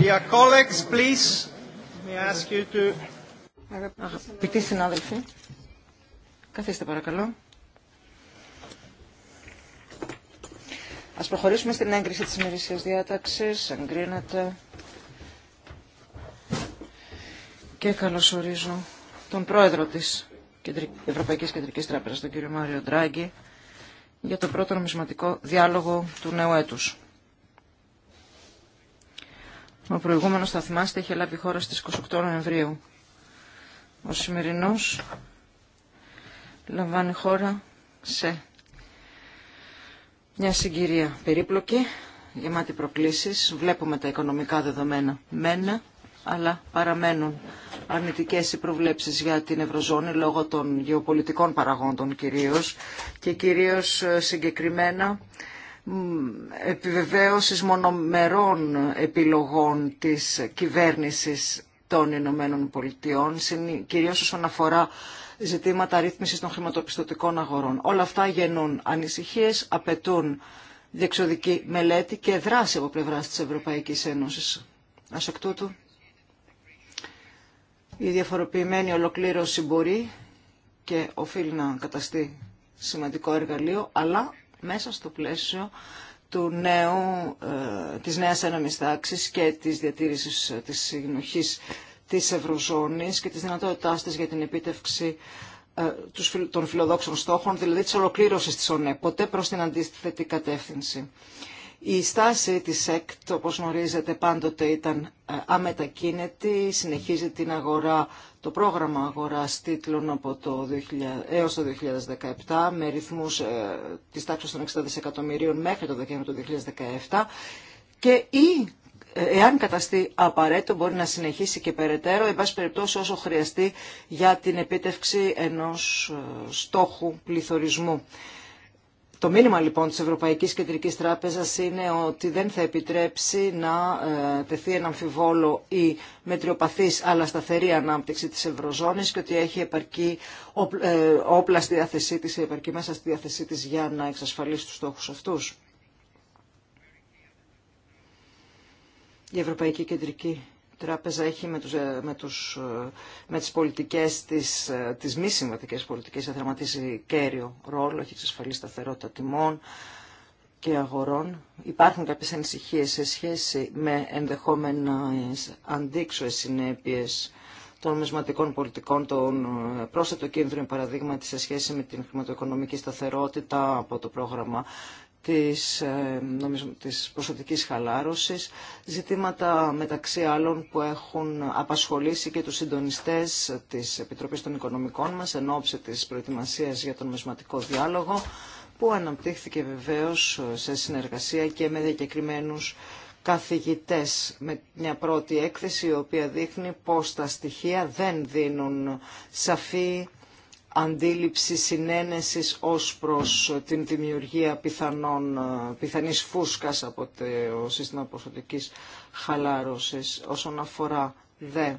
Dear colleagues, please, Αγαπητοί συνάδελφοι, καθίστε παρακαλώ. Ας προχωρήσουμε στην έγκριση της ημερησίας διάταξης. Εγκρίνεται. Και καλωσορίζω τον πρόεδρο της Ευρωπαϊκής Κεντρικής Τράπεζας, τον κύριο Μάριο Ντράγκη, για το πρώτο νομισματικό διάλογο του νέου έτους. Ο προηγούμενο θα θυμάστε είχε λάβει χώρα στις 28 Νοεμβρίου. Ο σημερινό λαμβάνει χώρα σε μια συγκυρία περίπλοκη, γεμάτη προκλήσεις. Βλέπουμε τα οικονομικά δεδομένα μένα, αλλά παραμένουν αρνητικές οι προβλέψεις για την Ευρωζώνη λόγω των γεωπολιτικών παραγόντων κυρίως και κυρίως ε, συγκεκριμένα επιβεβαίωσης μονομερών επιλογών της κυβέρνησης των Ηνωμένων Πολιτειών, κυρίως όσον αφορά ζητήματα ρύθμισης των χρηματοπιστωτικών αγορών. Όλα αυτά γεννούν ανησυχίες, απαιτούν διεξοδική μελέτη και δράση από πλευρά της Ευρωπαϊκής Ένωσης. Ας εκ τούτου, η διαφοροποιημένη ολοκλήρωση μπορεί και οφείλει να καταστεί σημαντικό εργαλείο, αλλά μέσα στο πλαίσιο του νέου, ε, της νέας ένωμης τάξης και της διατήρησης ε, της συνοχής της Ευρωζώνης και της δυνατότητάς της για την επίτευξη ε, των φιλοδόξων στόχων, δηλαδή της ολοκλήρωσης της ΟΝΕ, ποτέ προς την αντίθετη κατεύθυνση. Η στάση της ΕΚΤ, όπως γνωρίζετε, πάντοτε ήταν ε, αμετακίνητη, συνεχίζει την αγορά το πρόγραμμα αγοράς τίτλων από το 2000, έως το 2017 με ρυθμούς ε, της τάξης των 60 δισεκατομμυρίων μέχρι το Δεκέμβριο του 2017 και ή ε, εάν καταστεί απαραίτητο μπορεί να συνεχίσει και περαιτέρω, εν πάση περιπτώσει όσο χρειαστεί για την επίτευξη ενός ε, στόχου πληθωρισμού. Το μήνυμα λοιπόν της Ευρωπαϊκής Κεντρικής Τράπεζας είναι ότι δεν θα επιτρέψει να ε, τεθεί ένα αμφιβόλο η μετριοπαθής αλλά σταθερή ανάπτυξη της Ευρωζώνης και ότι έχει επαρκή ε, όπλα στη διάθεσή της, επαρκή μέσα στη διάθεσή της για να εξασφαλίσει τους στόχους αυτούς. Η Ευρωπαϊκή Κεντρική τράπεζα έχει με, τους, ε, με, τους, ε, με τις πολιτικές της, ε, τις μη συμβατικές πολιτικές θα δραματίσει κέριο ρόλο, έχει εξασφαλίσει σταθερότητα τιμών και αγορών. Υπάρχουν κάποιες ανησυχίες σε σχέση με ενδεχόμενες αντίξωες συνέπειες των νομισματικών πολιτικών, των πρόσθετο κίνδυνο, παραδείγματι, σε σχέση με την χρηματοοικονομική σταθερότητα από το πρόγραμμα της, ε, νομίζω, της προσωπικής χαλάρωσης, ζητήματα μεταξύ άλλων που έχουν απασχολήσει και τους συντονιστές της Επιτροπής των Οικονομικών μας εν ώψη της προετοιμασίας για τον νομισματικό διάλογο, που αναπτύχθηκε βεβαίως σε συνεργασία και με διακεκριμένους καθηγητές με μια πρώτη έκθεση η οποία δείχνει πως τα στοιχεία δεν δίνουν σαφή αντίληψη συνένεσης ως προς την δημιουργία πιθανών, ε, πιθανής φούσκας από το σύστημα προσωπικής χαλάρωσης. Όσον αφορά δε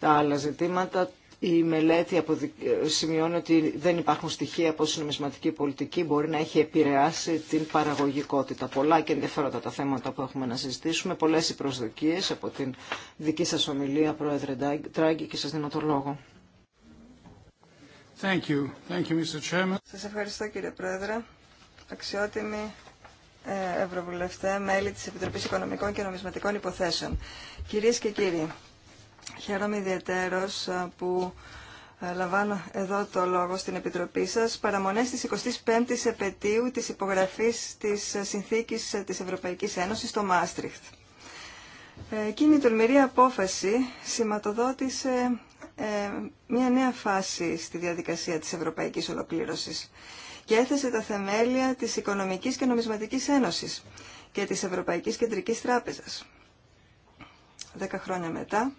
τα άλλα ζητήματα, η μελέτη αποδικ... Ε, σημειώνει ότι δεν υπάρχουν στοιχεία πως η νομισματική πολιτική μπορεί να έχει επηρεάσει την παραγωγικότητα. Πολλά και ενδιαφέροντα τα θέματα που έχουμε να συζητήσουμε. Πολλές οι προσδοκίες από την δική σας ομιλία, Πρόεδρε Τράγκη, και σας δίνω το λόγο. Thank Σας ευχαριστώ κύριε Πρόεδρε. Αξιότιμοι ε, Ευρωβουλευτέ, μέλη της Επιτροπής Οικονομικών και Νομισματικών Υποθέσεων. Κυρίες και κύριοι, χαίρομαι ιδιαίτερος ε, που ε, λαμβάνω εδώ το λόγο στην Επιτροπή σας, παραμονές της 25ης επαιτίου της υπογραφής της Συνθήκης της Ευρωπαϊκής Ένωσης στο Μάστριχτ. Εκείνη η τολμηρή απόφαση σηματοδότησε ε, μια νέα φάση στη διαδικασία της ευρωπαϊκής ολοκλήρωσης και έθεσε τα θεμέλια της Οικονομικής και Νομισματικής Ένωσης και της Ευρωπαϊκής Κεντρικής Τράπεζας. Δέκα χρόνια μετά,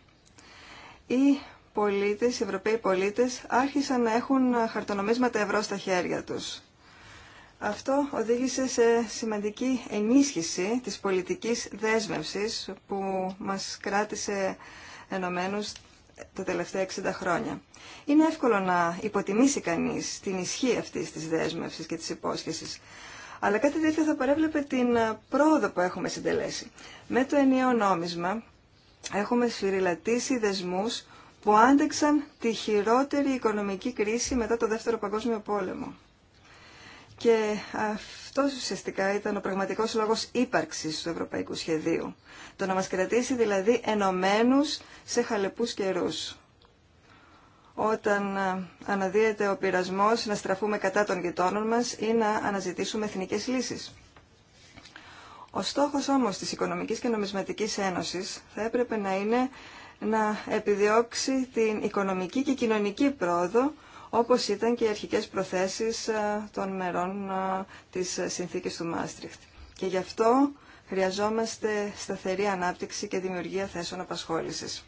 οι πολίτες, οι Ευρωπαίοι πολίτες άρχισαν να έχουν χαρτονομίσματα ευρώ στα χέρια τους. Αυτό οδήγησε σε σημαντική ενίσχυση της πολιτικής δέσμευσης που μας κράτησε ενωμένους τα τελευταία 60 χρόνια. Είναι εύκολο να υποτιμήσει κανείς την ισχύ αυτής της δέσμευσης και της υπόσχεσης. Αλλά κάτι τέτοιο θα παρέβλεπε την ε, πρόοδο που έχουμε συντελέσει. Με το ενιαίο νόμισμα έχουμε σφυριλατήσει δεσμούς που άντεξαν τη χειρότερη οικονομική κρίση μετά το Δεύτερο Παγκόσμιο Πόλεμο. Και αυτό ουσιαστικά ήταν ο πραγματικός λόγος ύπαρξης του ευρωπαϊκού σχεδίου. Το να μας κρατήσει δηλαδή ενωμένους σε χαλεπούς καιρούς. Όταν ε, αναδύεται ο πειρασμός να στραφούμε κατά των γειτόνων μας ή να αναζητήσουμε εθνικές λύσεις. Ο στόχος όμως της Οικονομικής και Νομισματικής Ένωσης θα έπρεπε να είναι να επιδιώξει την οικονομική και κοινωνική πρόοδο όπως ήταν και οι αρχικές προθέσεις ε, των μερών ε, της συνθήκης του Μάστριχτ. Και γι' αυτό χρειαζόμαστε σταθερή ανάπτυξη και δημιουργία θέσεων απασχόλησης.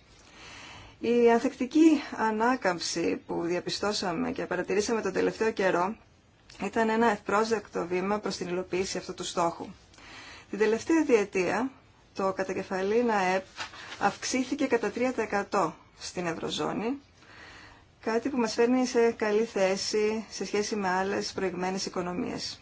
Η ανθεκτική ανάκαμψη που διαπιστώσαμε και παρατηρήσαμε τον τελευταίο καιρό ήταν ένα ευπρόσδεκτο βήμα προς την υλοποίηση αυτού του στόχου. Την τελευταία διετία το κατακεφαλήν ΑΕΠ αυξήθηκε κατά 3% στην Ευρωζώνη Κάτι που μας φέρνει σε καλή θέση σε σχέση με άλλες προηγμένες οικονομίες.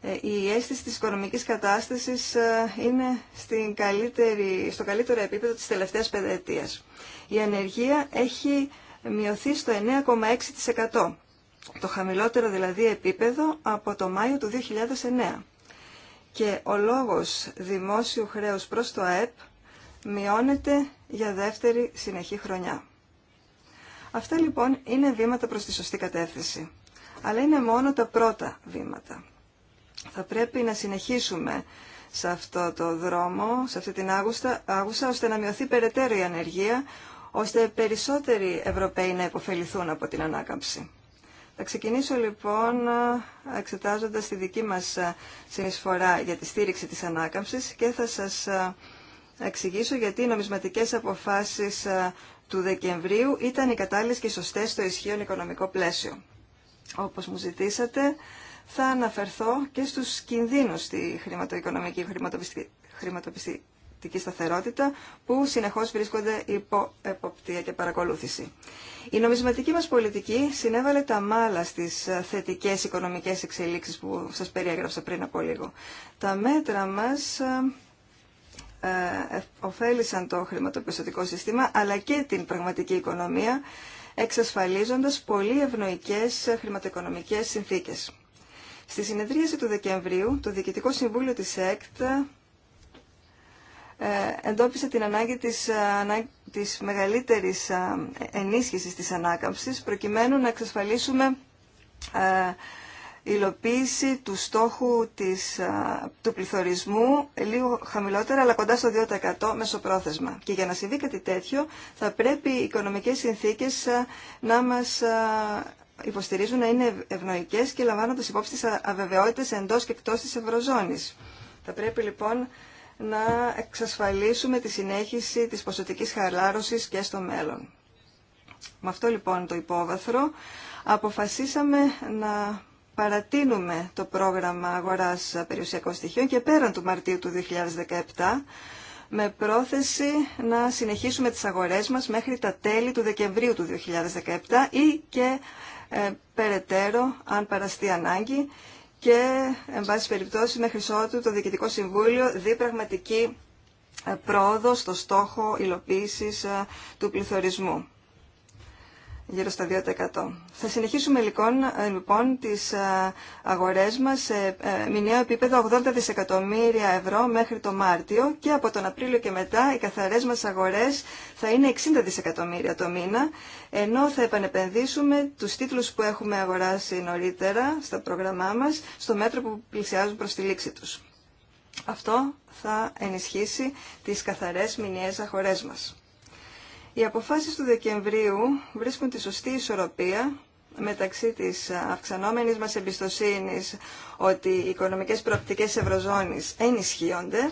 Ε, η αίσθηση της οικονομικής κατάστασης ε, είναι καλύτερη, στο καλύτερο επίπεδο της τελευταίας πενταετίας. Η ανεργία έχει μειωθεί στο 9,6%. Το χαμηλότερο δηλαδή επίπεδο από το Μάιο του 2009. Και ο λόγος δημόσιου χρέους προς το ΑΕΠ μειώνεται για δεύτερη συνεχή χρονιά. Αυτά λοιπόν είναι βήματα προς τη σωστή κατεύθυνση. Αλλά είναι μόνο τα πρώτα βήματα. Θα πρέπει να συνεχίσουμε σε αυτό το δρόμο, σε αυτή την άγουσα, ώστε να μειωθεί περαιτέρω η ανεργία, ώστε περισσότεροι Ευρωπαίοι να υποφεληθούν από την ανάκαμψη. Θα ξεκινήσω λοιπόν εξετάζοντας τη δική μας συνεισφορά για τη στήριξη της ανάκαμψης και θα σας εξηγήσω γιατί οι νομισματικές αποφάσεις του Δεκεμβρίου ήταν οι κατάλληλες και σωστές στο ισχύον οικονομικό πλαίσιο. Όπως μου ζητήσατε, θα αναφερθώ και στους κινδύνους στη χρηματοοικονομική χρηματοπιστική σταθερότητα που συνεχώς βρίσκονται υπό εποπτεία και παρακολούθηση. Η νομισματική μας πολιτική συνέβαλε τα μάλα στις ε, θετικές οικονομικές εξελίξεις που σας περιέγραψα πριν από λίγο. Τα μέτρα μας ε, ε, ωφέλησαν το χρηματοπιστωτικό σύστημα αλλά και την πραγματική οικονομία εξασφαλίζοντας πολύ ευνοϊκές χρηματοοικονομικές συνθήκες. Στη συνεδρίαση του Δεκεμβρίου, το Διοικητικό Συμβούλιο της ΕΚΤ ε, εντόπισε την ανάγκη της, ε, της μεγαλύτερης ενίσχυσης της ανάκαμψης προκειμένου να εξασφαλίσουμε υλοποίηση του στόχου της, του πληθωρισμού λίγο χαμηλότερα αλλά κοντά στο 2% μεσοπρόθεσμα. Και για να συμβεί κάτι τέτοιο θα πρέπει οι οικονομικές συνθήκες να μας υποστηρίζουν να είναι ευνοϊκές και λαμβάνοντας υπόψη τις αβεβαιότητες εντός και εκτός της Ευρωζώνης. Θα πρέπει λοιπόν να εξασφαλίσουμε τη συνέχιση της ποσοτικής χαλάρωσης και στο μέλλον. Με αυτό λοιπόν το υπόβαθρο αποφασίσαμε να παρατείνουμε το πρόγραμμα αγοράς περιουσιακών στοιχείων και πέραν του Μαρτίου του 2017 με πρόθεση να συνεχίσουμε τις αγορές μας μέχρι τα τέλη του Δεκεμβρίου του 2017 ή και ε, περαιτέρω αν παραστεί ανάγκη και εν πάση περιπτώσει μέχρι ότου το Διοικητικό Συμβούλιο δει πραγματική ε, πρόοδο στο στόχο υλοποίησης ε, του πληθωρισμού γύρω στα 2%. Θα συνεχίσουμε λοιπόν, ε, λοιπόν τις ε, αγορές μας σε ε, μηνιαίο επίπεδο 80 δισεκατομμύρια ευρώ μέχρι το Μάρτιο και από τον Απρίλιο και μετά οι καθαρές μας αγορές θα είναι 60 δισεκατομμύρια το μήνα ενώ θα επανεπενδύσουμε τους τίτλους που έχουμε αγοράσει νωρίτερα στα πρόγραμμά μας στο μέτρο που πλησιάζουν προς τη λήξη τους. Αυτό θα ενισχύσει τις καθαρές μηνιαίες αγορές μας. Οι αποφάσεις του Δεκεμβρίου βρίσκουν τη σωστή ισορροπία μεταξύ της αυξανόμενης μας εμπιστοσύνης ότι οι οικονομικές προοπτικές Ευρωζώνης ενισχύονται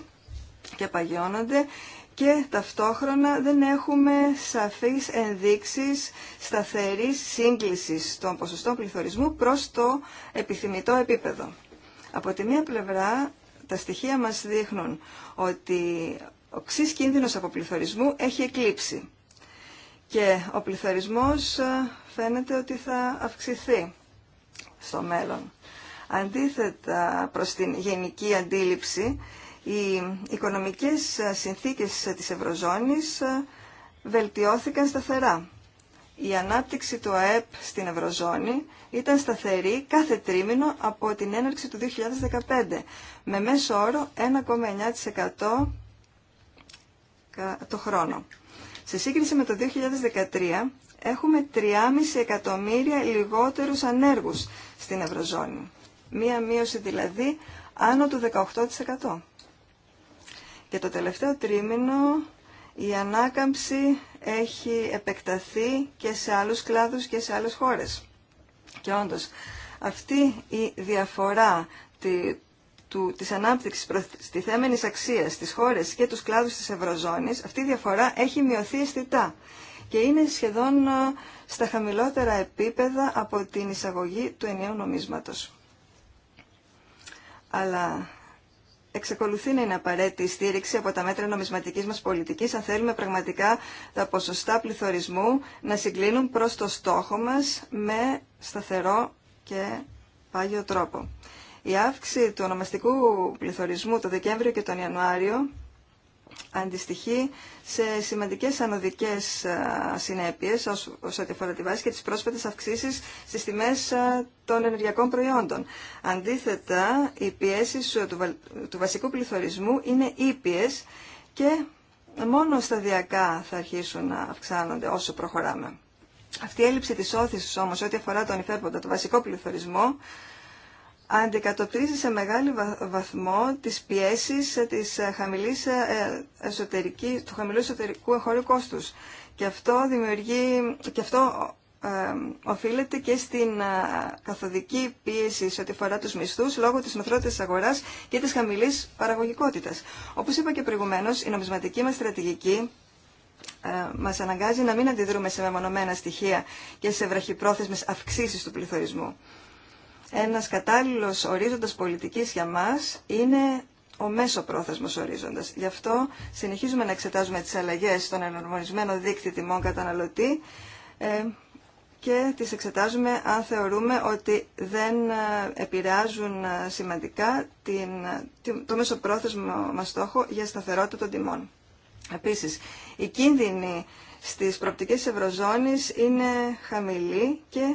και παγιώνονται και ταυτόχρονα δεν έχουμε σαφείς ενδείξεις σταθερής σύγκλησης των ποσοστών πληθωρισμού προς το επιθυμητό επίπεδο. Από τη μία πλευρά τα στοιχεία μας δείχνουν ότι ο ξύς κίνδυνος από πληθωρισμού έχει εκλείψει. Και ο πληθωρισμός ε, φαίνεται ότι θα αυξηθεί στο μέλλον. Αντίθετα προς την γενική αντίληψη, οι οικονομικές ε, συνθήκες ε, της Ευρωζώνης βελτιώθηκαν σταθερά. Η ανάπτυξη του ΑΕΠ στην Ευρωζώνη ήταν σταθερή κάθε τρίμηνο από την έναρξη του 2015, με μέσο όρο 1,9% το χρόνο. Σε σύγκριση με το 2013 έχουμε 3,5 εκατομμύρια λιγότερους ανέργους στην Ευρωζώνη. Μία μείωση δηλαδή άνω του 18%. Και το τελευταίο τρίμηνο η ανάκαμψη έχει επεκταθεί και σε άλλους κλάδους και σε άλλες χώρες. Και όντως αυτή η διαφορά του, της ανάπτυξης προστιθέμενης αξίας στις χώρες και τους κλάδους της Ευρωζώνης, αυτή η διαφορά έχει μειωθεί αισθητά και είναι σχεδόν ε, στα χαμηλότερα επίπεδα από την εισαγωγή του ενιαίου νομίσματος. Αλλά εξακολουθεί να είναι απαραίτητη η στήριξη από τα μέτρα νομισματικής μας πολιτικής αν θέλουμε πραγματικά τα ποσοστά πληθωρισμού να συγκλίνουν προς το στόχο μας με σταθερό και πάγιο τρόπο. Η αύξηση του ονομαστικού πληθωρισμού το Δεκέμβριο και τον Ιανουάριο αντιστοιχεί σε σημαντικές ανωδικές συνέπειες όσο αφορά τη βάση και τις πρόσφατες αυξήσεις στις τιμές των ενεργειακών προϊόντων. Αντίθετα, οι πιέσεις του βασικού πληθωρισμού είναι ήπιες και μόνο σταδιακά θα αρχίσουν να αυξάνονται όσο προχωράμε. Αυτή η έλλειψη της όθησης όμως ό,τι αφορά τον υφέρποντα, το βασικό πληθωρισμό, αντικατοπτρίζει σε μεγάλο βαθμό τις πιέσεις ε, της ε, χαμηλής ε, εσωτερικής, του χαμηλού εσωτερικού εγχώριου κόστους. Και αυτό, δημιουργεί, και αυτό ε, οφείλεται και στην καθοδική πίεση σε ό,τι αφορά τους μισθούς λόγω της νοθρότητας αγοράς και της χαμηλής παραγωγικότητας. Όπως είπα και προηγουμένως, η νομισματική μας στρατηγική μας αναγκάζει να μην αντιδρούμε σε μεμονωμένα στοιχεία και σε βραχυπρόθεσμες αυξήσεις του πληθωρισμού ένας κατάλληλος ορίζοντας πολιτικής για μας είναι ο μέσο πρόθεσμος ορίζοντας. Γι' αυτό συνεχίζουμε να εξετάζουμε τις αλλαγές στον ενορμονισμένο δίκτυο τιμών καταναλωτή ε, και τις εξετάζουμε αν θεωρούμε ότι δεν ε, επηρεάζουν ε, σημαντικά την, το μέσο πρόθεσμο μας στόχο για σταθερότητα των τιμών. Επίσης, οι κίνδυνοι στις προοπτικές ευρωζώνης είναι χαμηλοί και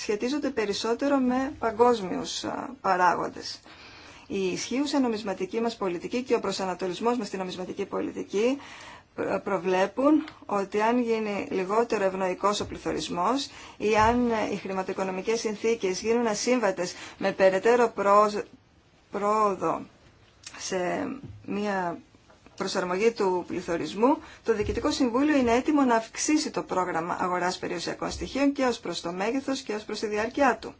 σχετίζονται περισσότερο με παγκόσμιους παράγοντες. Η ισχύουσα νομισματική μας πολιτική και ο προσανατολισμός μας στην νομισματική πολιτική προβλέπουν ότι αν γίνει λιγότερο ευνοϊκός ο πληθωρισμός ή αν ε, οι χρηματοοικονομικές συνθήκες γίνουν ασύμβατες με περαιτέρω πρόοδο σε μια προσαρμογή του πληθωρισμού, το Διοικητικό Συμβούλιο είναι έτοιμο να αυξήσει το πρόγραμμα αγοράς περιουσιακών στοιχείων και ως προς το μέγεθο και ως προς τη διάρκεια του.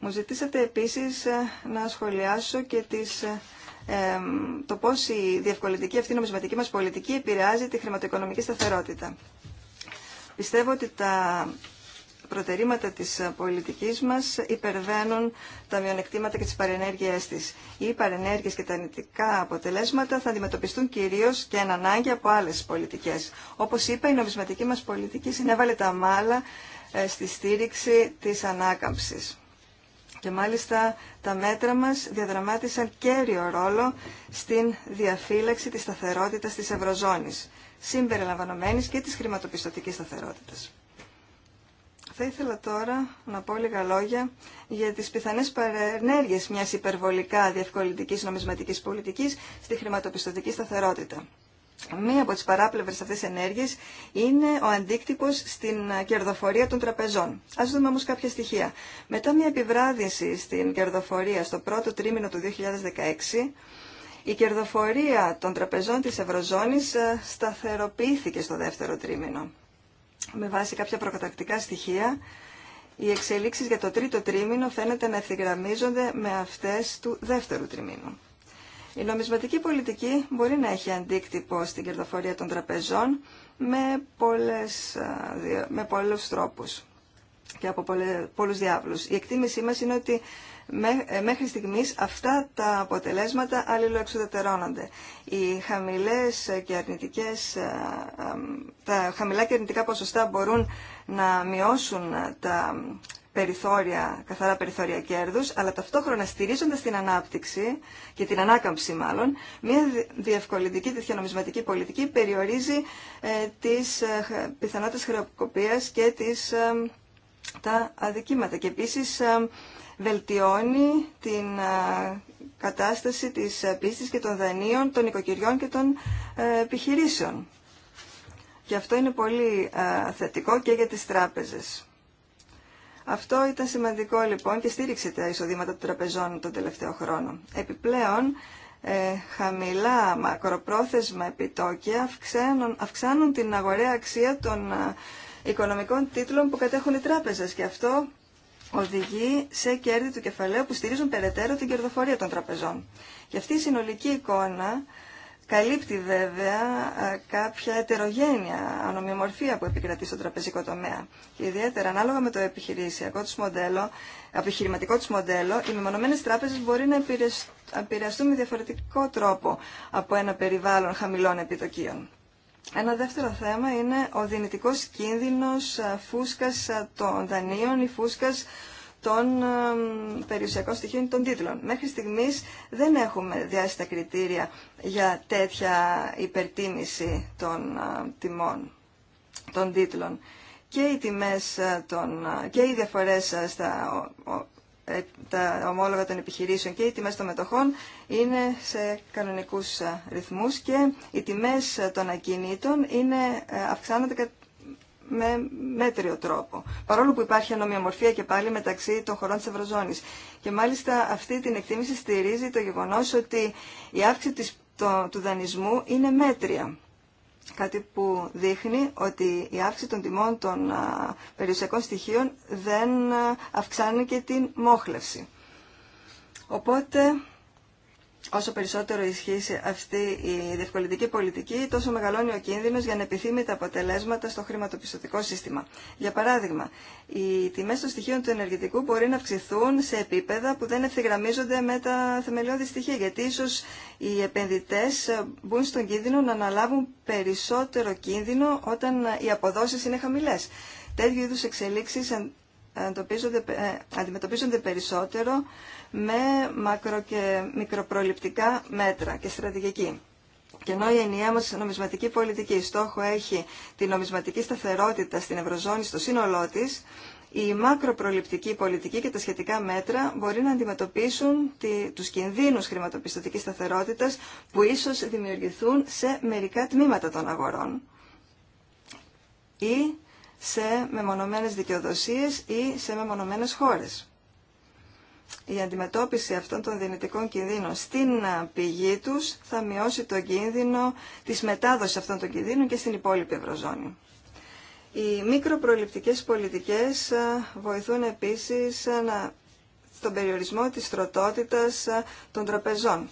Μου ζητήσατε επίσης ε, να σχολιάσω και τις, ε, το πώς η διευκολυντική αυτή νομισματική μας πολιτική επηρεάζει τη χρηματοοικονομική σταθερότητα. Πιστεύω ότι τα προτερήματα της ε, πολιτικής μας υπερβαίνουν τα μειονεκτήματα και τις παρενέργειές της. Οι παρενέργειες και τα αρνητικά αποτελέσματα θα αντιμετωπιστούν κυρίως και εν ανάγκη από άλλες πολιτικές. Όπως είπα, η νομισματική μας πολιτική συνέβαλε τα μάλα ε, στη στήριξη της ανάκαμψης. Και μάλιστα τα μέτρα μας διαδραμάτισαν κέριο ρόλο στην διαφύλαξη της σταθερότητας της Ευρωζώνης, συμπεριλαμβανομένης και της χρηματοπιστωτικής σταθερότητας. Θα ήθελα τώρα να πω λίγα λόγια για τις πιθανές παρενέργειες μιας υπερβολικά διευκολυντικής νομισματικής πολιτικής στη χρηματοπιστωτική σταθερότητα. Μία από τις παράπλευρες αυτές ενέργειες είναι ο αντίκτυπος στην κερδοφορία των τραπεζών. Ας δούμε όμως κάποια στοιχεία. Μετά μια επιβράδυνση στην κερδοφορία στο πρώτο τρίμηνο του 2016, η κερδοφορία των τραπεζών της Ευρωζώνης ε, σταθεροποιήθηκε στο δεύτερο τρίμηνο με βάση κάποια προκατακτικά στοιχεία, οι εξελίξεις για το τρίτο τρίμηνο φαίνεται να ευθυγραμμίζονται με αυτές του δεύτερου τριμήνου. Η νομισματική πολιτική μπορεί να έχει αντίκτυπο στην κερδοφορία των τραπεζών με, πολλές, με πολλούς τρόπους και από πολλούς διάβλους. Η εκτίμησή μας είναι ότι ε, μέχρι στιγμής αυτά τα αποτελέσματα αλληλοεξοδετερώνονται Οι χαμηλές και αρνητικές, ε, τα χαμηλά και αρνητικά ποσοστά μπορούν να μειώσουν τα περιθώρια, καθαρά περιθώρια κέρδους, αλλά ταυτόχρονα στηρίζοντας την ανάπτυξη και την ανάκαμψη μάλλον, μια διευκολυντική τέτοια νομισματική πολιτική περιορίζει ε, τις ε, πιθανότητες χρεοκοπίας και τις, ε, τα αδικήματα. Και επίσης βελτιώνει την κατάσταση της ε, πίστης και των δανείων των οικοκυριών και των ε, επιχειρήσεων. Και αυτό είναι πολύ θετικό και για τις τράπεζες. Αυτό ήταν σημαντικό λοιπόν και στήριξε τα εισοδήματα των τραπεζών τον τελευταίο χρόνο. Επιπλέον, ε, χαμηλά μακροπρόθεσμα επιτόκια αυξάνουν, την αγοραία αξία των οικονομικών τίτλων που κατέχουν οι τράπεζες και αυτό οδηγεί σε κέρδη του κεφαλαίου που στηρίζουν περαιτέρω την κερδοφορία των τραπεζών. Και αυτή η συνολική εικόνα καλύπτει βέβαια κάποια ετερογένεια, ανομιομορφία που επικρατεί στον τραπεζικό τομέα. Και ιδιαίτερα ανάλογα με το επιχειρησιακό μοντέλο, επιχειρηματικό τους μοντέλο, οι μεμονωμένες τράπεζες μπορεί να επηρεαστούν με διαφορετικό τρόπο από ένα περιβάλλον χαμηλών επιτοκίων. Ένα δεύτερο θέμα είναι ο δυνητικός κίνδυνος φούσκας των δανείων ή φούσκας των περιουσιακών στοιχείων των τίτλων. Μέχρι στιγμής δεν έχουμε διάσει κριτήρια για τέτοια υπερτίμηση των τιμών των τίτλων. Και οι, τιμές και οι διαφορές στα ε, τα ομόλογα των επιχειρήσεων και οι τιμές των μετοχών είναι σε κανονικούς ε, ρυθμούς και οι τιμές ε, των ακινήτων είναι, αυξάνονται με μέτριο τρόπο. Παρόλο που υπάρχει ανομοιομορφία και πάλι μεταξύ των χωρών της Ευρωζώνης. Και μάλιστα αυτή την εκτίμηση στηρίζει το γεγονός ότι η αύξηση του δανεισμού είναι μέτρια. Κάτι που δείχνει ότι η αύξηση των τιμών των περιουσιακών στοιχείων δεν αυξάνει και την μόχλευση. Οπότε όσο περισσότερο ισχύσει αυτή η διευκολυντική πολιτική, τόσο μεγαλώνει ο κίνδυνος για ανεπιθύμητα αποτελέσματα στο χρηματοπιστωτικό σύστημα. Για παράδειγμα, οι τιμές των στοιχείων του ενεργητικού μπορεί να αυξηθούν σε επίπεδα που δεν ευθυγραμμίζονται με τα θεμελιώδη στοιχεία, γιατί ίσως οι επενδυτές μπουν στον κίνδυνο να αναλάβουν περισσότερο κίνδυνο όταν οι αποδόσεις είναι χαμηλές. Τέτοιου είδους εξελίξεις ε, αντιμετωπίζονται περισσότερο με μακρο- και μικροπροληπτικά μέτρα και στρατηγική. Και ενώ η ενιαία μας νομισματική πολιτική στόχο έχει τη νομισματική σταθερότητα στην Ευρωζώνη στο σύνολό της, η μακροπροληπτική πολιτική και τα σχετικά μέτρα μπορεί να αντιμετωπίσουν τη, τους κινδύνους χρηματοπιστωτικής που ίσως δημιουργηθούν σε μερικά τμήματα των αγορών σε μεμονωμένες δικαιοδοσίες ή σε μεμονωμένες χώρες. Η αντιμετώπιση αυτών των δυνητικών κινδύνων στην πηγή τους θα μειώσει το κίνδυνο της μετάδοσης αυτών των κινδύνων και στην υπόλοιπη Ευρωζώνη. Οι μικροπροληπτικές πολιτικές βοηθούν επίσης στον περιορισμό της στρωτότητας των τραπεζών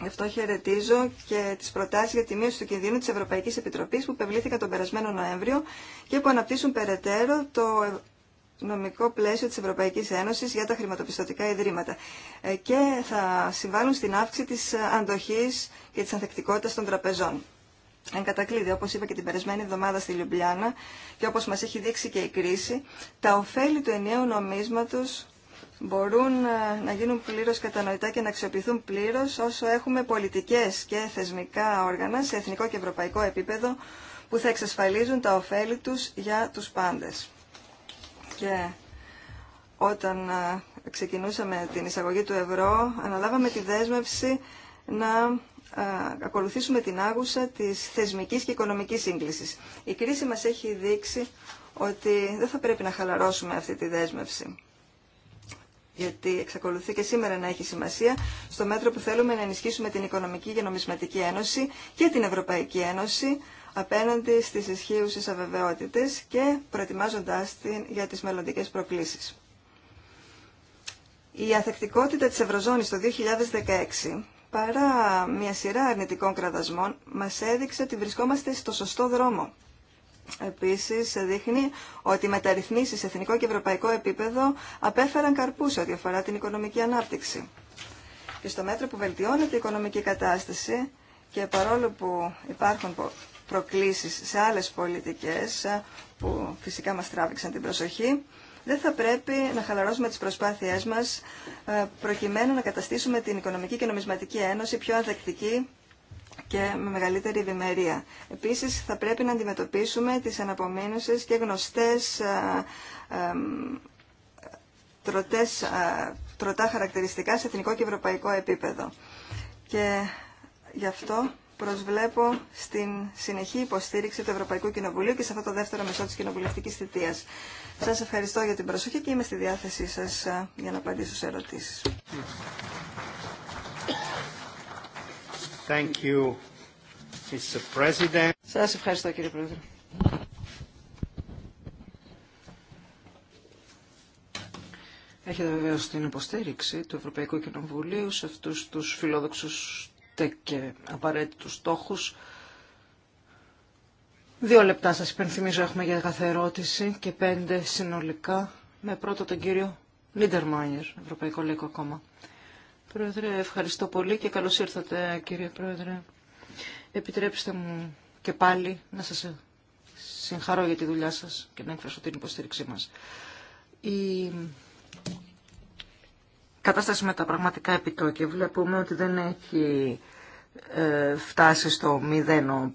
Γι' αυτό χαιρετίζω και τι προτάσει για τη μείωση του κινδύνου τη Ευρωπαϊκή Επιτροπή που πευλήθηκαν τον περασμένο Νοέμβριο και που αναπτύσσουν περαιτέρω το νομικό πλαίσιο τη Ευρωπαϊκή Ένωση για τα χρηματοπιστωτικά ιδρύματα ε, και θα συμβάλλουν στην αύξηση τη αντοχή και τη ανθεκτικότητα των τραπεζών. Εν κατακλείδη, όπω είπα και την περασμένη εβδομάδα στη Λιουμπλιάνα και όπω μα έχει δείξει και η κρίση, τα ωφέλη του ενιαίου νομίσματο μπορούν ε, να γίνουν πλήρως κατανοητά και να αξιοποιηθούν πλήρως όσο έχουμε πολιτικές και θεσμικά όργανα σε εθνικό και ευρωπαϊκό επίπεδο που θα εξασφαλίζουν τα ωφέλη τους για τους πάντες. Και όταν ε, ξεκινούσαμε την εισαγωγή του ευρώ, αναλάβαμε τη δέσμευση να ε, ακολουθήσουμε την άγουσα της θεσμικής και οικονομικής σύγκλησης. Η κρίση μας έχει δείξει ότι δεν θα πρέπει να χαλαρώσουμε αυτή τη δέσμευση γιατί εξακολουθεί και σήμερα να έχει σημασία στο μέτρο που θέλουμε να ενισχύσουμε την Οικονομική και Νομισματική Ένωση και την Ευρωπαϊκή Ένωση απέναντι στις ισχύουσες αβεβαιότητες και προετοιμάζοντάς την για τις μελλοντικές προκλήσεις. Η αθεκτικότητα της Ευρωζώνης το 2016 παρά μια σειρά αρνητικών κραδασμών μας έδειξε ότι βρισκόμαστε στο σωστό δρόμο Επίσης δείχνει ότι οι μεταρρυθμίσεις σε εθνικό και ευρωπαϊκό επίπεδο απέφεραν καρπούς ό,τι αφορά την οικονομική ανάπτυξη. Και στο μέτρο που βελτιώνεται η οικονομική κατάσταση και παρόλο που υπάρχουν προκλήσεις σε άλλες πολιτικές ε, που φυσικά μας τράβηξαν την προσοχή, δεν θα πρέπει να χαλαρώσουμε τις προσπάθειές μας ε, προκειμένου να καταστήσουμε την Οικονομική και Νομισματική Ένωση πιο ανθεκτική και με μεγαλύτερη ευημερία. Επίσης θα πρέπει να αντιμετωπίσουμε τις αναπομείνωσες και γνωστές α, ε, τροτές, ε, τροτά χαρακτηριστικά σε εθνικό και ευρωπαϊκό επίπεδο. Και γι' αυτό προσβλέπω στην συνεχή υποστήριξη του Ευρωπαϊκού Κοινοβουλίου και σε αυτό το δεύτερο μεσό της κοινοβουλευτικής θητείας. Σας ευχαριστώ για την προσοχή και είμαι στη διάθεσή σας ε, για να απαντήσω σε ερωτήσεις. Thank Σας ευχαριστώ κύριε Πρόεδρε. Έχετε βεβαίω την υποστήριξη του Ευρωπαϊκού Κοινοβουλίου σε αυτούς τους φιλόδοξους και απαραίτητους στόχους. Δύο λεπτά σας υπενθυμίζω έχουμε για κάθε ερώτηση και πέντε συνολικά με πρώτο τον κύριο Μάιερ, Ευρωπαϊκό Λαϊκό Κόμμα. Πρόεδρε, ευχαριστώ πολύ και καλώς ήρθατε κύριε Πρόεδρε. Επιτρέψτε μου και πάλι να σας συγχαρώ για τη δουλειά σας και να εκφράσω την υποστήριξή μας. Η κατάσταση με τα πραγματικά επιτόκια βλέπουμε ότι δεν έχει ε, φτάσει στο μηδέν ο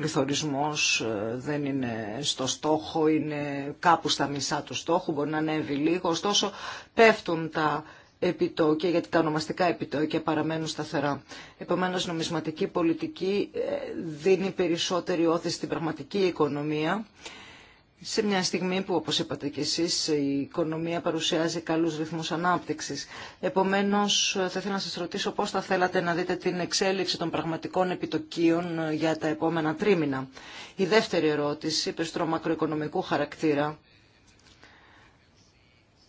ε, δεν είναι στο στόχο, είναι κάπου στα μισά του στόχου, μπορεί να ανέβει λίγο, ωστόσο πέφτουν τα επιτόκια, γιατί τα ονομαστικά επιτόκια παραμένουν σταθερά. Επομένως, νομισματική πολιτική ε, δίνει περισσότερη όθηση στην πραγματική οικονομία, σε μια στιγμή που, όπως είπατε και εσείς, η οικονομία παρουσιάζει καλούς ρυθμούς ανάπτυξης. Επομένως, θα ήθελα να σας ρωτήσω πώς θα θέλατε να δείτε την εξέλιξη των πραγματικών επιτοκίων ε, για τα επόμενα τρίμηνα. Η δεύτερη ερώτηση, περισσότερο μακροοικονομικού χαρακτήρα,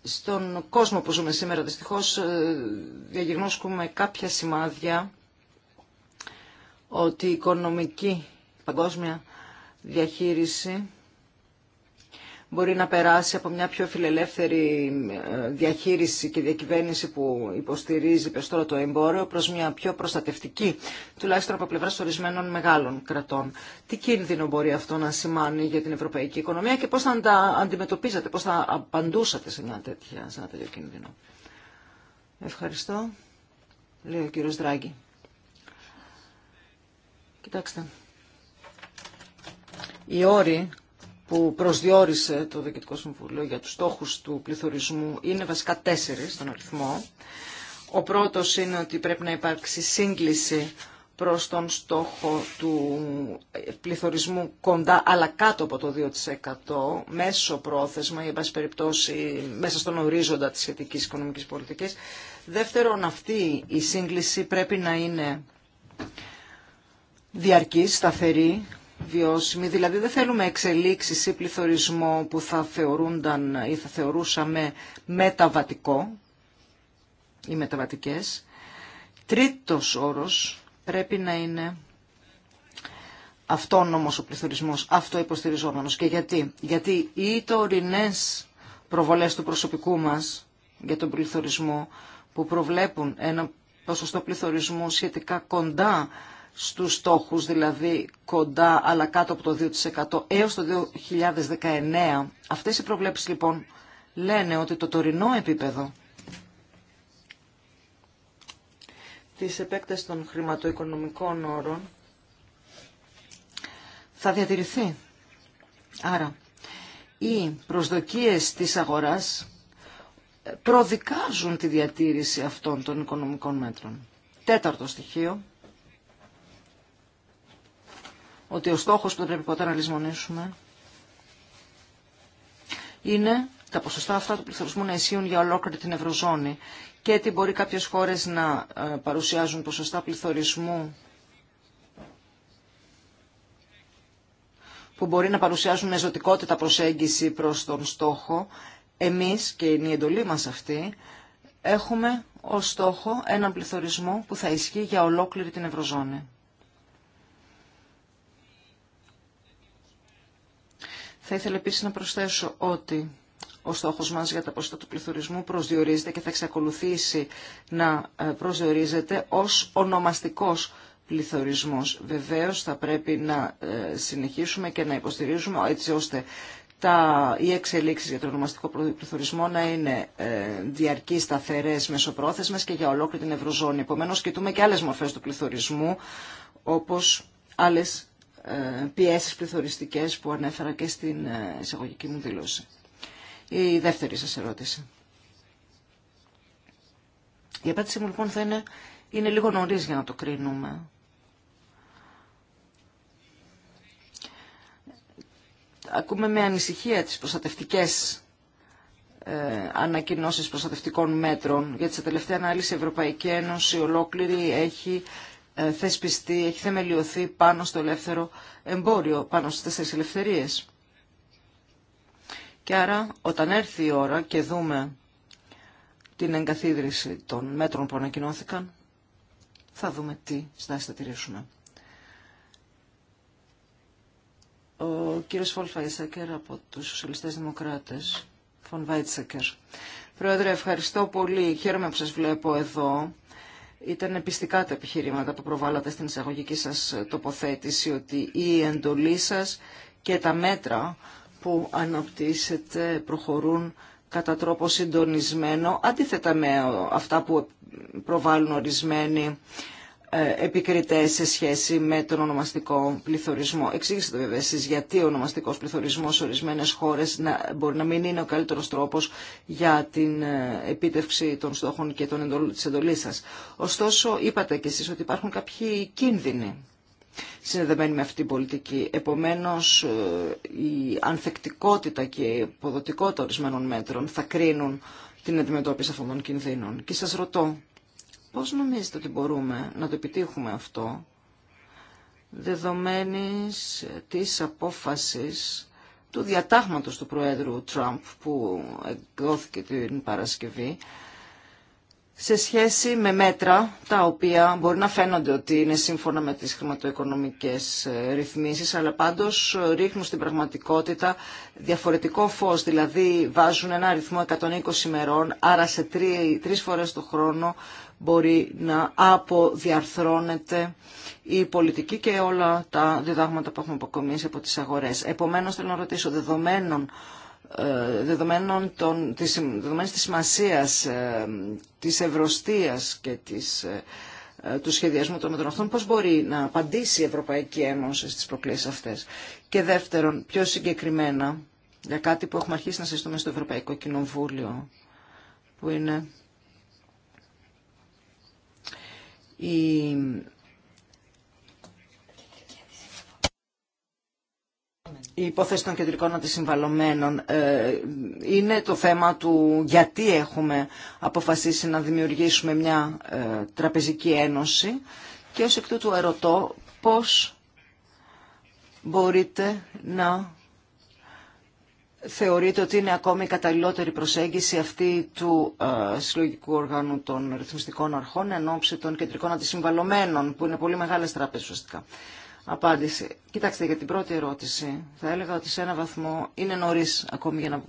στον κόσμο που ζούμε σήμερα δυστυχώς ε, διαγνώσκουμε κάποια σημάδια ότι η οικονομική παγκόσμια διαχείριση μπορεί να περάσει από μια πιο φιλελεύθερη ε, διαχείριση και διακυβέρνηση που υποστηρίζει περισσότερο το εμπόριο προς μια πιο προστατευτική, τουλάχιστον από πλευράς ορισμένων μεγάλων κρατών. Τι κίνδυνο μπορεί αυτό να σημάνει για την ευρωπαϊκή οικονομία και πώς θα τα αντιμετωπίζατε, πώς θα απαντούσατε σε, μια τέτοια, σε ένα τέτοιο κίνδυνο. Ευχαριστώ. Λέει ο κύριος Δράγκη. Κοιτάξτε. Οι όροι που προσδιορίσε το Διοικητικό Συμβούλιο για τους στόχους του πληθωρισμού είναι βασικά τέσσερις στον αριθμό. Ο πρώτος είναι ότι πρέπει να υπάρξει σύγκληση προς τον στόχο του πληθωρισμού κοντά αλλά κάτω από το 2% μέσω πρόθεσμα ή εν πάση περιπτώσει μέσα στον ορίζοντα της σχετικής οικονομικής πολιτικής. Δεύτερον, αυτή η σύγκληση πρέπει να είναι διαρκή, σταθερή, βιώσιμη. Δηλαδή δεν θέλουμε εξελίξεις ή πληθωρισμό που θα θεωρούνταν ή θα θεωρούσαμε μεταβατικό ή μεταβατικές. Τρίτος όρος πρέπει να είναι αυτόνομος ο πληθωρισμός, αυτοϋποστηριζόμενος. Και γιατί. Γιατί το τωρινές προβολές του προσωπικού μας για τον πληθωρισμό που προβλέπουν ένα ποσοστό πληθωρισμού σχετικά κοντά στους στόχους, δηλαδή κοντά αλλά κάτω από το 2% έως το 2019. Αυτές οι προβλέψεις λοιπόν λένε ότι το τωρινό επίπεδο της επέκτασης των χρηματοοικονομικών όρων θα διατηρηθεί. Άρα, οι προσδοκίες της αγοράς προδικάζουν τη διατήρηση αυτών των οικονομικών μέτρων. Τέταρτο στοιχείο, ότι ο στόχος που δεν πρέπει ποτέ να λησμονήσουμε είναι τα ποσοστά αυτά του πληθωρισμού να ισχύουν για ολόκληρη την Ευρωζώνη και τι μπορεί κάποιες χώρες να ε, παρουσιάζουν ποσοστά πληθωρισμού που μπορεί να παρουσιάζουν με ζωτικότητα προσέγγιση προς τον στόχο. Εμείς, και είναι η εντολή μας αυτή, έχουμε ως στόχο έναν πληθωρισμό που θα ισχύει για ολόκληρη την Ευρωζώνη. Θα ήθελα επίσης να προσθέσω ότι ο στόχος μας για τα ποσοστά του πληθωρισμού προσδιορίζεται και θα εξακολουθήσει να ε, προσδιορίζεται ως ονομαστικός πληθωρισμός. Βεβαίως θα πρέπει να ε, συνεχίσουμε και να υποστηρίζουμε έτσι ώστε τα, οι εξελίξεις για τον ονομαστικό πληθωρισμό να είναι ε, διαρκή σταθερές μεσοπρόθεσμες και για ολόκληρη την Ευρωζώνη. Επομένως, κοιτούμε και άλλες μορφές του πληθωρισμού, όπως άλλες ε, πιέσεις πληθωριστικές που ανέφερα και στην ε, εισαγωγική μου δηλώση. Η δεύτερη σας ερώτηση. Η απάντησή μου λοιπόν θα είναι, είναι λίγο νωρίς για να το κρίνουμε. Ακούμε με ανησυχία τις προστατευτικές ε, ανακοινώσεις προστατευτικών μέτρων, γιατί σε τελευταία ανάλυση η Ευρωπαϊκή Ένωση ολόκληρη έχει ε, θεσπιστεί, έχει θεμελιωθεί πάνω στο ελεύθερο εμπόριο, πάνω στις τέσσερις ελευθερίες. Και άρα όταν έρθει η ώρα και δούμε την εγκαθίδρυση των μέτρων που ανακοινώθηκαν, θα δούμε τι στάση θα τηρήσουμε. Ο κύριος Φολφαϊσέκερ από τους Σοσιαλιστές Δημοκράτες, Φον Πρόεδρε, ευχαριστώ πολύ. Χαίρομαι που σας βλέπω εδώ. Ήταν πιστικά τα επιχειρήματα που προβάλλατε στην εισαγωγική σας τοποθέτηση ότι η εντολή σας και τα μέτρα που αναπτύσσετε προχωρούν κατά τρόπο συντονισμένο, αντίθετα με αυτά που προβάλλουν ορισμένοι ε, επικριτές σε σχέση με τον ονομαστικό πληθωρισμό. Εξήγησε το βέβαια εσείς γιατί ο ονομαστικός πληθωρισμός σε ορισμένες χώρες να, μπορεί να μην είναι ο καλύτερος τρόπος για την ε, επίτευξη των στόχων και των, της εντολής σας. Ωστόσο είπατε κι εσείς ότι υπάρχουν κάποιοι κίνδυνοι συνδεδεμένοι με αυτή την πολιτική. Επομένως, ε, η ανθεκτικότητα και η αποδοτικότητα ορισμένων μέτρων θα κρίνουν την αντιμετώπιση αυτών των κινδύνων. Και σας ρωτώ, Πώς νομίζετε ότι μπορούμε να το επιτύχουμε αυτό, δεδομένης της απόφασης του διατάγματος του Προέδρου Τραμπ που εκδόθηκε την Παρασκευή, σε σχέση με μέτρα τα οποία μπορεί να φαίνονται ότι είναι σύμφωνα με τις χρηματοοικονομικές ε, ρυθμίσεις, αλλά πάντως ρίχνουν στην πραγματικότητα διαφορετικό φως, δηλαδή βάζουν ένα αριθμό 120 ημερών, άρα σε τρεις φορές το χρόνο μπορεί να αποδιαρθρώνεται η πολιτική και όλα τα διδάγματα που έχουμε αποκομίσει από τις αγορές. Επομένως, θέλω να ρωτήσω, δεδομένων ε, δεδομένων των, της, δεδομένης της σημασίας, ε, της ευρωστίας και της, ε, του σχεδιασμού των μέτρων πώς μπορεί να απαντήσει η Ευρωπαϊκή Ένωση στις προκλήσεις αυτές. Και δεύτερον, πιο συγκεκριμένα, για κάτι που έχουμε αρχίσει να συζητούμε στο Ευρωπαϊκό Κοινοβούλιο, που είναι η η υπόθεση των κεντρικών αντισυμβαλωμένων ε, είναι το θέμα του γιατί έχουμε αποφασίσει να δημιουργήσουμε μια ε, τραπεζική ένωση και ως εκ τούτου ερωτώ πώς μπορείτε να Θεωρείτε ότι είναι ακόμη η καταλληλότερη προσέγγιση αυτή του ε, συλλογικού οργάνου των ρυθμιστικών αρχών εν ώψη των κεντρικών αντισυμβαλωμένων, που είναι πολύ μεγάλε τράπεζε ουσιαστικά. Απάντηση. Κοιτάξτε, για την πρώτη ερώτηση, θα έλεγα ότι σε ένα βαθμό είναι νωρί ακόμη για να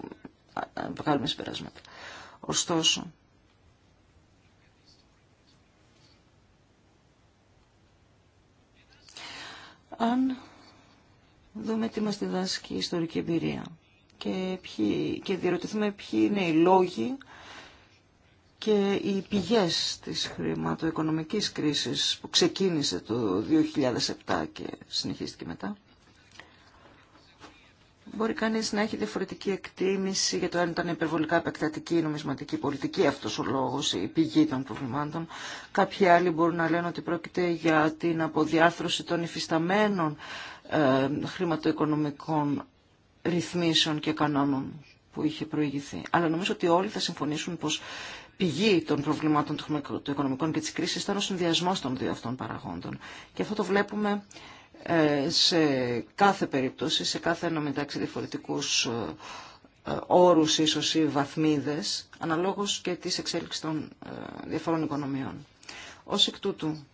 βγάλουμε συμπεράσματα. Ωστόσο, αν δούμε τι μας διδάσκει η ιστορική εμπειρία, και, ποιοι, και διερωτηθούμε ποιοι είναι οι λόγοι και οι πηγές της χρηματοοικονομικής κρίσης που ξεκίνησε το 2007 και συνεχίστηκε μετά. Μπορεί κανείς να έχει διαφορετική εκτίμηση για το αν ήταν υπερβολικά επεκτατική η νομισματική πολιτική αυτός ο λόγος, η πηγή των προβλημάτων. Κάποιοι άλλοι μπορούν να λένε ότι πρόκειται για την αποδιάρθρωση των υφισταμένων ε, χρηματοοικονομικών ρυθμίσεων και κανόνων που είχε προηγηθεί. Αλλά νομίζω ότι όλοι θα συμφωνήσουν πως πηγή των προβλημάτων του οικονομικών και της κρίσης ήταν ο συνδυασμός των δύο αυτών παραγόντων. Και αυτό το βλέπουμε ε, σε κάθε περίπτωση, σε κάθε ένα μεταξύ διαφορετικούς ε, ε, όρους ίσως ή βαθμίδες, αναλόγως και της εξέλιξης των διαφορών οικονομιών. Ως εκ τούτου,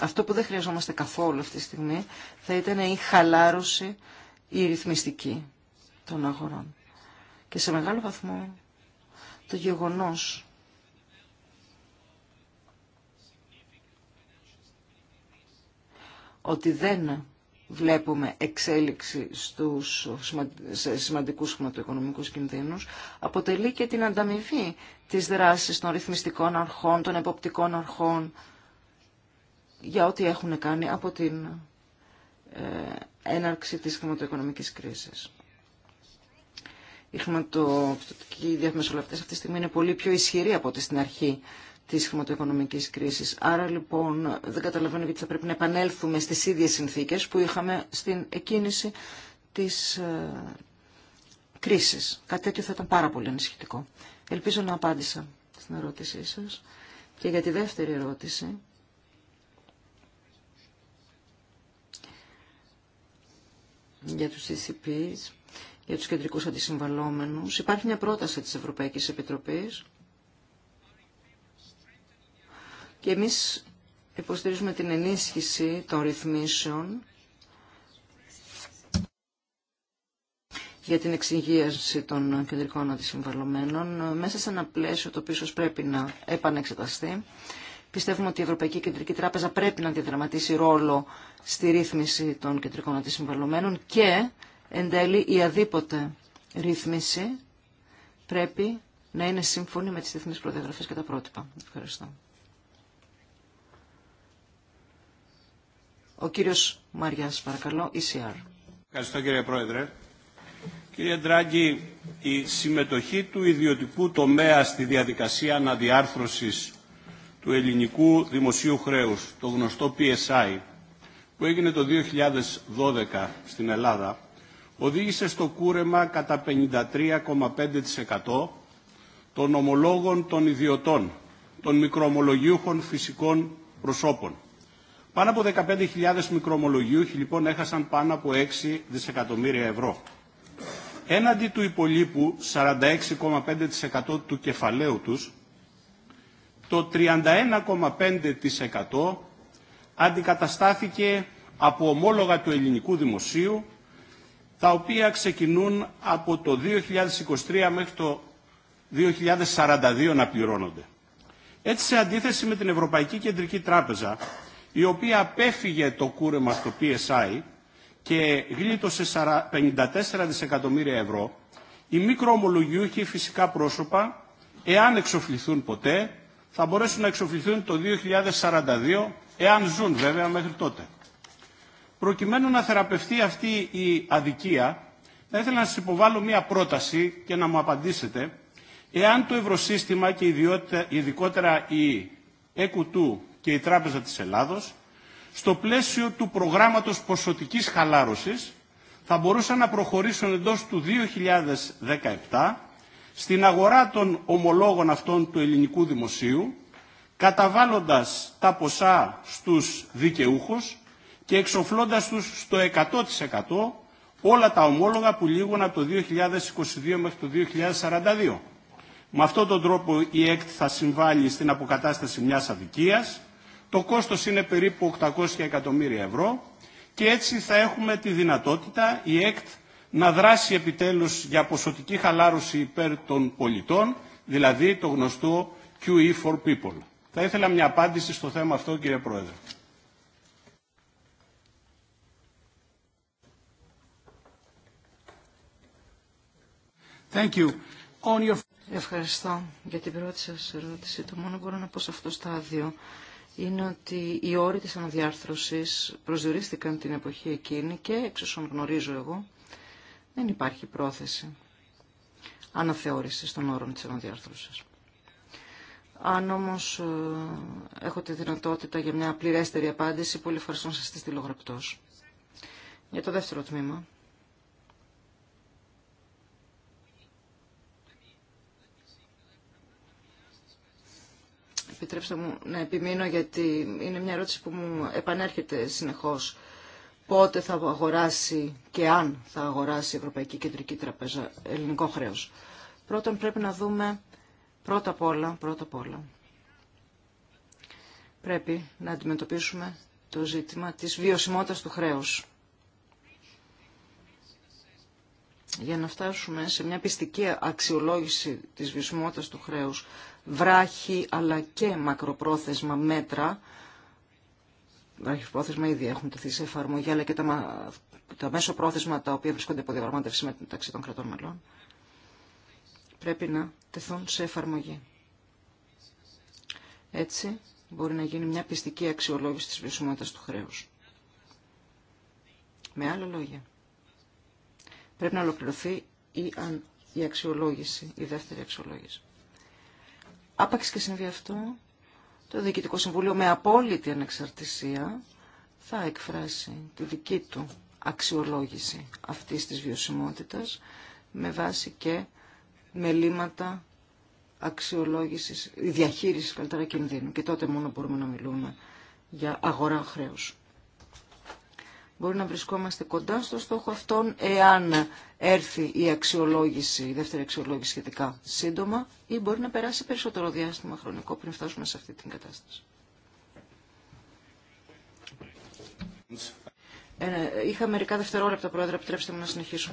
αυτό που δεν χρειαζόμαστε καθόλου αυτή τη στιγμή θα ήταν η χαλάρωση η ρυθμιστική των αγορών. Και σε μεγάλο βαθμό το γεγονός ότι δεν βλέπουμε εξέλιξη στους, σημαντικούς χρηματοοικονομικούς κινδύνους, αποτελεί και την ανταμοιβή της δράσης των ρυθμιστικών αρχών, των εποπτικών αρχών, για ό,τι έχουν κάνει από την ε, έναρξη της χρηματοοικονομικής κρίσης. Οι χρηματοπιστωτικοί διαμεσολαβητές αυτή τη στιγμή είναι πολύ πιο ισχυρή από ό,τι στην αρχή τη χρηματοοικονομική κρίση. Άρα λοιπόν δεν καταλαβαίνω γιατί θα πρέπει να επανέλθουμε στι ίδιε συνθήκε που είχαμε στην εκκίνηση τη ε, κρίση. Κάτι τέτοιο θα ήταν πάρα πολύ ανησυχητικό. Ελπίζω να απάντησα στην ερώτησή σα. Και για τη δεύτερη ερώτηση. για τους CCPs για τους κεντρικούς αντισυμβαλόμενους. Υπάρχει μια πρόταση της Ευρωπαϊκής Επιτροπής και εμείς υποστηρίζουμε την ενίσχυση των ρυθμίσεων για την εξυγίαση των κεντρικών αντισυμβαλωμένων μέσα σε ένα πλαίσιο το οποίο πρέπει να επανεξεταστεί. Πιστεύουμε ότι η Ευρωπαϊκή Κεντρική Τράπεζα πρέπει να διαδραματίσει ρόλο στη ρύθμιση των κεντρικών αντισυμβαλωμένων και Εν τέλει, η αδίποτε ρύθμιση πρέπει να είναι σύμφωνη με τις διεθνείς προδιαγραφές και τα πρότυπα. Ευχαριστώ. Ο κύριος Μαριάς, παρακαλώ, ECR. Ευχαριστώ κύριε Πρόεδρε. Κύριε Ντράγκη, η συμμετοχή του ιδιωτικού τομέα στη διαδικασία αναδιάρθρωσης του ελληνικού δημοσίου χρέους, το γνωστό PSI, που έγινε το 2012 στην Ελλάδα, οδήγησε στο κούρεμα κατά 53,5% των ομολόγων των ιδιωτών, των μικροομολογιούχων φυσικών προσώπων. Πάνω από 15.000 μικρομολογιούχοι λοιπόν έχασαν πάνω από 6 δισεκατομμύρια ευρώ. Έναντι του υπολείπου 46,5% του κεφαλαίου τους, το 31,5% αντικαταστάθηκε από ομόλογα του ελληνικού δημοσίου τα οποία ξεκινούν από το 2023 μέχρι το 2042 να πληρώνονται. Έτσι, σε αντίθεση με την Ευρωπαϊκή Κεντρική Τράπεζα, η οποία απέφυγε το κούρεμα στο PSI και γλίτωσε 54 δισεκατομμύρια ευρώ, οι μικροομολογιούχοι φυσικά πρόσωπα, εάν εξοφληθούν ποτέ, θα μπορέσουν να εξοφληθούν το 2042, εάν ζουν βέβαια μέχρι τότε προκειμένου να θεραπευτεί αυτή η αδικία, θα ήθελα να σας υποβάλω μία πρόταση και να μου απαντήσετε. Εάν το ευρωσύστημα και ειδικότερα η ΕΚΟΥΤΟΥ και η Τράπεζα της Ελλάδος, στο πλαίσιο του προγράμματος ποσοτικής χαλάρωσης, θα μπορούσαν να προχωρήσουν εντός του 2017 στην αγορά των ομολόγων αυτών του ελληνικού δημοσίου, καταβάλλοντας τα ποσά στους δικαιούχους και εξοφλώντας τους στο 100% όλα τα ομόλογα που λήγουν από το 2022 μέχρι το 2042. Με αυτόν τον τρόπο η ΕΚΤ θα συμβάλλει στην αποκατάσταση μιας αδικίας, το κόστος είναι περίπου 800 εκατομμύρια ευρώ και έτσι θα έχουμε τη δυνατότητα η ΕΚΤ να δράσει επιτέλους για ποσοτική χαλάρωση υπέρ των πολιτών, δηλαδή το γνωστό QE for People. Θα ήθελα μια απάντηση στο θέμα αυτό κύριε Πρόεδρε. Ευχαριστώ για την πρώτη σας ερώτηση. Το μόνο που μπορώ να πω σε αυτό το στάδιο είναι ότι οι όροι της αναδιάρθρωσης προσδιορίστηκαν την εποχή εκείνη και εξ όσων γνωρίζω εγώ δεν υπάρχει πρόθεση αναθεώρησης των όρων της αναδιάρθρωσης. Αν όμως ε, έχω τη δυνατότητα για μια πληρέστερη απάντηση, πολύ ευχαριστώ να σας τη στείλω γραπτός. Για το δεύτερο τμήμα, επιτρέψτε μου να επιμείνω γιατί είναι μια ερώτηση που μου επανέρχεται συνεχώς. Πότε θα αγοράσει και αν θα αγοράσει η Ευρωπαϊκή Κεντρική Τραπέζα ελληνικό χρέος. Πρώτον πρέπει να δούμε πρώτα απ' όλα, πρώτα απ' όλα πρέπει να αντιμετωπίσουμε το ζήτημα της βιωσιμότητας του χρέους. Για να φτάσουμε σε μια πιστική αξιολόγηση της βιωσιμότητας του χρέους βράχη αλλά και μακροπρόθεσμα μέτρα, πρόθεσμα ήδη έχουν τεθεί σε εφαρμογή, αλλά και τα, τα τα οποία βρίσκονται από διαπραγμάτευση μεταξύ των κρατών μελών, πρέπει να τεθούν σε εφαρμογή. Έτσι μπορεί να γίνει μια πιστική αξιολόγηση της βιωσιμότητας του χρέους. Με άλλα λόγια, πρέπει να ολοκληρωθεί η, η αξιολόγηση, η δεύτερη αξιολόγηση. Άπαξ και συμβεί αυτό, το Διοικητικό Συμβούλιο με απόλυτη ανεξαρτησία θα εκφράσει τη δική του αξιολόγηση αυτής της βιωσιμότητας με βάση και μελήματα αξιολόγησης, διαχείρισης καλύτερα κινδύνου. Και τότε μόνο μπορούμε να μιλούμε για αγορά χρέους. Μπορεί να βρισκόμαστε κοντά στο στόχο αυτόν εάν έρθει η αξιολόγηση, η δεύτερη αξιολόγηση σχετικά σύντομα ή μπορεί να περάσει περισσότερο διάστημα χρονικό πριν φτάσουμε σε αυτή την κατάσταση. Ε, είχα μερικά δευτερόλεπτα, Πρόεδρε, επιτρέψτε μου να συνεχίσω.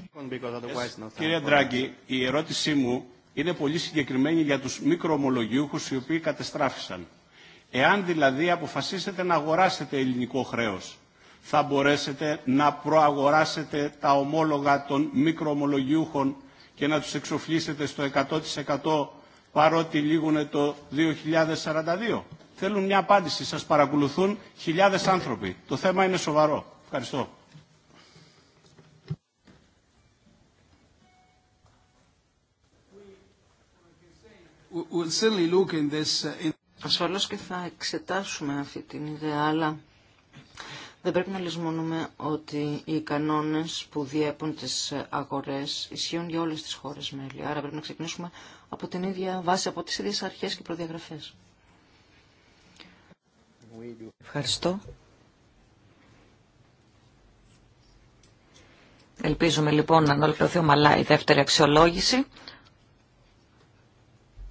Κύριε Ντράγκη, η ερώτησή μου είναι πολύ συγκεκριμένη για τους μικρομολογιούχους οι οποίοι κατεστράφησαν. Εάν δηλαδή αποφασίσετε να αγοράσετε ελληνικό χρέος, θα μπορέσετε να προαγοράσετε τα ομόλογα των μικροομολογιούχων και να τους εξοφλήσετε στο 100% παρότι λήγουν το 2042. Θέλουν μια απάντηση. Σας παρακολουθούν χιλιάδες άνθρωποι. Το θέμα είναι σοβαρό. Ευχαριστώ. Ασφαλώς και θα εξετάσουμε αυτή την ιδέα, αλλά δεν πρέπει να λησμονούμε ότι οι κανόνες που διέπουν τις αγορές ισχύουν για όλες τις χώρες μέλη. Άρα πρέπει να ξεκινήσουμε από την ίδια βάση, από τις ίδιες αρχές και προδιαγραφές. Ευχαριστώ. Ελπίζουμε λοιπόν να ολοκληρωθεί ομαλά η δεύτερη αξιολόγηση.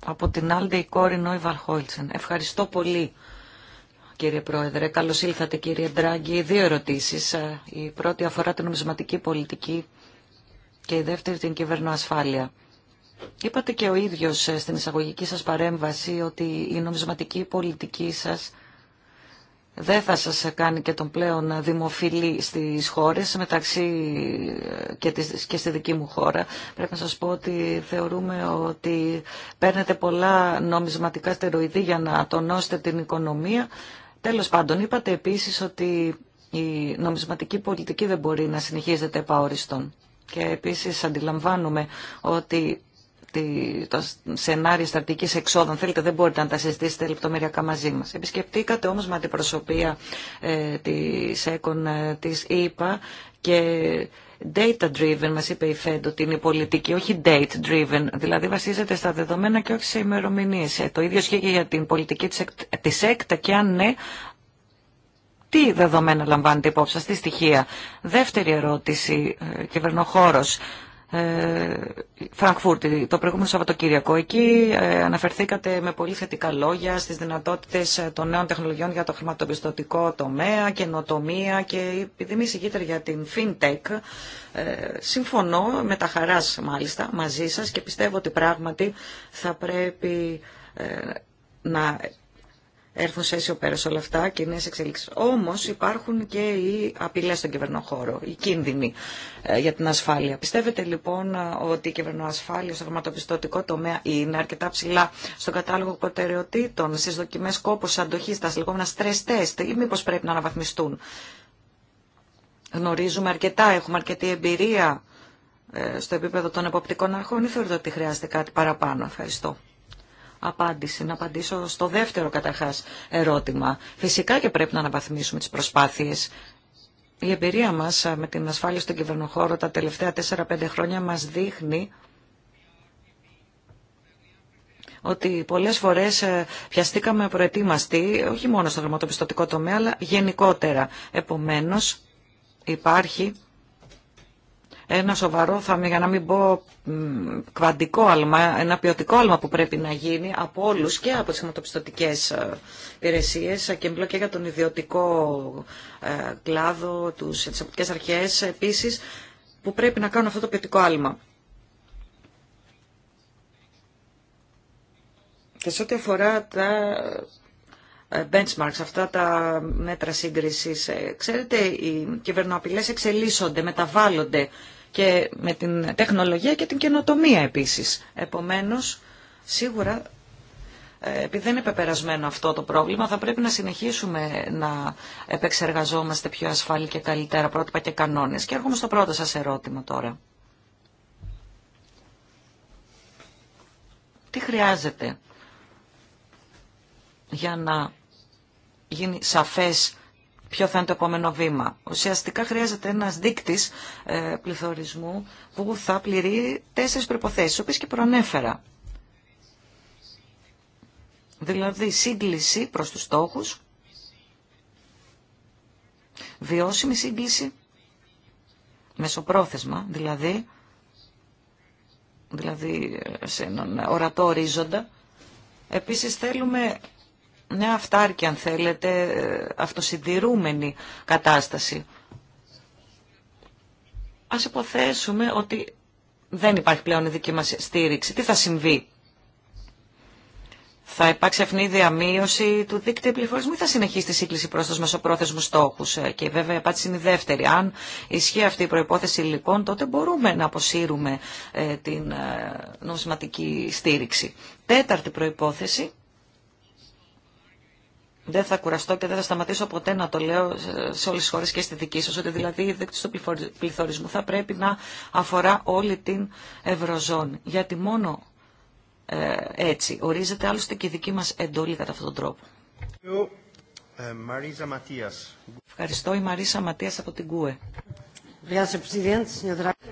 Από την Άλντε η κόρη Νόη Βαρχόλτσεν. Ευχαριστώ πολύ κύριε Πρόεδρε. καλώ ήλθατε κύριε Ντράγκη. Δύο ερωτήσει. Η πρώτη αφορά την νομισματική πολιτική και η δεύτερη την κυβερνοασφάλεια. Είπατε και ο ίδιο ε, στην εισαγωγική σα παρέμβαση ότι η νομισματική πολιτική σας δεν θα σας κάνει και τον πλέον δημοφιλή στις χώρες, μεταξύ ε, και, της, και στη δική μου χώρα. Πρέπει να σας πω ότι θεωρούμε ότι παίρνετε πολλά νομισματικά στεροειδή για να τονώσετε την οικονομία Τέλος πάντων, είπατε επίσης ότι η νομισματική πολιτική δεν μπορεί να συνεχίζεται επαόριστον. Και επίσης αντιλαμβάνουμε ότι το σενάριο στρατηγική εξόδων. Θέλετε, δεν μπορείτε να τα συζητήσετε λεπτομεριακά μαζί μας. Επισκεφτήκατε όμω με αντιπροσωπεία ε, τη ΕΚΟΝ ε, τη ΕΠΑ και data-driven, μας είπε η ΦΕΔ ότι είναι η πολιτική, όχι date-driven, δηλαδή βασίζεται στα δεδομένα και όχι σε ημερομηνίε. Ε, το ίδιο σχέδιο για την πολιτική της ΕΚΤΑ και αν ναι, τι δεδομένα λαμβάνετε υπόψη σας, τι στοιχεία. Δεύτερη ερώτηση, ε, κυβερνοχώρος. Ε, Φραγκφούρτη το προηγούμενο Σαββατοκύριακο. Εκεί ε, αναφερθήκατε με πολύ θετικά λόγια στις δυνατότητες ε, των νέων τεχνολογιών για το χρηματοπιστωτικό τομέα, καινοτομία και επειδή είμαι για την FinTech, συμφωνώ με τα χαράς μάλιστα μαζί σας και πιστεύω ότι πράγματι θα πρέπει να έρθουν σε αίσιο πέρα όλα αυτά και οι νέε εξελίξει. Όμω υπάρχουν και οι απειλέ στον κυβερνοχώρο, οι κίνδυνοι ε, για την ασφάλεια. Πιστεύετε λοιπόν ότι η κυβερνοασφάλεια στο χρηματοπιστωτικό τομέα είναι αρκετά ψηλά στον κατάλογο προτεραιοτήτων, στι δοκιμέ κόπου αντοχή, στα λεγόμενα stress test, ή μήπω πρέπει να αναβαθμιστούν. Γνωρίζουμε αρκετά, έχουμε αρκετή εμπειρία ε, στο επίπεδο των εποπτικών αρχών ή θεωρείτε ότι χρειάζεται κάτι παραπάνω. Ευχαριστώ απάντηση. Να απαντήσω στο δεύτερο καταρχάς ερώτημα. Φυσικά και πρέπει να αναβαθμίσουμε τις προσπάθειες η εμπειρία μας με την ασφάλεια στον κυβερνοχώρο τα τελευταία 4-5 χρόνια μας δείχνει ότι πολλές φορές ε, πιαστήκαμε προετοίμαστοι, όχι μόνο στο χρηματοπιστωτικό τομέα, αλλά γενικότερα. Επομένως, υπάρχει ένα σοβαρό, θα, για να μην πω κβαντικό άλμα, ένα ποιοτικό άλμα που πρέπει να γίνει από όλους και από τις χρηματοπιστωτικές ε, υπηρεσίε και μιλώ και για τον ιδιωτικό ε, κλάδο, τους, τις αποτικές αρχές επίσης, που πρέπει να κάνουν αυτό το ποιοτικό άλμα. Και σε ό,τι αφορά τα ε, benchmarks, αυτά τα μέτρα σύγκρισης, ξέρετε, οι κυβερνοαπειλές εξελίσσονται, μεταβάλλονται και με την τεχνολογία και την καινοτομία επίσης. Επομένως, σίγουρα ε, επειδή δεν είναι πεπερασμένο αυτό το πρόβλημα, θα πρέπει να συνεχίσουμε να επεξεργαζόμαστε πιο ασφαλή και καλύτερα πρότυπα και κανόνες. Και έρχομαι στο πρώτο σας ερώτημα τώρα. Τι χρειάζεται για να γίνει σαφές ποιο θα είναι το επόμενο βήμα. Ουσιαστικά χρειάζεται ένας δείκτης ε, πληθωρισμού που θα πληρεί τέσσερις προϋποθέσεις, οποίες και προανέφερα. Δηλαδή σύγκληση προς τους στόχους, βιώσιμη σύγκληση, μεσοπρόθεσμα, δηλαδή, δηλαδή ε, σε έναν ορατό ορίζοντα. Επίσης θέλουμε μια αυτάρκη αν θέλετε, ε, αυτοσυντηρούμενη κατάσταση. Ας υποθέσουμε ότι δεν υπάρχει πλέον η δική μας στήριξη. Τι θα συμβεί. Θα υπάρξει αυτή διαμείωση του δίκτυου πληροφορισμού ή θα συνεχίσει τη σύγκληση προς του μεσοπρόθεσμου στόχους. Ε, και βέβαια η απάντηση είναι η δεύτερη. Αν ισχύει αυτή η προϋπόθεση λοιπόν, τότε μπορούμε να αποσύρουμε ε, την νομισματική στήριξη. Τέταρτη προϋπόθεση δεν θα κουραστώ και δεν θα σταματήσω ποτέ να το λέω σε όλες τις χώρες και στη δική σας, ότι δηλαδή η δίκτυση του πληθωρισμού θα πρέπει να αφορά όλη την Ευρωζώνη. Γιατί μόνο ε, έτσι ορίζεται άλλωστε και η δική μας εντολή κατά αυτόν τον τρόπο. Ευχαριστώ η Μαρίσα Ματίας από την ΚΟΕ.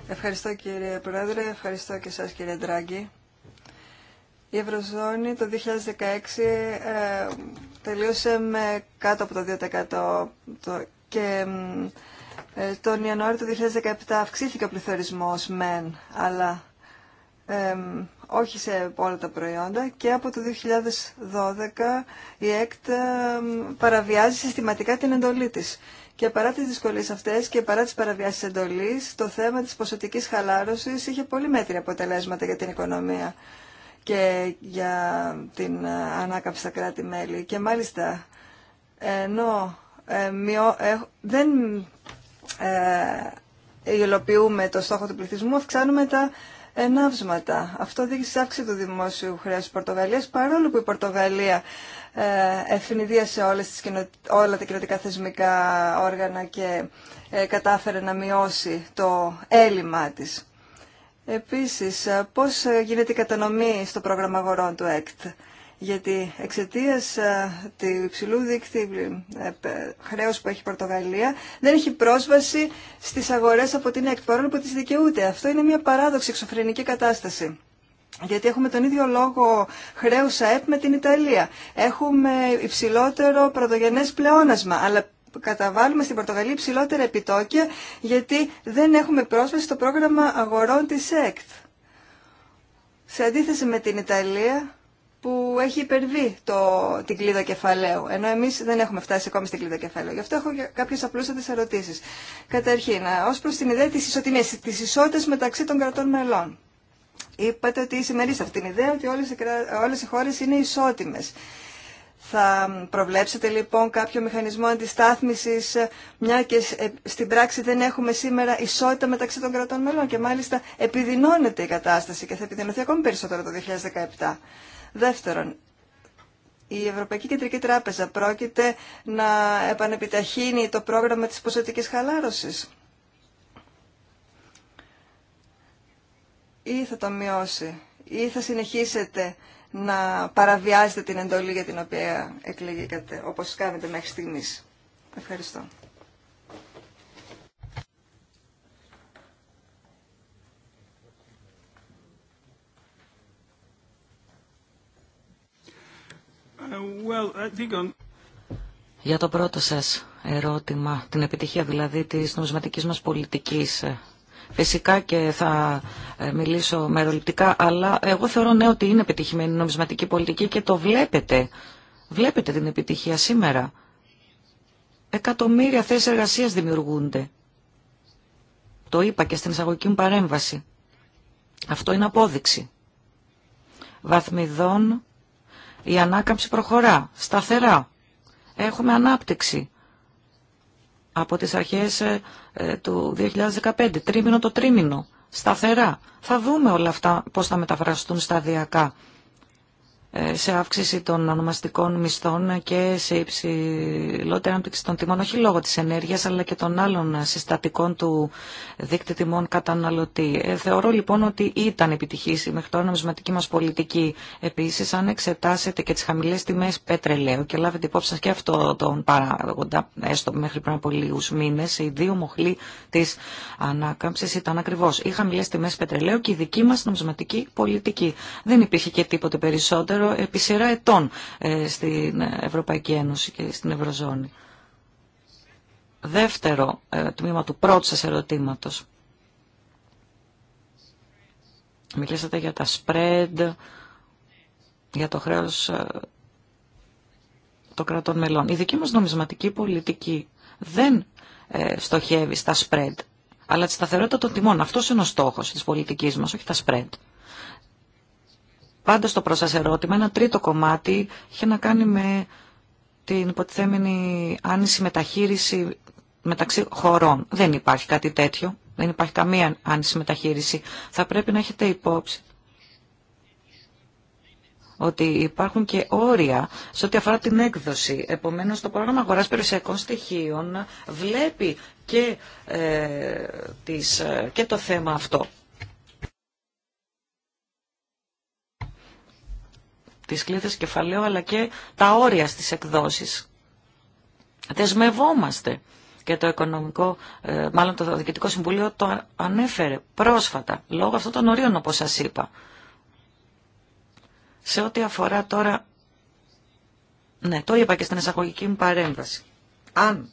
Ευχαριστώ κύριε Πρόεδρε, ευχαριστώ και εσάς κύριε Ντράγκη. Η Ευρωζώνη το 2016 ε, τελείωσε με κάτω από το 2% και ε, τον Ιανουάριο του 2017 αυξήθηκε ο πληθωρισμός μεν, αλλά όχι σε όλα τα προϊόντα και από το 2012 η ΕΚΤ παραβιάζει συστηματικά την εντολή της. Και παρά τις δυσκολίες αυτές και παρά τις παραβιάσεις εντολής, το θέμα της ποσοτικής χαλάρωσης είχε πολύ μέτρια αποτελέσματα για την οικονομία και για την ε, ανάκαμψη στα κράτη-μέλη. Και μάλιστα, ενώ ε, δεν ε, υλοποιούμε το στόχο του πληθυσμού, αυξάνουμε τα ενάψματα. Αυτό οδήγησε σε αύξηση του δημόσιου χρέους της Πορτογαλίας, παρόλο που η Πορτογαλία ευνηδίασε όλες τις, όλα τα κοινωτικά θεσμικά όργανα και ε, κατάφερε να μειώσει το έλλειμμα της. Επίσης, πώς γίνεται η κατανομή στο πρόγραμμα αγορών του ΕΚΤ. Γιατί εξαιτία ε, του υψηλού δίκτυου ε, χρέου που έχει η Πορτογαλία δεν έχει πρόσβαση στι αγορέ από την ΕΚΤ, παρόλο που τι δικαιούται. Αυτό είναι μια παράδοξη εξωφρενική κατάσταση. Γιατί έχουμε τον ίδιο λόγο χρέου ΑΕΠ με την Ιταλία. Έχουμε υψηλότερο πρωτογενέ πλεόνασμα, αλλά καταβάλουμε στην Πορτογαλία ψηλότερα επιτόκια γιατί δεν έχουμε πρόσβαση στο πρόγραμμα αγορών της ΕΚΤ. Σε αντίθεση με την Ιταλία που έχει υπερβεί το, την κλίδα κεφαλαίου, ενώ εμείς δεν έχουμε φτάσει ακόμη στην κλίδα κεφαλαίου. Γι' αυτό έχω κάποιες απλούστατες ερωτήσεις. Καταρχήν, ως προς την ιδέα της ισοτιμίας, της ισότητας μεταξύ των κρατών μελών. Είπατε ότι συμμερίζετε αυτήν την ιδέα ότι όλες οι, όλες οι χώρες είναι ισότιμες. Θα προβλέψετε λοιπόν κάποιο μηχανισμό αντιστάθμισης, μια και ε, στην πράξη δεν έχουμε σήμερα ισότητα μεταξύ των κρατών μελών και μάλιστα επιδεινώνεται η κατάσταση και θα επιδεινωθεί ακόμη περισσότερο το 2017. Δεύτερον, η Ευρωπαϊκή Κεντρική Τράπεζα πρόκειται να επανεπιταχύνει το πρόγραμμα της ποσοτικής χαλάρωσης ή θα το μειώσει ή θα συνεχίσετε να παραβιάζετε την εντολή για την οποία εκλεγήκατε, όπως κάνετε μέχρι στιγμής. Ευχαριστώ. Για το πρώτο σας ερώτημα, την επιτυχία δηλαδή της νομισματικής μας πολιτικής ε, Φυσικά και θα ε, μιλήσω μεροληπτικά, αλλά εγώ θεωρώ ναι ότι είναι επιτυχημένη η νομισματική πολιτική και το βλέπετε. Βλέπετε την επιτυχία σήμερα. Εκατομμύρια θέσεις εργασίας δημιουργούνται. Το είπα και στην εισαγωγική μου παρέμβαση. Αυτό είναι απόδειξη. Βαθμιδών η ανάκαμψη προχωρά, σταθερά. Έχουμε ανάπτυξη από τις αρχές ε, ε, του 2015, τρίμηνο το τρίμηνο, σταθερά. Θα δούμε όλα αυτά πώς θα μεταφραστούν σταδιακά ε, σε αύξηση των ονομαστικών μισθών και σε υψηλότερη ανάπτυξη των τιμών, όχι λόγω της ενέργειας, αλλά και των άλλων συστατικών του δίκτυ τιμών καταναλωτή. Ε, θεωρώ λοιπόν ότι ήταν επιτυχής μέχρι τώρα νομισματική μας πολιτική. Επίσης, αν εξετάσετε και τις χαμηλές τιμές πετρελαίου και λάβετε υπόψη σας και αυτό τον παράγοντα, έστω μέχρι πριν από λίγους μήνες, οι δύο μοχλοί της ανάκαμψης ήταν ακριβώς οι χαμηλές τιμές πετρελαίου και η δική μας νομισματική πολιτική. Δεν υπήρχε και τίποτε περισσότερο επί σειρά ετών ε, στην Ευρωπαϊκή Ένωση και στην Ευρωζώνη. Δεύτερο ε, τμήμα του πρώτου σας ερωτήματος. Μιλήσατε για τα spread, για το χρέος ε, των κρατών μελών. Η δική μας νομισματική πολιτική δεν στοχεύει στα spread, αλλά τη σταθερότητα των τιμών. Αυτός είναι ο στόχος της πολιτικής μας, όχι τα spread. Πάντα το πρώτο σας ερώτημα, ένα τρίτο κομμάτι είχε να κάνει με την υποτιθέμενη άνηση μεταχείριση μεταξύ χωρών. Δεν υπάρχει κάτι τέτοιο. Δεν υπάρχει καμία άνηση μεταχείριση. Θα πρέπει να έχετε υπόψη ότι υπάρχουν και όρια σε ό,τι αφορά την έκδοση. Επομένως, το πρόγραμμα αγοράς περιουσιακών στοιχείων βλέπει και, ε, ε, και το θέμα αυτό. τις κλήθες κεφαλαίου αλλά και τα όρια στις εκδόσεις. Δεσμευόμαστε και το οικονομικό, ε, μάλλον το Διοικητικό Συμβουλίο το ανέφερε πρόσφατα λόγω αυτών των ορίων όπως σας είπα. Σε ό,τι αφορά τώρα, ναι το είπα και στην εισαγωγική μου παρέμβαση, αν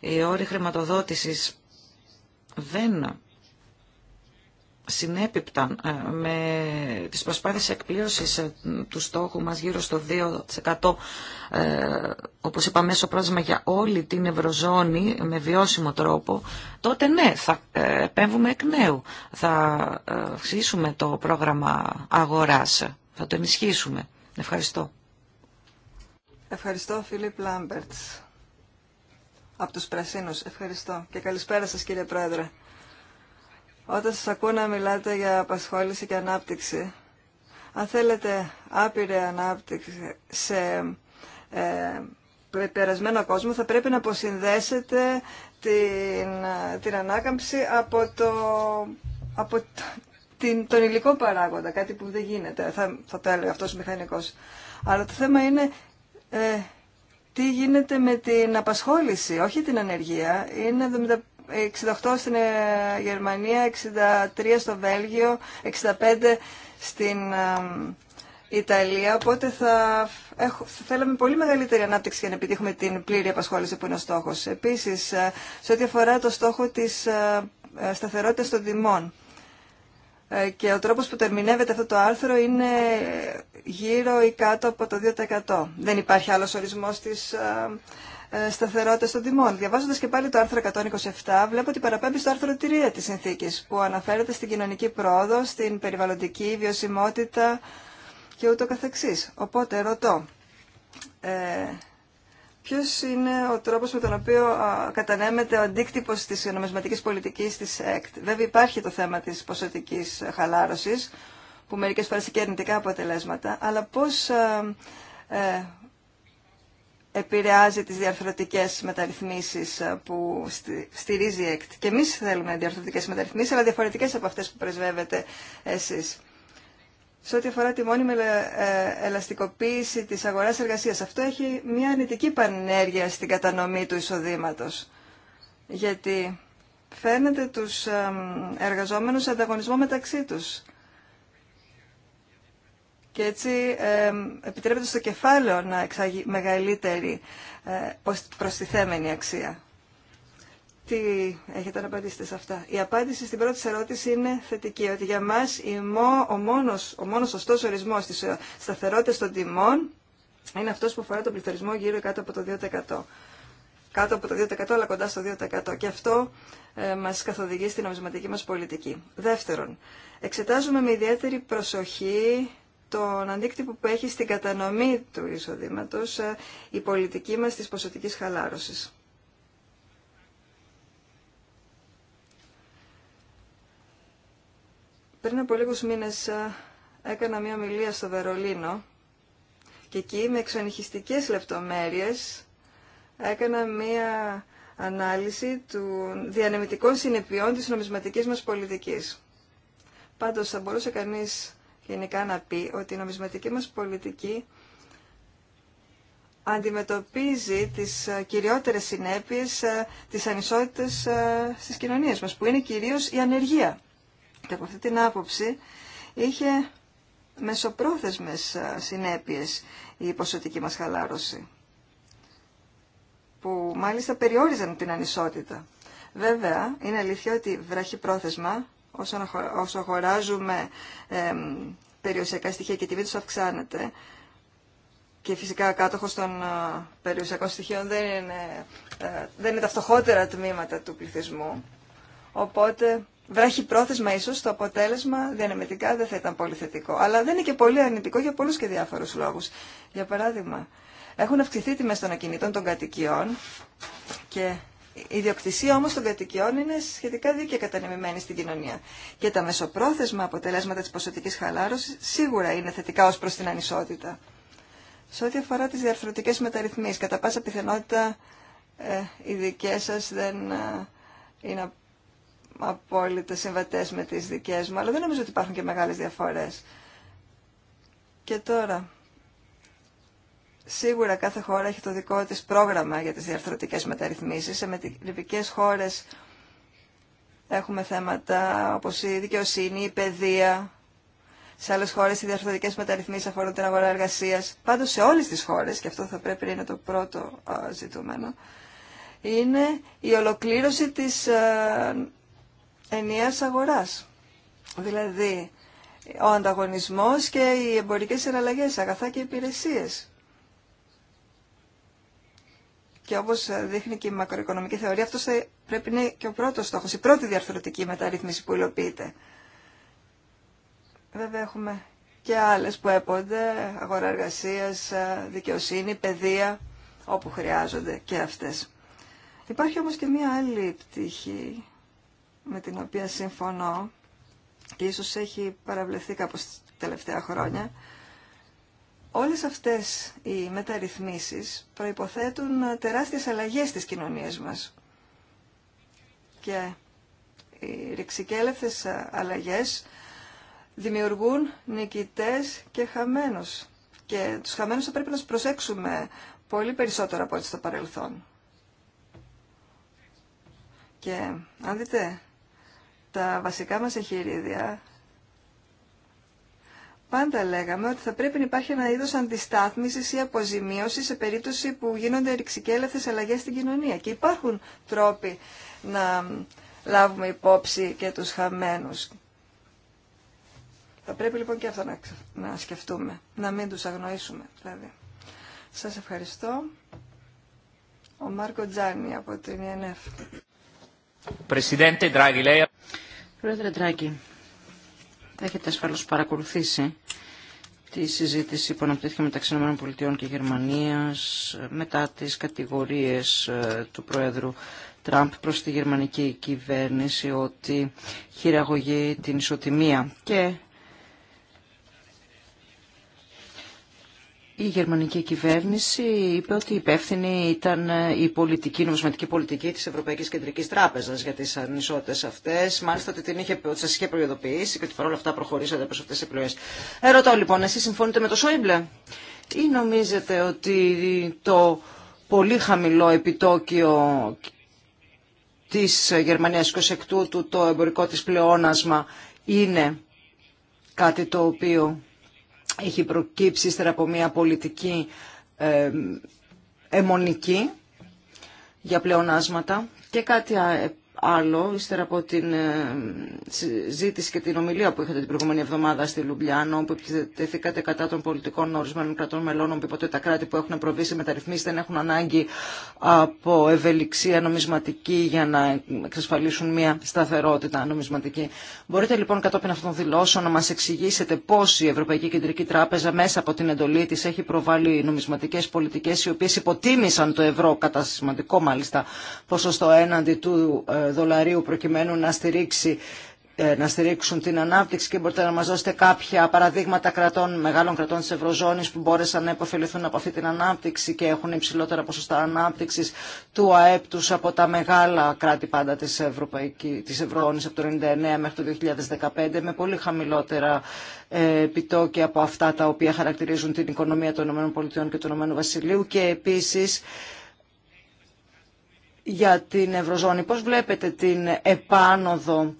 οι όροι χρηματοδότησης δεν συνέπιπταν ε, με τις προσπάθειες εκπλήρωσης ε, του στόχου μας γύρω στο 2% ε, όπως είπα μέσω πρόγραμμα για όλη την Ευρωζώνη με βιώσιμο τρόπο, τότε ναι, θα επέμβουμε εκ νέου. Θα αυξήσουμε το πρόγραμμα αγοράς, θα το ενισχύσουμε. Ευχαριστώ. Ευχαριστώ Φίλιπ Λάμπερτς από τους Πρασίνους. Ευχαριστώ και καλησπέρα σας κύριε Πρόεδρε όταν σας ακούω να μιλάτε για απασχόληση και ανάπτυξη, αν θέλετε άπειρη ανάπτυξη σε ε, περασμένο κόσμο, θα πρέπει να αποσυνδέσετε την, την ανάκαμψη από, το, από την, τον υλικό παράγοντα, κάτι που δεν γίνεται, θα, το έλεγε αυτός ο μηχανικός. Αλλά το θέμα είναι ε, τι γίνεται με την απασχόληση, όχι την ανεργία. Είναι 68 στην ε, Γερμανία, 63 στο Βέλγιο, 65 στην Ιταλία, οπότε θα, θέλαμε πολύ μεγαλύτερη ανάπτυξη για να επιτύχουμε την πλήρη απασχόληση που είναι ο στόχος. Επίσης, ε, σε ό,τι αφορά το στόχο της ε, σταθερότητας των τιμών, και ο τρόπος που τερμινεύεται αυτό το άρθρο είναι γύρω ή κάτω από το 2%. Δεν υπάρχει άλλος ορισμός της ε, σταθερότητα των τιμών. Διαβάζοντα και πάλι το άρθρο 127, βλέπω ότι παραπέμπει στο άρθρο 3 τη συνθήκη, που αναφέρεται στην κοινωνική πρόοδο, στην περιβαλλοντική βιωσιμότητα και ούτω καθεξής. Οπότε ρωτώ, ε, ποιος είναι ο τρόπο με τον οποίο κατανέμεται ο αντίκτυπο τη νομισματική πολιτική τη ΕΚΤ. Βέβαια υπάρχει το θέμα τη ποσοτικής χαλάρωση που μερικέ φορέ έχει αρνητικά αποτελέσματα, αλλά πώ. ε, επηρεάζει τις διαρθρωτικές μεταρρυθμίσεις ε, που στηρίζει η ΕΚΤ. Και εμείς θέλουμε διαρθρωτικές μεταρρυθμίσεις, αλλά διαφορετικές από αυτές που πρεσβεύετε εσείς. Σε ό,τι αφορά τη μόνιμη ε, ελαστικοποίηση της αγοράς εργασίας, αυτό έχει μια αρνητική πανέργεια στην κατανομή του εισοδήματος. Γιατί φαίνεται τους ε, εργαζόμενους ανταγωνισμό μεταξύ τους και έτσι επιτρέπεται στο κεφάλαιο να εξάγει μεγαλύτερη ε, προστιθέμενη αξία. Τι έχετε να απαντήσετε σε αυτά. Η απάντηση στην πρώτη ερώτηση είναι θετική, ότι για μας ο μόνος, ο μόνος σωστός ορισμός της ε, σταθερότητας των τιμών είναι αυτός που αφορά τον πληθωρισμό γύρω κάτω από το 2%. Κάτω από το 2% αλλά κοντά στο 2%. Και αυτό ε, μας καθοδηγεί στην νομισματική μας πολιτική. Δεύτερον, εξετάζουμε με ιδιαίτερη προσοχή τον αντίκτυπο που έχει στην κατανομή του εισοδήματος ε, η πολιτική μας της ποσοτικής χαλάρωσης. Πριν από λίγους μήνες ε, έκανα μία ομιλία στο Βερολίνο και εκεί με εξονυχιστικές λεπτομέρειες έκανα μία ανάλυση του διανεμητικών συνεπειών της νομισματικής μας πολιτικής. Πάντως θα μπορούσε κανείς γενικά να πει ότι η νομισματική μας πολιτική αντιμετωπίζει τις ε, κυριότερες συνέπειες ε, της ανισότητας ε, στις κοινωνίες μας, που είναι κυρίως η ανεργία. Και από αυτή την άποψη είχε μεσοπρόθεσμες συνέπειες η ποσοτική μας χαλάρωση, που μάλιστα περιόριζαν την ανισότητα. Βέβαια, είναι αλήθεια ότι βραχυπρόθεσμα όσο αγοράζουμε περιουσιακά στοιχεία και η τιμή τους αυξάνεται και φυσικά κάτοχος των ε, περιουσιακών στοιχείων δεν είναι, ε, δεν είναι τα φτωχότερα τμήματα του πληθυσμού. Οπότε βράχει πρόθεσμα ίσως το αποτέλεσμα διανεμητικά δεν θα ήταν πολύ θετικό. Αλλά δεν είναι και πολύ αρνητικό για πολλούς και διάφορους λόγους. Για παράδειγμα, έχουν αυξηθεί τιμές των ακινήτων των κατοικιών και η ιδιοκτησία όμως των κατοικιών είναι σχετικά δίκαια κατανεμημένη στην κοινωνία. Και τα μεσοπρόθεσμα αποτελέσματα της ποσοτικής χαλάρωσης σίγουρα είναι θετικά ως προς την ανισότητα. Σε ό,τι αφορά τι διαρθρωτικέ μεταρρυθμίσει, κατά πάσα πιθανότητα ε, οι δικέ σα δεν ε, είναι απόλυτα συμβατέ με τις δικέ μου, αλλά δεν νομίζω ότι υπάρχουν και μεγάλε διαφορέ. Και τώρα, Σίγουρα κάθε χώρα έχει το δικό της πρόγραμμα για τις διαρθρωτικές μεταρρυθμίσεις. Σε μετρηπικές χώρες έχουμε θέματα όπως η δικαιοσύνη, η παιδεία. Σε άλλες χώρες οι διαρθρωτικές μεταρρυθμίσεις αφορούν την αγορά εργασίας. Πάντως σε όλες τις χώρες, και αυτό θα πρέπει να είναι το πρώτο ζητούμενο, είναι η ολοκλήρωση της ε, ενιαίας αγοράς. Δηλαδή, ο ανταγωνισμός και οι εμπορικές συναλλαγές, αγαθά και υπηρεσίες. Και όπω δείχνει και η μακροοικονομική θεωρία, αυτό πρέπει να είναι και ο πρώτο στόχο, η πρώτη διαρθρωτική μεταρρύθμιση που υλοποιείται. Βέβαια, έχουμε και άλλε που έπονται, αγορά εργασία, δικαιοσύνη, παιδεία, όπου χρειάζονται και αυτέ. Υπάρχει όμω και μία άλλη πτυχή με την οποία συμφωνώ και ίσως έχει παραβλεφθεί κάπως τελευταία χρόνια, Όλες αυτές οι μεταρρυθμίσεις προϋποθέτουν τεράστιες αλλαγές στις κοινωνίες μας. Και οι ρηξικέλευθες αλλαγές δημιουργούν νικητές και χαμένους. Και τους χαμένους θα πρέπει να τους προσέξουμε πολύ περισσότερο από ό,τι στο παρελθόν. Και αν δείτε τα βασικά μας εγχειρίδια Πάντα λέγαμε ότι θα πρέπει να υπάρχει ένα είδο αντιστάθμιση ή αποζημίωση σε περίπτωση που γίνονται ρηξικέλευτε αλλαγέ στην κοινωνία. Και υπάρχουν τρόποι να λάβουμε υπόψη και του χαμένου. Θα πρέπει λοιπόν και αυτό να, σκεφτούμε, να μην τους αγνοήσουμε δηλαδή. Σας ευχαριστώ. Ο Μάρκο Τζάνι από την ΕΝΕΦ. Πρόεδρε Τράκη, Έχετε ασφαλώ παρακολουθήσει τη συζήτηση που αναπτύχθηκε μεταξύ ΗΠΑ και Γερμανίας μετά τις κατηγορίες ε, του Πρόεδρου Τραμπ προς τη γερμανική κυβέρνηση ότι χειραγωγεί την ισοτιμία και η γερμανική κυβέρνηση είπε ότι υπεύθυνη ήταν η πολιτική, νομισματική πολιτική της Ευρωπαϊκής Κεντρικής Τράπεζας για τις ανισότητες αυτές. Μάλιστα ότι, την είχε, ότι σας είχε προειδοποιήσει και ότι παρόλα αυτά προχωρήσατε προς αυτές τις επιλογές. Ερωτώ λοιπόν, εσείς συμφωνείτε με το Σόιμπλε ή νομίζετε ότι το πολύ χαμηλό επιτόκιο της Γερμανίας και ως εκ τούτου το εμπορικό της πλεόνασμα είναι κάτι το οποίο έχει προκύψει ύστερα από μια πολιτική εμονική για πλεονάσματα και κάτι άλλο, ύστερα από την ε, συζήτηση και την ομιλία που είχατε την προηγούμενη εβδομάδα στη Λουμπλιάνο, όπου επιτεθήκατε κατά των πολιτικών ορισμένων κρατών μελών, όπου είπατε τα κράτη που έχουν προβήσει σε μεταρρυθμίσει δεν έχουν ανάγκη από ευελιξία νομισματική για να εξασφαλίσουν μια σταθερότητα νομισματική. Μπορείτε λοιπόν κατόπιν αυτών των δηλώσεων να μα εξηγήσετε πώ η Ευρωπαϊκή Κεντρική Τράπεζα μέσα από την εντολή τη έχει προβάλει νομισματικέ πολιτικέ οι οποίε υποτίμησαν το ευρώ κατά σημαντικό μάλιστα ποσοστό έναντι του ε, δολαρίου προκειμένου ε, να στηρίξουν την ανάπτυξη και μπορείτε να μας δώσετε κάποια παραδείγματα κρατών, μεγάλων κρατών της Ευρωζώνης που μπόρεσαν να υποφεληθούν από αυτή την ανάπτυξη και έχουν υψηλότερα ποσοστά ανάπτυξης του ΑΕΠ τους από τα μεγάλα κράτη πάντα της, Ευρωπαϊκής, της Ευρωζώνης από το 1999 μέχρι το 2015 με πολύ χαμηλότερα ε, επιτόκια από αυτά τα οποία χαρακτηρίζουν την οικονομία των ΗΠΑ και του ΗΠΑ και επίσης για την Ευρωζώνη. Πώς βλέπετε την επάνωδο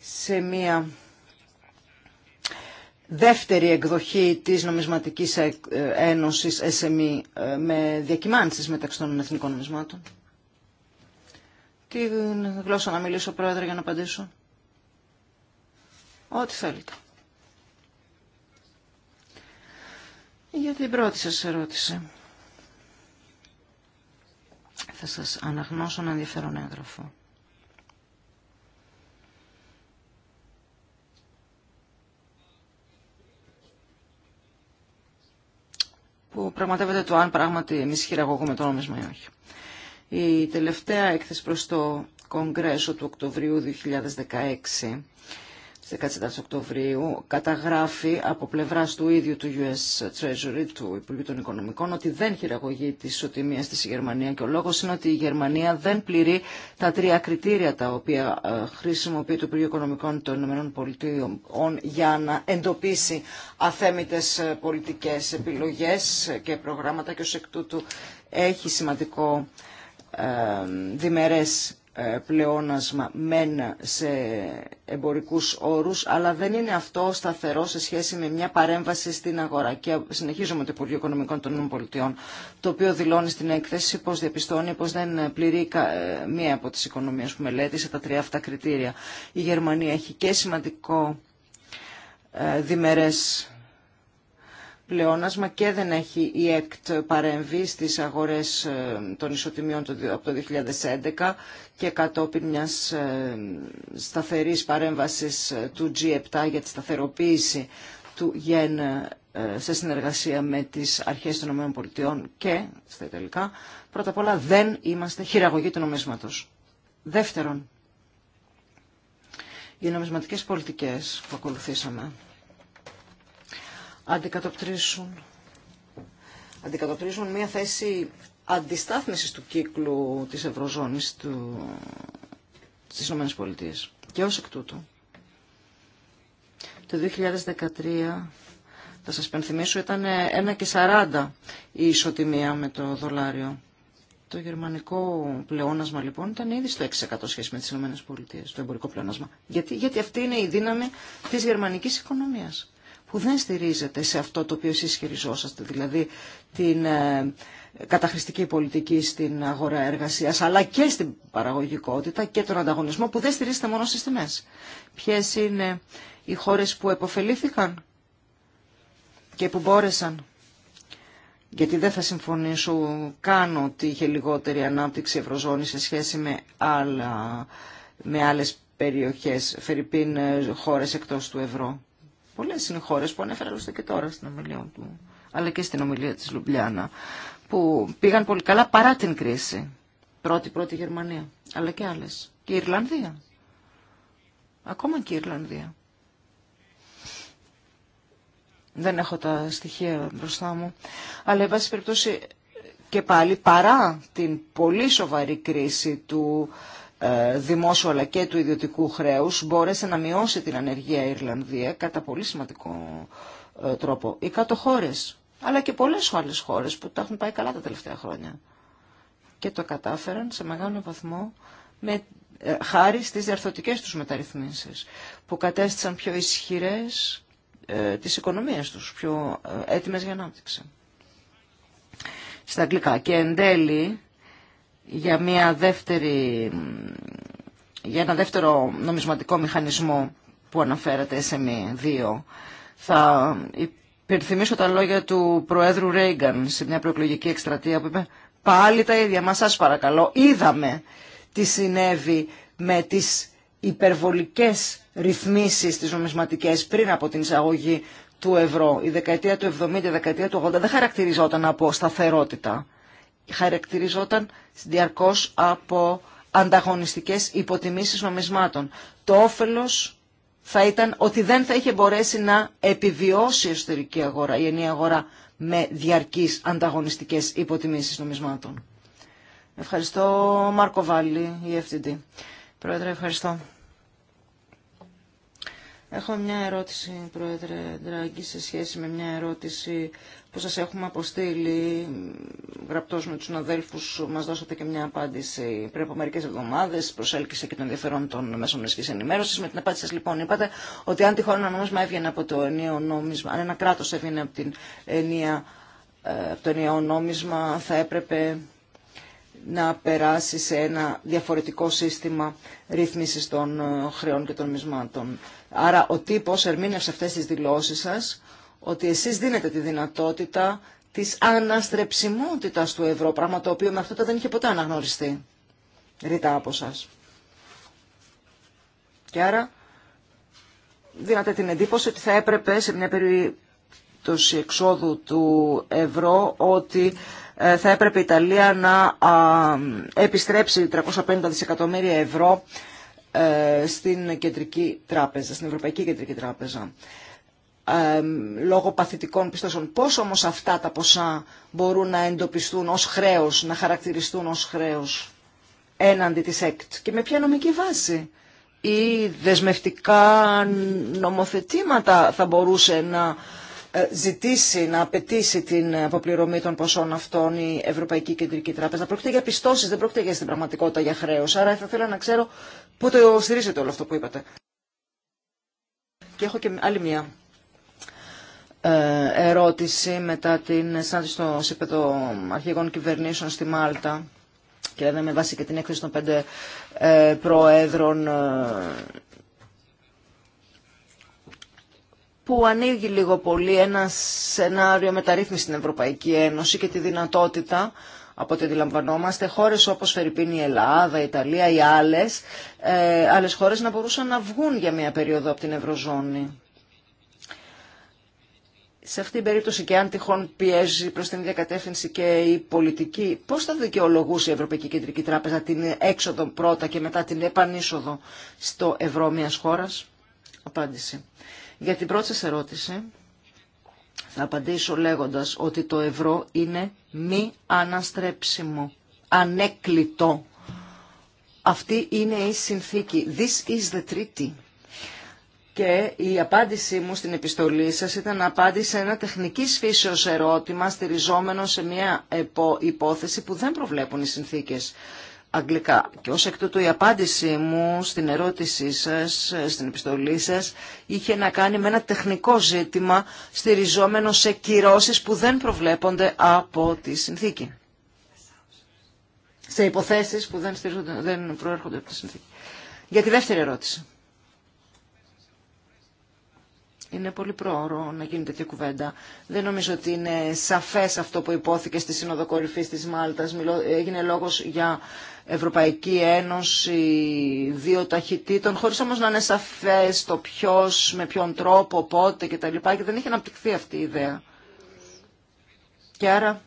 σε μια δεύτερη εκδοχή της νομισματικής ε, ένωσης SME ε, με διακυμάνσεις μεταξύ των εθνικών νομισμάτων. Τι γλώσσα να μιλήσω, Πρόεδρε, για να απαντήσω. Ό,τι θέλετε. Για την πρώτη σας ερώτηση. Θα σας αναγνώσω ένα ενδιαφέρον έγγραφο. που πραγματεύεται το αν πράγματι εμείς χειραγωγούμε το νόμισμα ή όχι. Η τελευταία έκθεση προς το Κογκρέσο του Οκτωβρίου 2016 σε 14 Οκτωβρίου καταγράφει από πλευρά του ίδιου του US Treasury, του Υπουργείου των Οικονομικών, ότι δεν χειραγωγεί τη η Γερμανία και ο λόγο είναι ότι η Γερμανία δεν πληρεί τα τρία κριτήρια τα οποία ε, χρησιμοποιεί το Υπουργείο Οικονομικών των ΗΠΑ για να εντοπίσει αθέμητε πολιτικέ επιλογέ και προγράμματα και ω εκ τούτου έχει σημαντικό ε, διμερές ε, πλεόνασμα μεν σε εμπορικούς όρους, αλλά δεν είναι αυτό σταθερό σε σχέση με μια παρέμβαση στην αγορά. Και συνεχίζουμε το Υπουργείο Οικονομικών των ΗΠΑ, το οποίο δηλώνει στην έκθεση πως διαπιστώνει πως δεν πληρεί ε, μία από τις οικονομίες που μελέτησε τα τρία αυτά κριτήρια. Η Γερμανία έχει και σημαντικό ε, διμερές πλεόνασμα και δεν έχει η ΕΚΤ παρεμβεί στις αγορές ε, των ισοτιμιών από το 2011 και κατόπιν μιας ε, σταθερής παρέμβασης ε, του G7 για τη σταθεροποίηση του ΓΕΝ σε συνεργασία με τις αρχές των ΗΠΑ και στα Ιταλικά, πρώτα απ' όλα δεν είμαστε χειραγωγή του νομίσματος. Δεύτερον, οι νομισματικές πολιτικές που ακολουθήσαμε αντικατοπτρίσουν, αντικατοπτρίσουν μια θέση αντιστάθμισης του κύκλου της Ευρωζώνης του, στις ΗΠΑ. Και ως εκ τούτου, το 2013, θα σας πενθυμίσω, ήταν 1,40 η ισοτιμία με το δολάριο. Το γερμανικό πλεόνασμα λοιπόν ήταν ήδη στο 6% σχέση με τις ΗΠΑ, το εμπορικό πλεόνασμα. Γιατί, γιατί αυτή είναι η δύναμη της γερμανικής οικονομίας που δεν στηρίζεται σε αυτό το οποίο εσείς χειριζόσαστε, δηλαδή την ε, καταχρηστική πολιτική στην αγορά εργασίας, αλλά και στην παραγωγικότητα και τον ανταγωνισμό που δεν στηρίζεται μόνο στις τιμές. Ποιες είναι οι χώρες που επωφελήθηκαν και που μπόρεσαν γιατί δεν θα συμφωνήσω καν ότι είχε λιγότερη ανάπτυξη ευρωζώνη σε σχέση με, άλλα, με άλλες περιοχές, φερειπίν ε, χώρες εκτός του ευρώ. Πολλές είναι χώρες που ανέφερα και τώρα στην ομιλία του, αλλά και στην ομιλία της Λουμπλιάνα, που πήγαν πολύ καλά παρά την κρίση. Πρώτη-πρώτη Γερμανία, αλλά και άλλες. Και η Ιρλανδία. Ακόμα και η Ιρλανδία. Δεν έχω τα στοιχεία μπροστά μου. Αλλά, εν πάση περιπτώσει, και πάλι παρά την πολύ σοβαρή κρίση του ε, δημόσιο αλλά και του ιδιωτικού χρέους μπόρεσε να μειώσει την ανεργία η Ιρλανδία κατά πολύ σημαντικό ε, τρόπο. Οι κάτω χώρες, αλλά και πολλές άλλες χώρες που τα έχουν πάει καλά τα τελευταία χρόνια. Και το κατάφεραν σε μεγάλο βαθμό με, ε, χάρη στις διαρθωτικές τους μεταρρυθμίσεις που κατέστησαν πιο ισχυρές ε, τις οικονομίες τους, πιο ε, έτοιμες για ανάπτυξη. Στα αγγλικά. Και εν τέλει, για, μια δεύτερη, για ένα δεύτερο νομισματικό μηχανισμό που αναφέρατε SME2. Θα υπενθυμίσω τα λόγια του Προέδρου Ρέιγκαν σε μια προεκλογική εκστρατεία που είπε «Πάλι τα ίδια, μα σας παρακαλώ, είδαμε τι συνέβη με τις υπερβολικές ρυθμίσεις τις νομισματικές πριν από την εισαγωγή του ευρώ. Η δεκαετία του 70, η δεκαετία του 80 δεν χαρακτηριζόταν από σταθερότητα χαρακτηριζόταν διαρκώς από ανταγωνιστικές υποτιμήσεις νομισμάτων. Το όφελος θα ήταν ότι δεν θα είχε μπορέσει να επιβιώσει η εσωτερική αγορά, η ενιαία αγορά, με διαρκείς ανταγωνιστικές υποτιμήσεις νομισμάτων. Ευχαριστώ Μάρκο Βάλλη, η FTD. Πρόεδρε, ευχαριστώ. Έχω μια ερώτηση, Πρόεδρε Ντράγκη, σε σχέση με μια ερώτηση που σας έχουμε αποστείλει γραπτός με τους αδέλφους. Μας δώσατε και μια απάντηση πριν από μερικές εβδομάδες, προσέλκυσε και τον ενδιαφέρον των μέσων Μεσικής ενημέρωσης. Με την απάντηση σας λοιπόν είπατε ότι αν τυχόν ένα νόμισμα έβγαινε από το ενίο νόμισμα, αν ένα κράτος έβγαινε από, την ενία, ε, από το ενιαίο νόμισμα θα έπρεπε να περάσει σε ένα διαφορετικό σύστημα ρύθμισης των ε, χρεών και των μισμάτων. Άρα ο τύπος ερμήνευσε αυτές τις δηλώσεις σας ότι εσείς δίνετε τη δυνατότητα της αναστρεψιμότητας του ευρώ, πράγμα το οποίο με αυτό δεν είχε ποτέ αναγνωριστεί ρητά από σας. Και άρα δίνατε την εντύπωση ότι θα έπρεπε σε μια περίπτωση εξόδου του ευρώ ότι ε, θα έπρεπε η Ιταλία να επιστρέψει 350 δισεκατομμύρια ευρώ ε, στην κεντρική τράπεζα, στην Ευρωπαϊκή Κεντρική Τράπεζα ε, λόγω παθητικών πιστώσεων. Πώς όμως αυτά τα ποσά μπορούν να εντοπιστούν ως χρέος, να χαρακτηριστούν ως χρέος έναντι της ΕΚΤ και με ποια νομική βάση ή δεσμευτικά νομοθετήματα θα μπορούσε να ε, ζητήσει, να απαιτήσει την αποπληρωμή των ποσών αυτών η Ευρωπαϊκή Κεντρική Τράπεζα. Πρόκειται για πιστώσει, δεν πρόκειται για στην πραγματικότητα για χρέο. Άρα θα ήθελα να ξέρω πού το στηρίζετε όλο αυτό που είπατε. Και έχω και άλλη μία ε, ερώτηση μετά την συνάντηση των σύπεδο αρχηγών κυβερνήσεων στη Μάλτα και με βάση και την έκθεση των πέντε ε, προέδρων που ανοίγει λίγο πολύ ένα σενάριο μεταρρύθμιση στην Ευρωπαϊκή Ένωση και τη δυνατότητα από ό,τι αντιλαμβανόμαστε, χώρες όπως Φερρυπίνη, η Ελλάδα, η Ιταλία ή άλλες, ε, άλλες χώρες να μπορούσαν να βγουν για μια περίοδο από την Ευρωζώνη. Σε αυτή την περίπτωση και αν τυχόν πιέζει προς την διακατεύθυνση και η πολιτική, πώς θα δικαιολογούσε η Ευρωπαϊκή Κεντρική Τράπεζα την έξοδο πρώτα και μετά την επανείσοδο στο ευρώ μιας χώρας. Απάντηση. Για την πρώτη σας ερώτηση θα απαντήσω λέγοντας ότι το ευρώ είναι μη αναστρέψιμο, ανέκλητο. Αυτή είναι η συνθήκη. This is the treaty. Και η απάντησή μου στην επιστολή σας ήταν απάντηση σε ένα τεχνικής φύσεως ερώτημα στηριζόμενο σε μια υπόθεση που δεν προβλέπουν οι συνθήκες αγγλικά. Και ως εκ τούτου η απάντησή μου στην ερώτησή σας, στην επιστολή σας, είχε να κάνει με ένα τεχνικό ζήτημα στηριζόμενο σε κυρώσεις που δεν προβλέπονται από τη συνθήκη. Σε υποθέσεις που δεν, δεν προέρχονται από τη συνθήκη. Για τη δεύτερη ερώτηση. Είναι πολύ πρόωρο να γίνει τέτοια κουβέντα. Δεν νομίζω ότι είναι σαφές αυτό που υπόθηκε στη Σύνοδο Κορυφής της Μάλτας. Έγινε λόγος για Ευρωπαϊκή Ένωση δύο ταχυτήτων, χωρίς όμως να είναι σαφές το ποιος, με ποιον τρόπο, πότε κτλ. Και δεν είχε αναπτυχθεί αυτή η ιδέα. Και άρα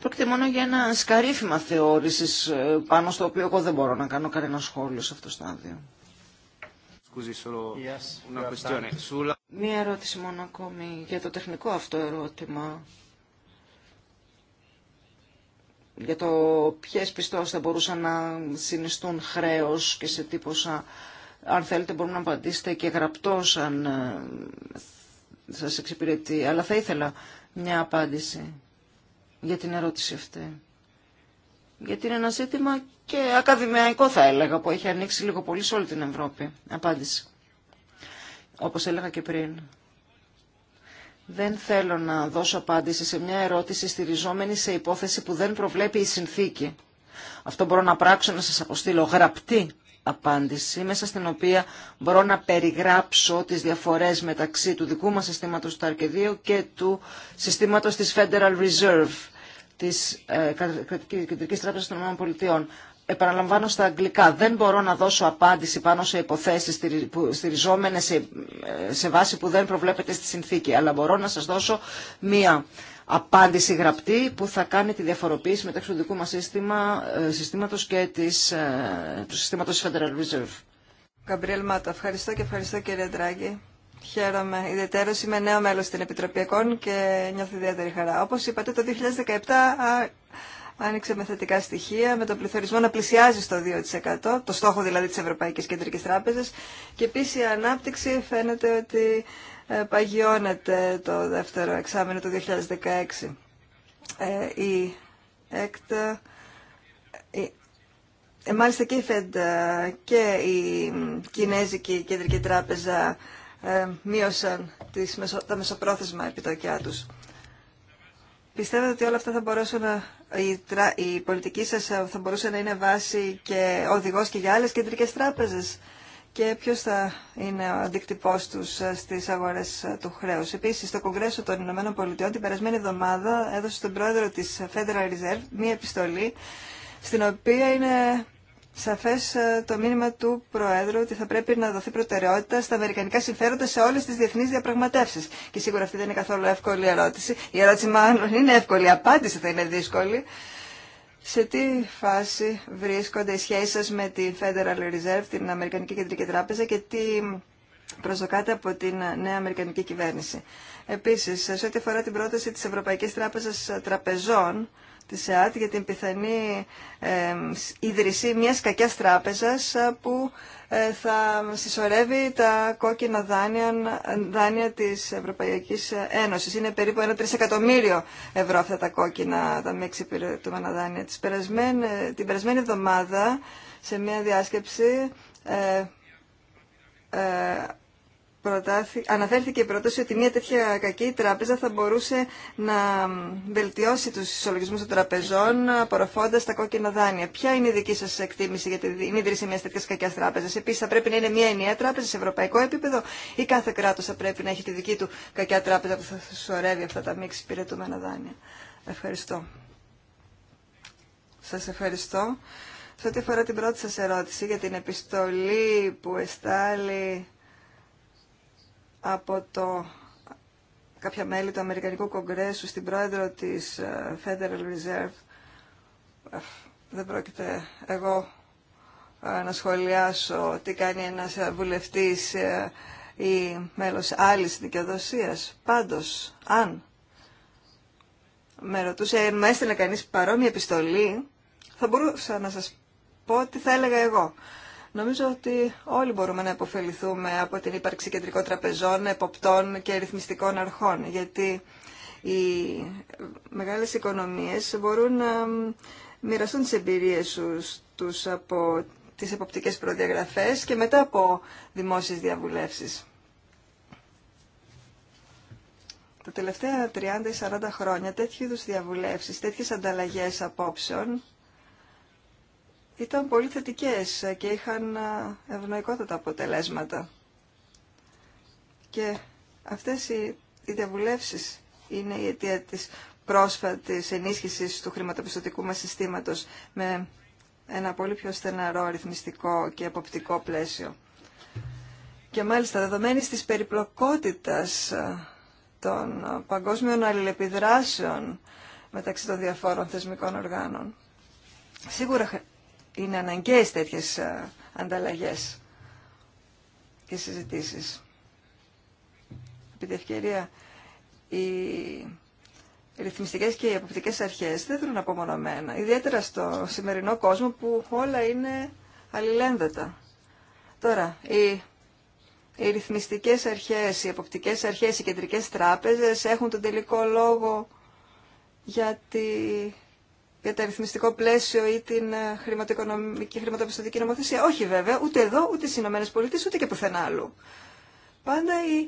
Πρόκειται μόνο για ένα σκαρίφημα θεώρηση ε, πάνω στο οποίο εγώ δεν μπορώ να κάνω κανένα σχόλιο σε αυτό το στάδιο. Μία ερώτηση μόνο ακόμη για το τεχνικό αυτό ερώτημα. Για το ποιε πιστώσεις θα μπορούσαν να συνιστούν χρέο και σε τι Αν θέλετε μπορούμε να απαντήσετε και γραπτός αν ε, σας εξυπηρετεί. Αλλά θα ήθελα μια απάντηση για την ερώτηση αυτή. Γιατί είναι ένα ζήτημα και ακαδημαϊκό θα έλεγα που έχει ανοίξει λίγο πολύ σε όλη την Ευρώπη. Απάντηση. Όπως έλεγα και πριν. Δεν θέλω να δώσω απάντηση σε μια ερώτηση στηριζόμενη σε υπόθεση που δεν προβλέπει η συνθήκη. Αυτό μπορώ να πράξω να σας αποστείλω γραπτή απάντηση μέσα στην οποία μπορώ να περιγράψω τις διαφορές μεταξύ του δικού μας συστήματος του Αρκεδίου και του συστήματος της Federal Reserve της ε, Κεντρικής Τράπεζας των ΗΠΑ. Επαναλαμβάνω στα αγγλικά, δεν μπορώ να δώσω απάντηση πάνω σε υποθέσεις στηριζόμενες ε, σε, βάση που δεν προβλέπεται στη συνθήκη, αλλά μπορώ να σας δώσω μία απάντηση γραπτή που θα κάνει τη διαφοροποίηση μεταξύ του δικού μας σύστημα, ε, συστήματος και της, ε, του συστήματος Federal Reserve. Καμπριέλ Μάτα, ευχαριστώ και ευχαριστώ κύριε Ντράγκη. Χαίρομαι. Ιδιαίτερω είμαι νέο μέλο στην Επιτροπή ΕΚΟΝ και νιώθω ιδιαίτερη χαρά. Όπω είπατε, το 2017 άνοιξε με θετικά στοιχεία, με τον πληθωρισμό να πλησιάζει στο 2%, το στόχο δηλαδή τη Ευρωπαϊκή Κεντρική Τράπεζα. Και επίση η ανάπτυξη φαίνεται ότι ε, παγιώνεται το δεύτερο εξάμεινο του 2016. Ε, η ΕΚΤ, ε, μάλιστα και η ΦΕΔ και η Κινέζικη Κεντρική Τράπεζα μείωσαν τις, τα μεσοπρόθεσμα επιτοκιά τους. Πιστεύετε ότι όλα αυτά θα μπορούσαν να... Η, πολιτική σας θα μπορούσε να είναι βάση και οδηγός και για άλλες κεντρικές τράπεζες και ποιο θα είναι ο αντίκτυπό ε, ε, του στι αγορέ του χρέου. Επίση, το Κογκρέσο των Ηνωμένων Πολιτειών την περασμένη εβδομάδα έδωσε στον πρόεδρο τη Federal Reserve μία επιστολή, στην οποία είναι σαφέ ε, το μήνυμα του Προέδρου ότι θα πρέπει να δοθεί προτεραιότητα στα αμερικανικά συμφέροντα σε όλε τι διεθνεί διαπραγματεύσει. Και σίγουρα αυτή δεν είναι καθόλου εύκολη ερώτηση. Η ερώτηση μάλλον είναι εύκολη, η απάντηση θα είναι δύσκολη σε τι φάση βρίσκονται οι σχέσεις σας με τη Federal Reserve, την Αμερικανική Κεντρική Τράπεζα και τι προσδοκάται από την νέα Αμερικανική κυβέρνηση. Επίσης, σε ό,τι αφορά την πρόταση της Ευρωπαϊκής Τράπεζας Τραπεζών, της ΕΑΤ για την πιθανή ε, ίδρυση μιας κακιάς τράπεζας ε, που ε, θα συσσωρεύει τα κόκκινα δάνεια, δάνεια της Ευρωπαϊκής Ένωσης. Είναι περίπου ένα τρισεκατομμύριο ευρώ αυτά τα κόκκινα, τα μη εξυπηρετούμενα δάνεια. Ε, την περασμένη εβδομάδα σε μια διάσκεψη αναφέρθηκε η πρόταση ότι μια τέτοια κακή τράπεζα θα μπορούσε να βελτιώσει τους ισολογισμούς των τραπεζών απορροφώντας τα κόκκινα δάνεια. Ποια είναι η δική σας εκτίμηση για την ίδρυση μιας τέτοιας κακιάς τράπεζας. Επίσης θα πρέπει να είναι μια ενιαία τράπεζα σε ευρωπαϊκό επίπεδο ή κάθε κράτος θα πρέπει να έχει τη δική του κακιά τράπεζα που θα σωρεύει αυτά τα μη εξυπηρετούμενα δάνεια. Ευχαριστώ. Σας ευχαριστώ. Σε ό,τι αφορά την πρώτη σας ερώτηση για την επιστολή που εστάλει από το, κάποια μέλη του Αμερικανικού Κογκρέσου στην πρόεδρο της ε, Federal Reserve. Δεν πρόκειται εγώ ε, να σχολιάσω τι κάνει ένας ε, βουλευτής ή μέλος άλλης δικαιοδοσίας. Πάντως, αν με ρωτούσε, μου έστειλε κανείς παρόμοια επιστολή, θα μπορούσα να σας πω τι θα έλεγα εγώ. Νομίζω ότι όλοι μπορούμε να υποφεληθούμε από την ύπαρξη κεντρικών τραπεζών, εποπτών και ρυθμιστικών αρχών, γιατί οι μεγάλες οικονομίες μπορούν να μοιραστούν τις εμπειρίες τους από τις εποπτικές προδιαγραφές και μετά από δημόσιες διαβουλεύσεις. Τα τελευταία 30-40 χρόνια τέτοιου είδου διαβουλεύσεις, τέτοιες ανταλλαγές απόψεων ήταν πολύ θετικές και είχαν ε, ευνοϊκότατα αποτελέσματα. Και αυτές οι, διαβουλευσει είναι η αιτία της πρόσφατης ενίσχυσης του χρηματοπιστωτικού μας συστήματος με ένα πολύ πιο στεναρό ρυθμιστικό και αποπτικό πλαίσιο. Και μάλιστα δεδομένη της περιπλοκότητας ε, των παγκόσμιων αλληλεπιδράσεων μεταξύ των διαφόρων θεσμικών οργάνων. Σίγουρα είναι αναγκαίες τέτοιες ε, ανταλλαγές και συζητήσεις. Επί τη ευκαιρία, οι ρυθμιστικές και οι αποπτικές αρχές δεν δρουν απομονωμένα, ιδιαίτερα στο σημερινό κόσμο που όλα είναι αλληλένδετα. Τώρα, οι οι ρυθμιστικές αρχές, οι αποπτικές αρχές, οι κεντρικές τράπεζες έχουν τον τελικό λόγο για τη για το αριθμιστικό πλαίσιο ή την ε, χρηματοοικονομική χρηματοπιστωτική νομοθεσία. Όχι βέβαια, ούτε εδώ, ούτε στι Ηνωμένε Πολιτείε, ούτε και πουθενά άλλου. Πάντα οι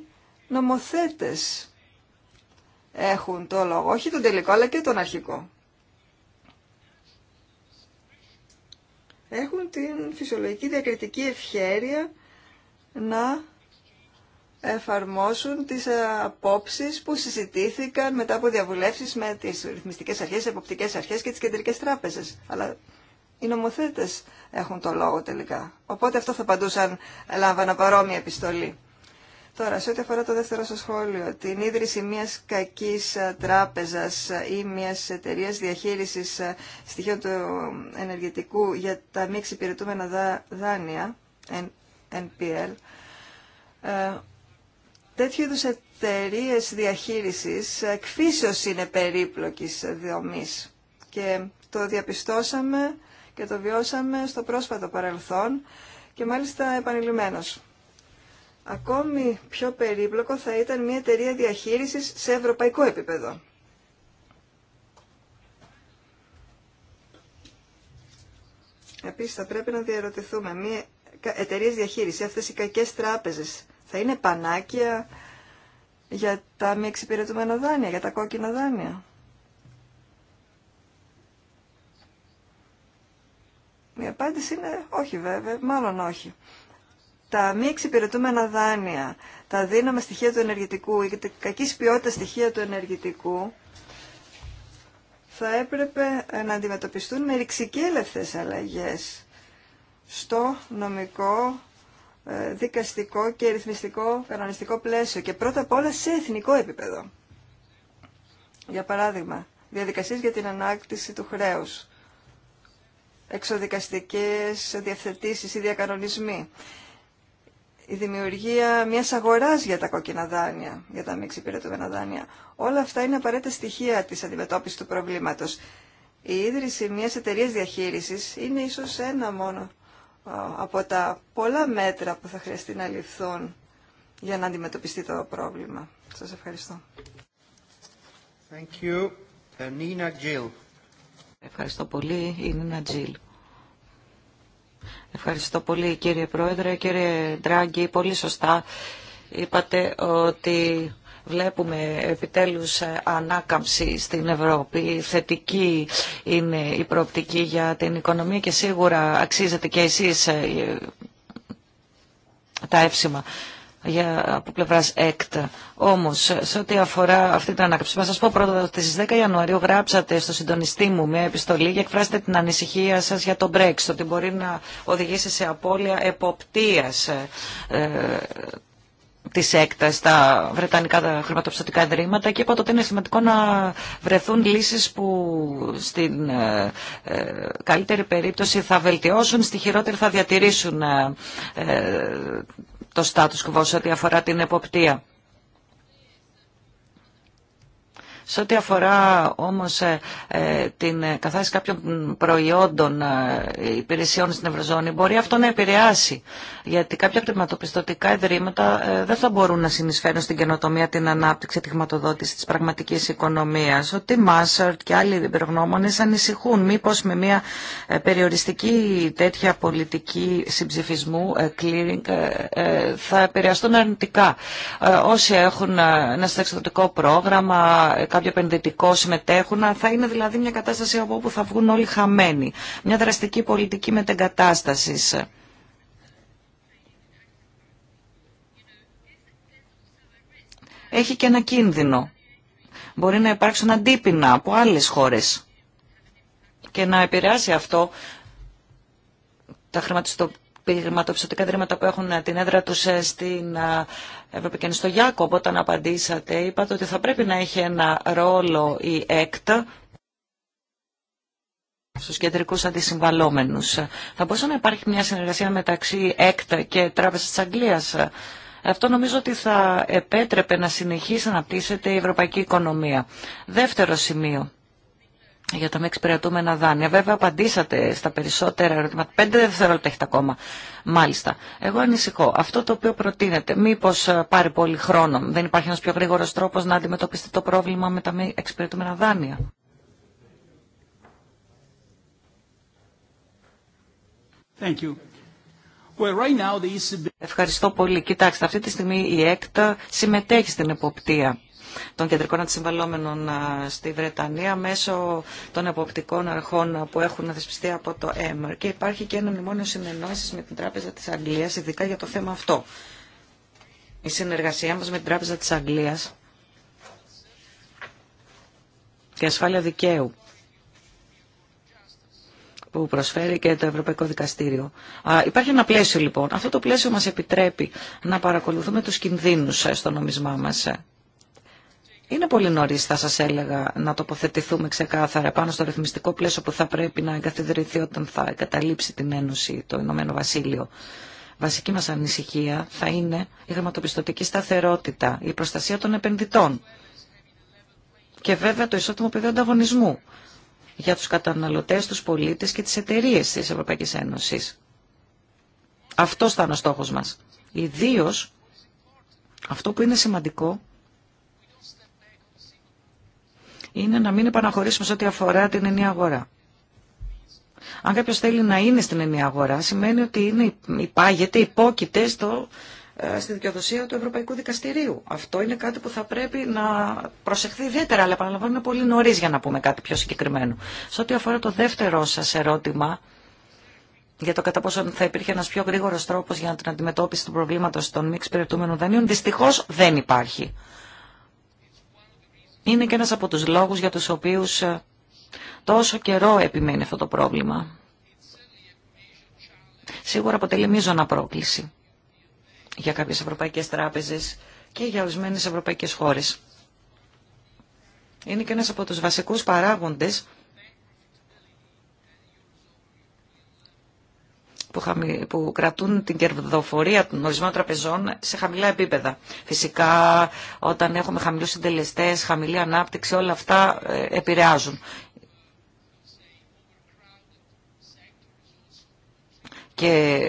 νομοθέτε έχουν το λόγο, όχι τον τελικό αλλά και τον αρχικό. Έχουν την φυσιολογική διακριτική ευχέρεια να εφαρμόσουν τις απόψεις που συζητήθηκαν μετά από διαβουλεύσεις με τις ρυθμιστικές αρχές, εποπτικές αρχές και τις κεντρικές τράπεζες. Αλλά οι νομοθέτες έχουν το λόγο τελικά. Οπότε αυτό θα παντούσαν λάβανα παρόμοια επιστολή. Τώρα, σε ό,τι αφορά το δεύτερο σας σχόλιο, την ίδρυση μιας κακής τράπεζας ή μιας εταιρείας διαχείρισης στοιχείων του ενεργητικού για τα μη εξυπηρετούμενα δάνεια, NPL, τέτοιου είδους εταιρείε διαχείρισης εκφύσεως είναι περίπλοκης δομής και το διαπιστώσαμε και το βιώσαμε στο πρόσφατο παρελθόν και μάλιστα επανειλημμένος. Ακόμη πιο περίπλοκο θα ήταν μια εταιρεία διαχείρισης σε ευρωπαϊκό επίπεδο. Επίσης θα πρέπει να διαρωτηθούμε, μια εταιρεία διαχείρισης αυτές οι κακές τράπεζες, θα είναι πανάκια για τα μη εξυπηρετούμενα δάνεια, για τα κόκκινα δάνεια. Η απάντηση είναι όχι βέβαια, μάλλον όχι. Τα μη εξυπηρετούμενα δάνεια, τα δύναμα στοιχεία του ενεργητικού ή τα κακής ποιότητα στοιχεία του ενεργητικού θα έπρεπε να αντιμετωπιστούν με ρηξικέλευθες αλλαγές στο νομικό ε, δικαστικό και ρυθμιστικό κανονιστικό πλαίσιο και πρώτα απ' όλα σε εθνικό επίπεδο. Για παράδειγμα, διαδικασίες για την ανάκτηση του χρέους, εξοδικαστικές διευθετήσεις ή διακανονισμοί, η δημιουργία μιας αγοράς για τα κόκκινα δάνεια, για τα μη εξυπηρετούμενα δάνεια. Όλα αυτά είναι απαραίτητα στοιχεία της αντιμετώπισης του προβλήματος. Η ίδρυση μιας εταιρείας διαχείρισης είναι ίσως ένα μόνο από τα πολλά μέτρα που θα χρειαστεί να ληφθούν για να αντιμετωπιστεί το πρόβλημα. Σας ευχαριστώ. Thank you. Ε, ευχαριστώ πολύ, η Νίνα Τζιλ. Ευχαριστώ πολύ κύριε Πρόεδρε, κύριε Ντράγκη, πολύ σωστά είπατε ότι Βλέπουμε επιτέλους ε, ανάκαμψη στην Ευρώπη. Θετική είναι η προοπτική για την οικονομία και σίγουρα αξίζετε και εσείς ε, τα εύσημα για, από πλευράς ΕΚΤ. Όμως, σε ό,τι αφορά αυτή την ανάκαμψη, θα σα πω πρώτα ότι στι 10 Ιανουαρίου γράψατε στο συντονιστή μου μια επιστολή και εκφράσετε την ανησυχία σας για το Brexit, ότι μπορεί να οδηγήσει σε απώλεια εποπτείας ε, τη ΕΚΤΑ στα Βρετανικά τα χρηματοπιστωτικά ιδρύματα και είπα ότι είναι σημαντικό να βρεθούν λύσεις που στην ε, ε, καλύτερη περίπτωση θα βελτιώσουν, στη χειρότερη θα διατηρήσουν ε, το στάτους quo σε ό,τι αφορά την εποπτεία. Σε ό,τι αφορά όμως ε, ε, την καθάριση κάποιων προϊόντων ε, υπηρεσιών στην Ευρωζώνη, μπορεί αυτό να επηρεάσει. Γιατί κάποια χρηματοπιστωτικά ιδρύματα δεν θα μπορούν να συνεισφέρουν στην καινοτομία, την ανάπτυξη, τη χρηματοδότηση της πραγματικής οικονομίας. Ότι Μάσαρτ και άλλοι υπερογνώμονες ανησυχούν μήπως με μια περιοριστική τέτοια πολιτική συμψηφισμού, clearing, θα επηρεαστούν αρνητικά. Όσοι έχουν ένα συνταξιδοτικό πρόγραμμα, κάποιο επενδυτικό συμμετέχουν, θα είναι δηλαδή μια κατάσταση από όπου θα βγουν όλοι χαμένοι. Μια δραστική πολιτική μετεγκατάσταση. Έχει και ένα κίνδυνο. Μπορεί να υπάρξουν αντίπεινα από άλλες χώρες και να επηρεάσει αυτό τα χρηματοπιστωτικά δρήματα που έχουν την έδρα τους ε, στην ε, Ευρωπαϊκή Ένωση. Στο όταν απαντήσατε, είπατε ότι θα πρέπει να έχει ένα ρόλο η ΕΚΤ στους κεντρικούς αντισυμβαλόμενους. Θα μπορούσε να υπάρχει μια συνεργασία μεταξύ ΕΚΤΑ και Τράπεζα της Αγγλίας. Αυτό νομίζω ότι θα επέτρεπε να συνεχίσει να πτήσεται η ευρωπαϊκή οικονομία. Δεύτερο σημείο για τα μη εξυπηρετούμενα δάνεια. Βέβαια, απαντήσατε στα περισσότερα ερωτήματα. Πέντε δευτερόλεπτα έχετε ακόμα. Μάλιστα. Εγώ ανησυχώ. Αυτό το οποίο προτείνετε, μήπω ε, πάρει πολύ χρόνο, δεν υπάρχει ένα πιο γρήγορο τρόπο να αντιμετωπίσετε το πρόβλημα με τα μη εξυπηρετούμενα δάνεια. Thank you. right now, the... E Ευχαριστώ πολύ. Κοιτάξτε, αυτή τη στιγμή η ΕΚΤΑ συμμετέχει στην εποπτεία των κεντρικών αντισυμβαλόμενων στη Βρετανία μέσω των εποπτικών αρχών που έχουν δεσπιστεί από το ΕΜΡ. Και υπάρχει και ένα μνημόνιο συνεννόηση με την Τράπεζα της Αγγλίας, ειδικά για το θέμα αυτό. Η συνεργασία μας με την Τράπεζα της Αγγλίας και ασφάλεια δικαίου που προσφέρει και το Ευρωπαϊκό Δικαστήριο. Υπάρχει ένα πλαίσιο λοιπόν. Αυτό το πλαίσιο μας επιτρέπει να παρακολουθούμε τους κινδύνους στο νομισμά μας είναι πολύ νωρί, θα σα έλεγα, να τοποθετηθούμε ξεκάθαρα πάνω στο ρυθμιστικό πλαίσιο που θα πρέπει να εγκαθιδρυθεί όταν θα εγκαταλείψει την Ένωση το Ηνωμένο Βασίλειο. Βασική μα ανησυχία θα είναι η χρηματοπιστωτική σταθερότητα, η προστασία των επενδυτών και βέβαια το ισότιμο πεδίο ανταγωνισμού για τους καταναλωτές, τους πολίτες και τις εταιρείες της Ευρωπαϊκής Ένωσης. Αυτό θα είναι ο στόχος μας. Ιδίω αυτό που είναι σημαντικό είναι να μην επαναχωρήσουμε σε ό,τι αφορά την ενιαία αγορά. Αν κάποιο θέλει να είναι στην ενιαία αγορά, σημαίνει ότι είναι, υπάγεται, υπόκειται στο, ε, στη δικαιοδοσία του Ευρωπαϊκού Δικαστηρίου. Αυτό είναι κάτι που θα πρέπει να προσεχθεί ιδιαίτερα, αλλά επαναλαμβάνω είναι πολύ νωρί για να πούμε κάτι πιο συγκεκριμένο. Σε ό,τι αφορά το δεύτερο σα ερώτημα, για το κατά πόσο θα υπήρχε ένα πιο γρήγορο τρόπο για την αντιμετώπιση του προβλήματο των μη εξυπηρετούμενων δανείων, δυστυχώ δεν υπάρχει είναι και ένας από τους λόγους για τους οποίους ε, τόσο καιρό επιμένει αυτό το πρόβλημα. Σίγουρα αποτελεί μείζωνα πρόκληση για κάποιες ευρωπαϊκές τράπεζες και για ορισμένες ευρωπαϊκές χώρες. Είναι και ένας από τους βασικούς παράγοντες που, που κρατούν την κερδοφορία των ορισμένων τραπεζών σε χαμηλά επίπεδα. Φυσικά όταν έχουμε χαμηλούς συντελεστέ, χαμηλή ανάπτυξη, όλα αυτά ε, επηρεάζουν. Και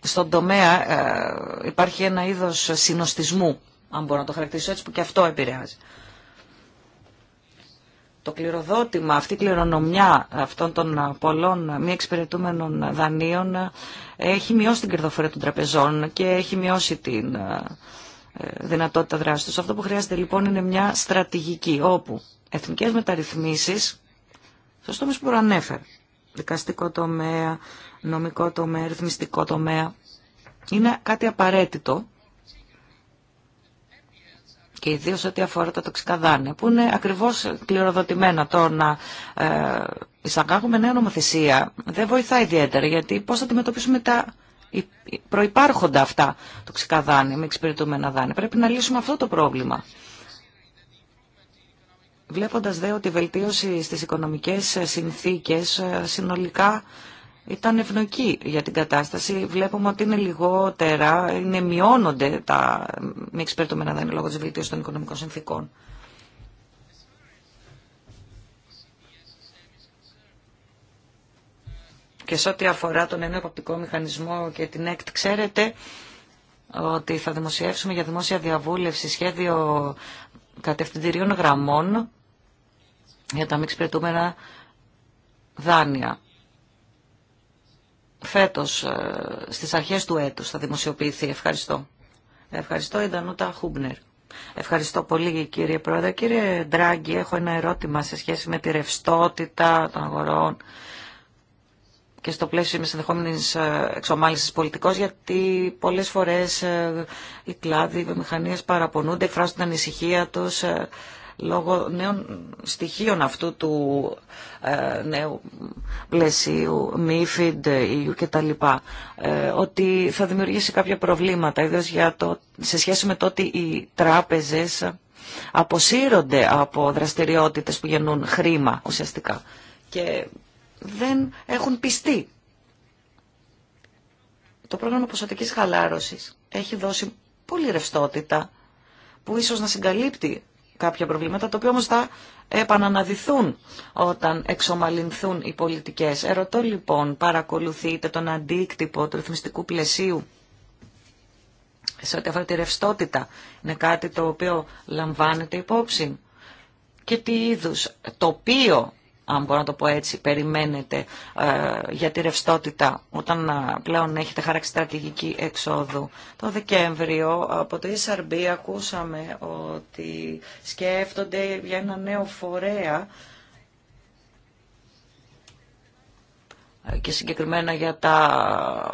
στον τομέα ε, υπάρχει ένα είδος συνοστισμού, αν μπορώ να το χαρακτηρίσω έτσι, που και αυτό επηρεάζει το κληροδότημα, αυτή η κληρονομιά αυτών των πολλών μη εξυπηρετούμενων δανείων ε, έχει μειώσει την κερδοφορία των τραπεζών και έχει μειώσει την ε, ε, δυνατότητα δράσης τους. Αυτό που χρειάζεται λοιπόν είναι μια στρατηγική όπου εθνικές μεταρρυθμίσεις, στους το που δικαστικό τομέα, νομικό τομέα, ρυθμιστικό τομέα, είναι κάτι απαραίτητο και ιδίω ό,τι αφορά τα τοξικά δάνεια, που είναι ακριβώ κληροδοτημένα το να ε, εισαγάγουμε νέα νομοθεσία. Δεν βοηθάει ιδιαίτερα, γιατί πώ θα αντιμετωπίσουμε τα προϋπάρχοντα αυτά τοξικά δάνεια, με εξυπηρετούμενα δάνεια. Πρέπει να λύσουμε αυτό το πρόβλημα. Βλέποντας δε ότι η βελτίωση στις οικονομικές συνθήκες ε, συνολικά ήταν ευνοϊκή για την κατάσταση. Βλέπουμε ότι είναι λιγότερα, είναι μειώνονται τα μη εξυπηρετούμενα δάνεια λόγω της βελτίωσης των οικονομικών συνθήκων. Και σε ό,τι αφορά τον νέο μηχανισμό και την ΕΚΤ, ξέρετε ότι θα δημοσιεύσουμε για δημόσια διαβούλευση σχέδιο κατευθυντηρίων γραμμών για τα μη εξυπηρετούμενα δάνεια φέτος ε, στις αρχές του έτους θα δημοσιοποιηθεί. Ευχαριστώ. Ευχαριστώ η Χούμπνερ. Ευχαριστώ πολύ κύριε Πρόεδρε. Κύριε Ντράγκη, έχω ένα ερώτημα σε σχέση με τη ρευστότητα των αγορών και στο πλαίσιο με ενδεχόμενη ε, εξομάλυσης πολιτικό, γιατί πολλές φορές ε, οι κλάδοι, οι βιομηχανίε παραπονούνται, εκφράζουν την ανησυχία τους λόγω νέων στοιχείων αυτού του ε, νέου πλαισίου, MIFID, EU κτλ. Ε, ότι θα δημιουργήσει κάποια προβλήματα, ιδίως για το, σε σχέση με το ότι οι τράπεζες αποσύρονται από δραστηριότητες που γεννούν χρήμα ουσιαστικά και δεν έχουν πιστεί. Το πρόγραμμα ποσοτικής χαλάρωσης έχει δώσει πολύ ρευστότητα που ίσως να συγκαλύπτει κάποια προβλήματα, τα οποία όμως θα επαναναδυθούν όταν εξομαλυνθούν οι πολιτικές. Ερωτώ λοιπόν, παρακολουθείτε τον αντίκτυπο του ρυθμιστικού πλαισίου σε ό,τι αφορά τη ρευστότητα. Είναι κάτι το οποίο λαμβάνεται υπόψη. Και τι είδους τοπίο αν μπορώ να το πω έτσι, περιμένετε ε, για τη ρευστότητα όταν ε, πλέον έχετε χάραξη στρατηγική εξόδου. Το Δεκέμβριο ε, από το ESRB ακούσαμε ότι σκέφτονται για ένα νέο φορέα και συγκεκριμένα για τα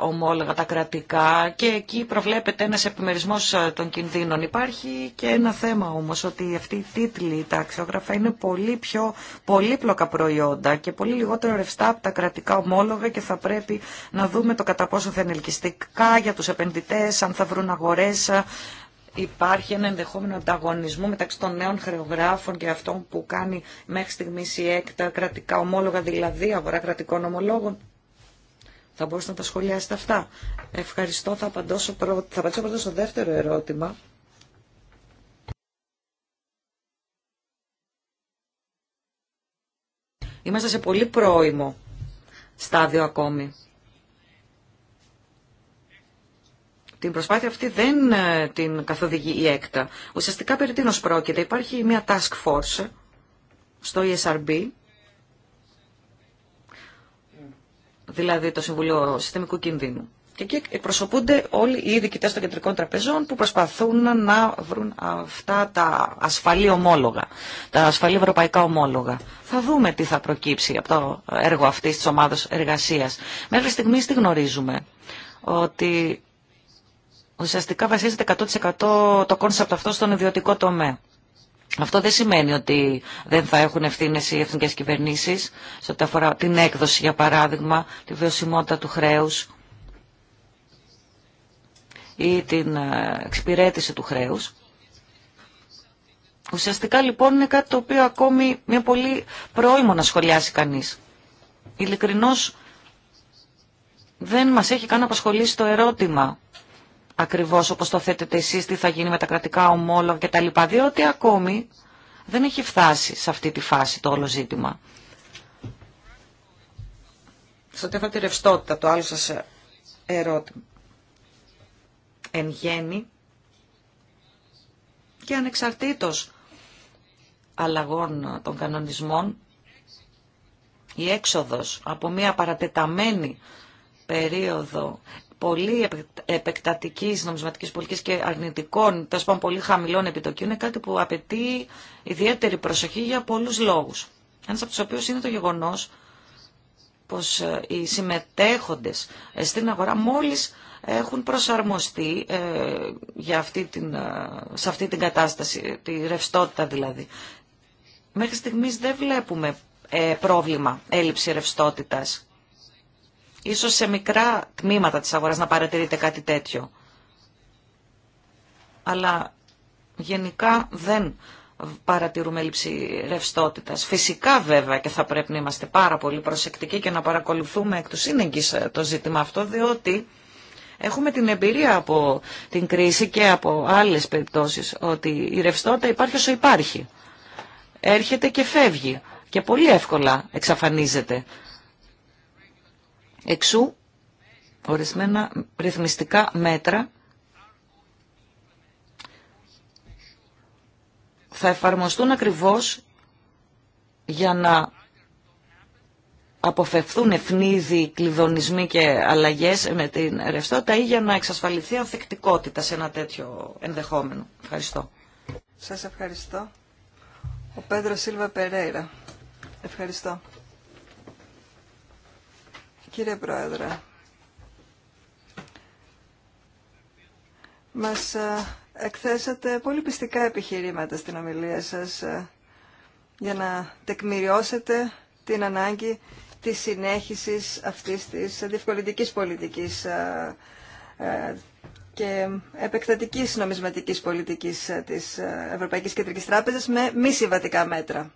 ομόλογα, τα κρατικά και εκεί προβλέπεται ένας επιμερισμός ε, των κινδύνων. Υπάρχει και ένα θέμα όμως ότι αυτή η τίτλη, τα αξιόγραφα είναι πολύ πιο πολύπλοκα προϊόντα και πολύ λιγότερο ρευστά από τα κρατικά ομόλογα και θα πρέπει να δούμε το κατά πόσο θα είναι για τους επενδυτές, αν θα βρουν αγορές ε, υπάρχει ένα ενδεχόμενο ανταγωνισμό μεταξύ των νέων χρεογράφων και αυτών που κάνει μέχρι στιγμή η ΕΚΤΑ κρατικά ομόλογα, δηλαδή αγορά κρατικών ομολόγων. Θα μπορούσατε να τα σχολιάσετε αυτά. Ευχαριστώ. Θα απαντήσω πρώτα, στο δεύτερο ερώτημα. Είμαστε σε πολύ πρόημο στάδιο ακόμη Την προσπάθεια αυτή δεν ε, την καθοδηγεί η ΕΚΤΑ. Ουσιαστικά περί τίνος πρόκειται. Υπάρχει μια task force στο ESRB, δηλαδή το Συμβουλίο Συστημικού Κινδύνου. Και εκεί εκπροσωπούνται όλοι οι διοικητές των κεντρικών τραπεζών που προσπαθούν να βρουν αυτά τα ασφαλή ομόλογα, τα ασφαλή ευρωπαϊκά ομόλογα. Θα δούμε τι θα προκύψει από το έργο αυτής της ομάδας εργασίας. Μέχρι στιγμής τι γνωρίζουμε, ότι ουσιαστικά βασίζεται 100% το από αυτό στον ιδιωτικό τομέα. Αυτό δεν σημαίνει ότι δεν θα έχουν ευθύνε οι εθνικέ κυβερνήσει σε ό,τι αφορά την έκδοση, για παράδειγμα, τη βιωσιμότητα του χρέου ή την ε, εξυπηρέτηση του χρέους. Ουσιαστικά λοιπόν είναι κάτι το οποίο ακόμη μια πολύ πρόημο να σχολιάσει κανείς. Ειλικρινώς δεν μας έχει καν απασχολήσει το ερώτημα ακριβώς όπως το θέτετε εσείς, τι θα γίνει με τα κρατικά ομόλογα κτλ. Διότι ακόμη δεν έχει φτάσει σε αυτή τη φάση το όλο ζήτημα. Σε ό,τι ρευστότητα, το άλλο σας ερώτημα. Εν γέννη και ανεξαρτήτως αλλαγών των κανονισμών, η έξοδος από μια παρατεταμένη περίοδο πολύ επεκτατική νομισματική πολιτική και αρνητικών, τέλο πάντων πολύ χαμηλών επιτοκίων, είναι κάτι που απαιτεί ιδιαίτερη προσοχή για πολλού λόγου. Ένα από του οποίου είναι το γεγονό πω ε, οι συμμετέχοντε ε, στην αγορά μόλι έχουν προσαρμοστεί ε, για αυτή την, σε αυτή την κατάσταση, τη ρευστότητα δηλαδή. Μέχρι στιγμής δεν βλέπουμε πρόβλημα έλλειψη ρευστότητας Ίσως σε μικρά τμήματα της αγοράς να παρατηρείτε κάτι τέτοιο. Αλλά γενικά δεν παρατηρούμε έλλειψη ρευστότητα. Φυσικά βέβαια και θα πρέπει να είμαστε πάρα πολύ προσεκτικοί και να παρακολουθούμε εκ του σύνεγγυς ε, το ζήτημα αυτό, διότι έχουμε την εμπειρία από την κρίση και από άλλες περιπτώσεις ότι η ρευστότητα υπάρχει όσο υπάρχει. Έρχεται και φεύγει και πολύ εύκολα εξαφανίζεται. Εξού ορισμένα ρυθμιστικά μέτρα θα εφαρμοστούν ακριβώς για να αποφευθούν ευνίδι, κλειδονισμοί και αλλαγές με την ρευστότητα ή για να εξασφαλιστεί ανθεκτικότητα σε ένα τέτοιο ενδεχόμενο. Ευχαριστώ. Σας ευχαριστώ. Ο Πέντρο Σίλβα Περέιρα. Ευχαριστώ. Κύριε Πρόεδρε, μας ε, εκθέσατε πολύ πιστικά επιχειρήματα στην ομιλία σας ε, για να τεκμηριώσετε την ανάγκη της συνέχισης αυτής της διευκολυντικής πολιτικής ε, και επεκτατικής νομισματικής πολιτικής της Ευρωπαϊκής Κεντρικής Τράπεζας με μη συμβατικά μέτρα.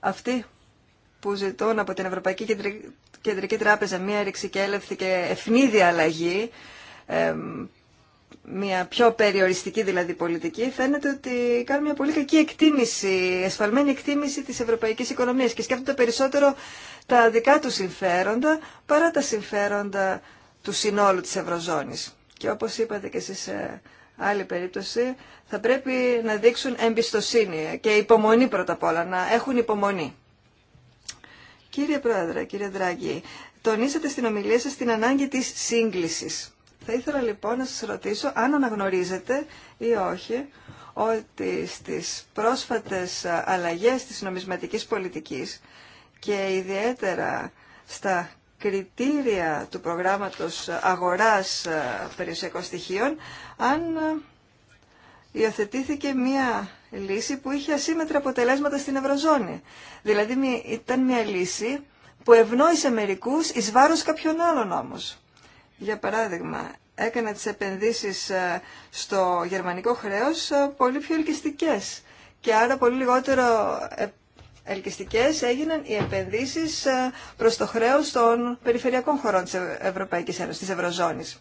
Αυτή που ζητούν από την Ευρωπαϊκή κεντρική τράπεζα μία ρηξικέλευτη και ευνίδια αλλαγή, μια πιο περιοριστική δηλαδή πολιτική, φαίνεται ότι κάνει μια πολύ κακή εκτίμηση, εσφαλμένη εκτίμηση της ευρωπαϊκής οικονομίας και σκέφτονται περισσότερο τα δικά του συμφέροντα παρά τα συμφέροντα του συνόλου της Ευρωζώνης. Και όπως είπατε και εσείς σε άλλη περίπτωση, θα πρέπει να δείξουν εμπιστοσύνη και υπομονή πρώτα απ' όλα, να έχουν υπομονή. Κύριε Πρόεδρε, κύριε Δράγκη, τονίσατε στην ομιλία σας την ανάγκη της σύγκλησης. Θα ήθελα λοιπόν να σας ρωτήσω αν αναγνωρίζετε ή όχι ότι στις πρόσφατες αλλαγές της νομισματικής πολιτικής και ιδιαίτερα στα κριτήρια του προγράμματος αγοράς περιουσιακών στοιχείων, αν ε, υιοθετήθηκε μία λύση που είχε ασύμετρα αποτελέσματα στην Ευρωζώνη. Δηλαδή ήταν μια λύση που ευνόησε μερικούς εις βάρος κάποιων άλλων όμως. Για παράδειγμα, έκανα τις επενδύσεις ε, στο γερμανικό χρέος ε, πολύ πιο ελκυστικές και άρα πολύ λιγότερο ε, ελκυστικές έγιναν οι επενδύσεις προς το χρέος των περιφερειακών χωρών της Ευρωπαϊκής της Ευρωζώνης.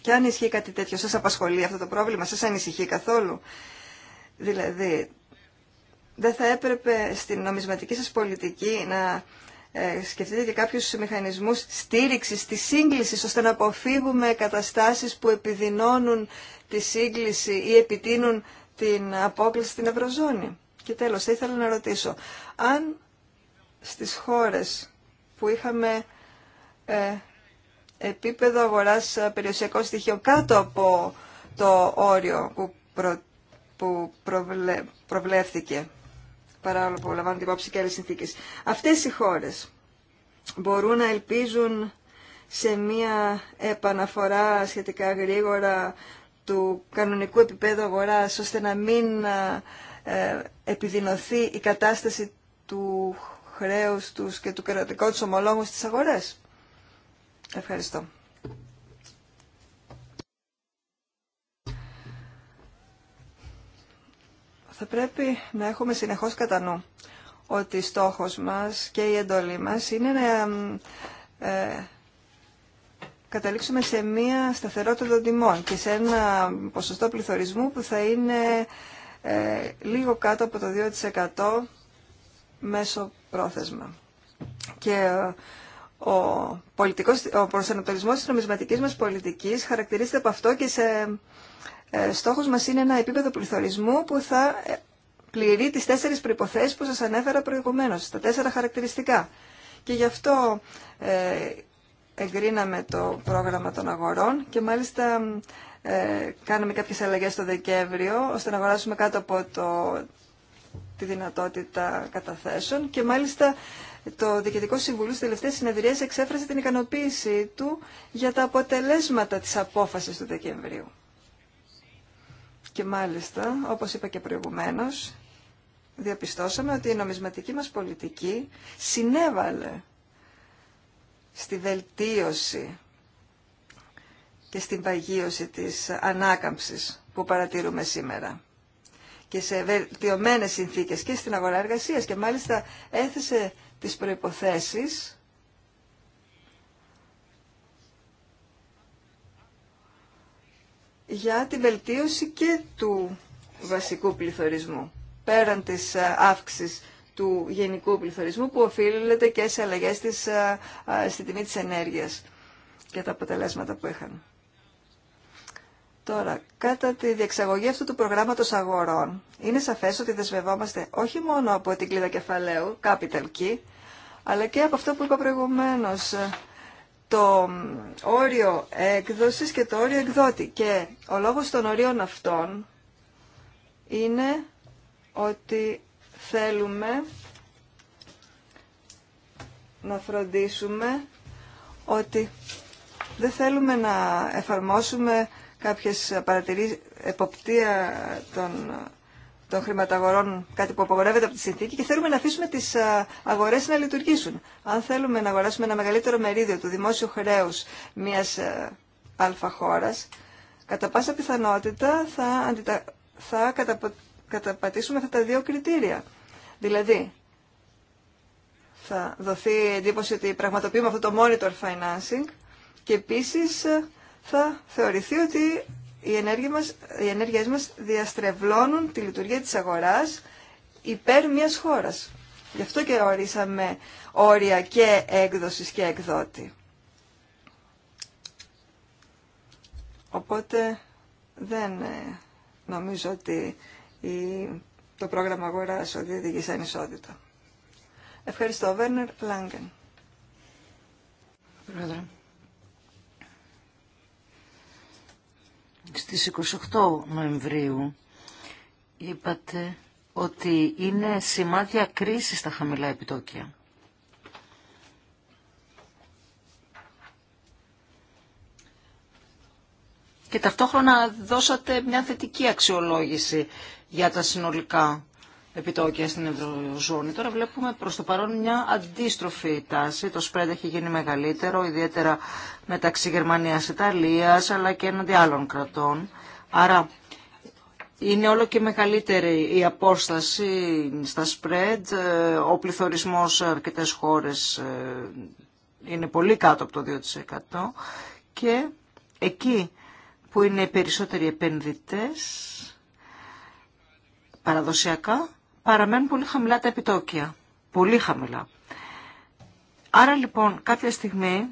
Και αν ισχύει κάτι τέτοιο, σα απασχολεί αυτό το πρόβλημα, σας ανησυχεί καθόλου. Δηλαδή, δεν θα έπρεπε στην νομισματική σας πολιτική να ε, σκεφτείτε και κάποιους μηχανισμούς στήριξης, της σύγκλησης, ώστε να αποφύγουμε καταστάσεις που επιδεινώνουν τη σύγκληση ή επιτείνουν την απόκληση στην Ευρωζώνη. Και τέλος, θα ήθελα να ρωτήσω, αν στις χώρες που είχαμε ε, επίπεδο αγοράς περιουσιακών στοιχείων κάτω από το όριο που που προβλε... παρά όλο που λαμβάνουν την υπόψη και άλλες συνθήκες. Αυτές οι χώρες μπορούν να ελπίζουν σε μία επαναφορά σχετικά γρήγορα του κανονικού επίπεδου αγοράς, ώστε να μην ε, επιδεινωθεί η κατάσταση του χρέους τους και του κρατικού τους ομολόγου στις αγορές. Ευχαριστώ. θα πρέπει να έχουμε συνεχώς κατά νου ότι στόχος μας και η εντολή μας είναι να ε, καταλήξουμε σε μία σταθερότητα των τιμών και σε ένα ποσοστό πληθωρισμού που θα είναι ε, λίγο κάτω από το 2% μέσω πρόθεσμα. Και ε, ο, πολιτικός, ο προσανατολισμός της νομισματικής μας πολιτικής χαρακτηρίζεται από αυτό και σε ε, στόχος μας είναι ένα επίπεδο πληθωρισμού που θα ε, πληρεί τις τέσσερις προϋποθέσεις που σας ανέφερα προηγουμένως, τα τέσσερα χαρακτηριστικά. Και γι' αυτό ε, εγκρίναμε το πρόγραμμα των αγορών και μάλιστα κάναμε κάποιες αλλαγές το Δεκέμβριο ώστε να αγοράσουμε κάτω από τη δυνατότητα καταθέσεων και μάλιστα το Διοικητικό Συμβουλίο στις τελευταίες συνεδρίες εξέφρασε την ικανοποίησή του για τα αποτελέσματα της απόφασης του Δεκεμβρίου. Και μάλιστα, όπως είπα και προηγουμένως, διαπιστώσαμε ότι η νομισματική μας πολιτική συνέβαλε στη βελτίωση και στην παγίωση της ανάκαμψης που παρατηρούμε σήμερα και σε βελτιωμένες συνθήκες και στην αγορά εργασίας και μάλιστα έθεσε τις προϋποθέσεις για την βελτίωση και του βασικού πληθωρισμού, πέραν της ε, αύξησης του γενικού πληθωρισμού που οφείλεται και σε αλλαγές της, ε, ε, στη τιμή της ενέργειας και τα αποτελέσματα που είχαν. Τώρα, κατά τη διεξαγωγή αυτού του προγράμματος αγορών, είναι σαφές ότι δεσμευόμαστε όχι μόνο από την κλίδα κεφαλαίου, capital key, αλλά και από αυτό που είπα προηγουμένως, το όριο έκδοσης και το όριο εκδότη. Και ο λόγος των ορίων αυτών είναι ότι θέλουμε να φροντίσουμε ότι δεν θέλουμε να εφαρμόσουμε κάποιες παρατηρήσεις εποπτεία των των χρηματαγορών, κάτι που απογορεύεται από τη συνθήκη και θέλουμε να αφήσουμε τις ε, αγορές να λειτουργήσουν. Αν θέλουμε να αγοράσουμε ένα μεγαλύτερο μερίδιο του δημόσιου χρέους μιας ε, αλφα χώρας, κατά πάσα πιθανότητα θα, αντιτα... θα καταπατήσουμε αυτά τα δύο κριτήρια. Δηλαδή, θα δοθεί εντύπωση ότι πραγματοποιούμε αυτό το monitor financing και επίσης ε, θα θεωρηθεί ότι οι, ενέργειες μας, οι διαστρεβλώνουν τη λειτουργία της αγοράς υπέρ μιας χώρας. Γι' αυτό και ορίσαμε όρια και έκδοσης και εκδότη. Οπότε δεν ε, νομίζω ότι η, το πρόγραμμα αγοράς οδηγεί σε ανισότητα. Ευχαριστώ, Βέρνερ Λάγκεν. Πρόεδρε. στις 28 Νοεμβρίου είπατε ότι είναι σημάδια κρίσης στα χαμηλά επιτόκια. Και ταυτόχρονα δώσατε μια θετική αξιολόγηση για τα συνολικά επιτόκια στην Ευρωζώνη. Τώρα βλέπουμε προ το παρόν μια αντίστροφη τάση. Το spread έχει γίνει μεγαλύτερο, ιδιαίτερα μεταξύ Γερμανίας, Ιταλία, αλλά και έναντι άλλων κρατών. Άρα είναι όλο και μεγαλύτερη η απόσταση στα spread. Ε, ο πληθωρισμός σε αρκετές χώρες ε, είναι πολύ κάτω από το 2% και εκεί που είναι οι περισσότεροι επενδυτές παραδοσιακά παραμένουν πολύ χαμηλά τα επιτόκια. Πολύ χαμηλά. Άρα λοιπόν κάποια στιγμή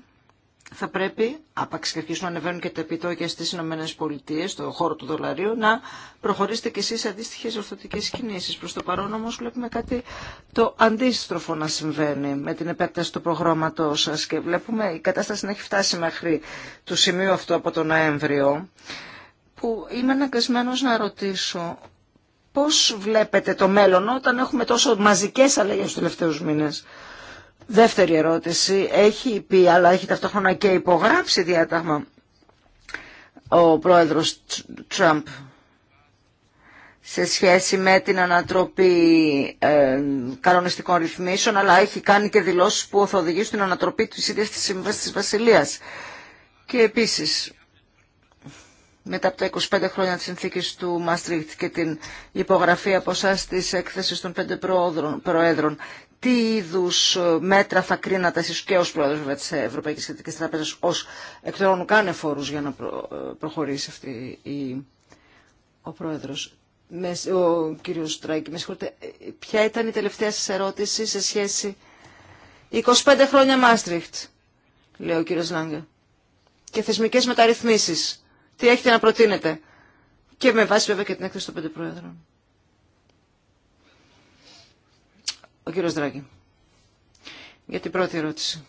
θα πρέπει, άπαξ και αρχίσουν να ανεβαίνουν και τα επιτόκια στις Ηνωμένες Πολιτείες, στον χώρο του δολαρίου, να προχωρήσετε κι εσείς αντίστοιχες ορθωτικές κινήσεις. Προς το παρόν όμως βλέπουμε κάτι το αντίστροφο να συμβαίνει με την επέκταση του προγράμματός σας και βλέπουμε η κατάσταση να έχει φτάσει μέχρι το σημείο αυτό από τον Νοέμβριο που είμαι αναγκασμένος να ρωτήσω Πώς βλέπετε το μέλλον όταν έχουμε τόσο μαζικές αλλαγές στους τελευταίους μήνες. Δεύτερη ερώτηση. Έχει πει αλλά έχει ταυτόχρονα και υπογράψει διάταγμα ο πρόεδρος Τραμπ σε σχέση με την ανατροπή ε, κανονιστικών ρυθμίσεων, αλλά έχει κάνει και δηλώσεις που θα οδηγήσουν στην ανατροπή της ίδιας της Σύμβασης της Βασιλείας. Και επίσης, μετά από τα 25 χρόνια της συνθήκης του Μαστρίχτ και την υπογραφή από εσά της έκθεσης των πέντε προέδρων, τι είδου ε, μέτρα θα κρίνατε εσείς και ως πρόεδρος της Ευρωπαϊκής Κεντρικής Τράπεζας ως εκ των φόρους για να ε, προχωρήσει αυτή η... ο πρόεδρος. Ο κύριος Στράικη, με συγχωρείτε, ε, ποια ήταν η τελευταία σας ερώτηση σε σχέση 25 χρόνια Μάστριχτ, λέει ο κύριος Λάγκε, και θεσμικές μεταρρυθμίσεις τι έχετε να προτείνετε. Και με βάση βέβαια και την έκθεση των πέντε πρόεδρων. Ο κύριος Δράκη. Για την πρώτη ερώτηση.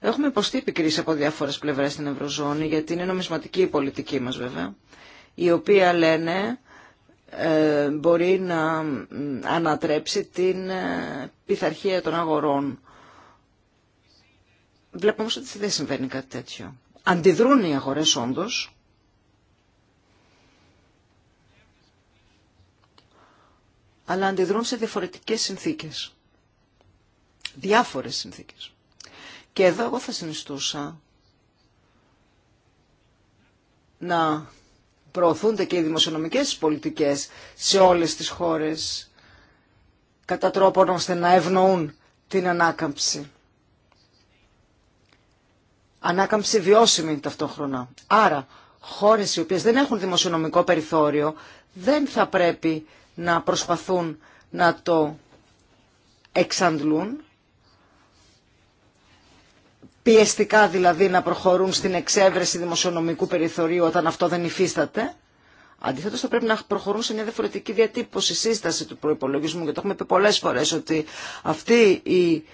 Έχουμε υποστεί επικρίσει από διάφορε πλευρέ στην Ευρωζώνη, γιατί είναι νομισματική η πολιτική μας βέβαια, η οποία λένε ε, μπορεί να ανατρέψει την ε, πειθαρχία των αγορών. Βλέπουμε όμως ότι δεν συμβαίνει κάτι τέτοιο. Αντιδρούν οι αγορές όντως. Αλλά αντιδρούν σε διαφορετικές συνθήκες. Διάφορες συνθήκες. Και εδώ εγώ θα συνιστούσα να προωθούνται και οι δημοσιονομικές πολιτικές σε όλες τις χώρες κατά τρόπο ώστε να ευνοούν την ανάκαμψη. Ανάκαμψη βιώσιμη ταυτόχρονα. Άρα, χώρες οι οποίες δεν έχουν δημοσιονομικό περιθώριο δεν θα πρέπει να προσπαθούν να το εξαντλούν πιεστικά δηλαδή να προχωρούν στην εξέβρεση δημοσιονομικού περιθωρίου όταν αυτό δεν υφίσταται. Αντίθετα θα πρέπει να προχωρούν σε μια διαφορετική διατύπωση, σύσταση του προπολογισμού. Και το έχουμε πει πολλέ φορέ ότι αυτοί οι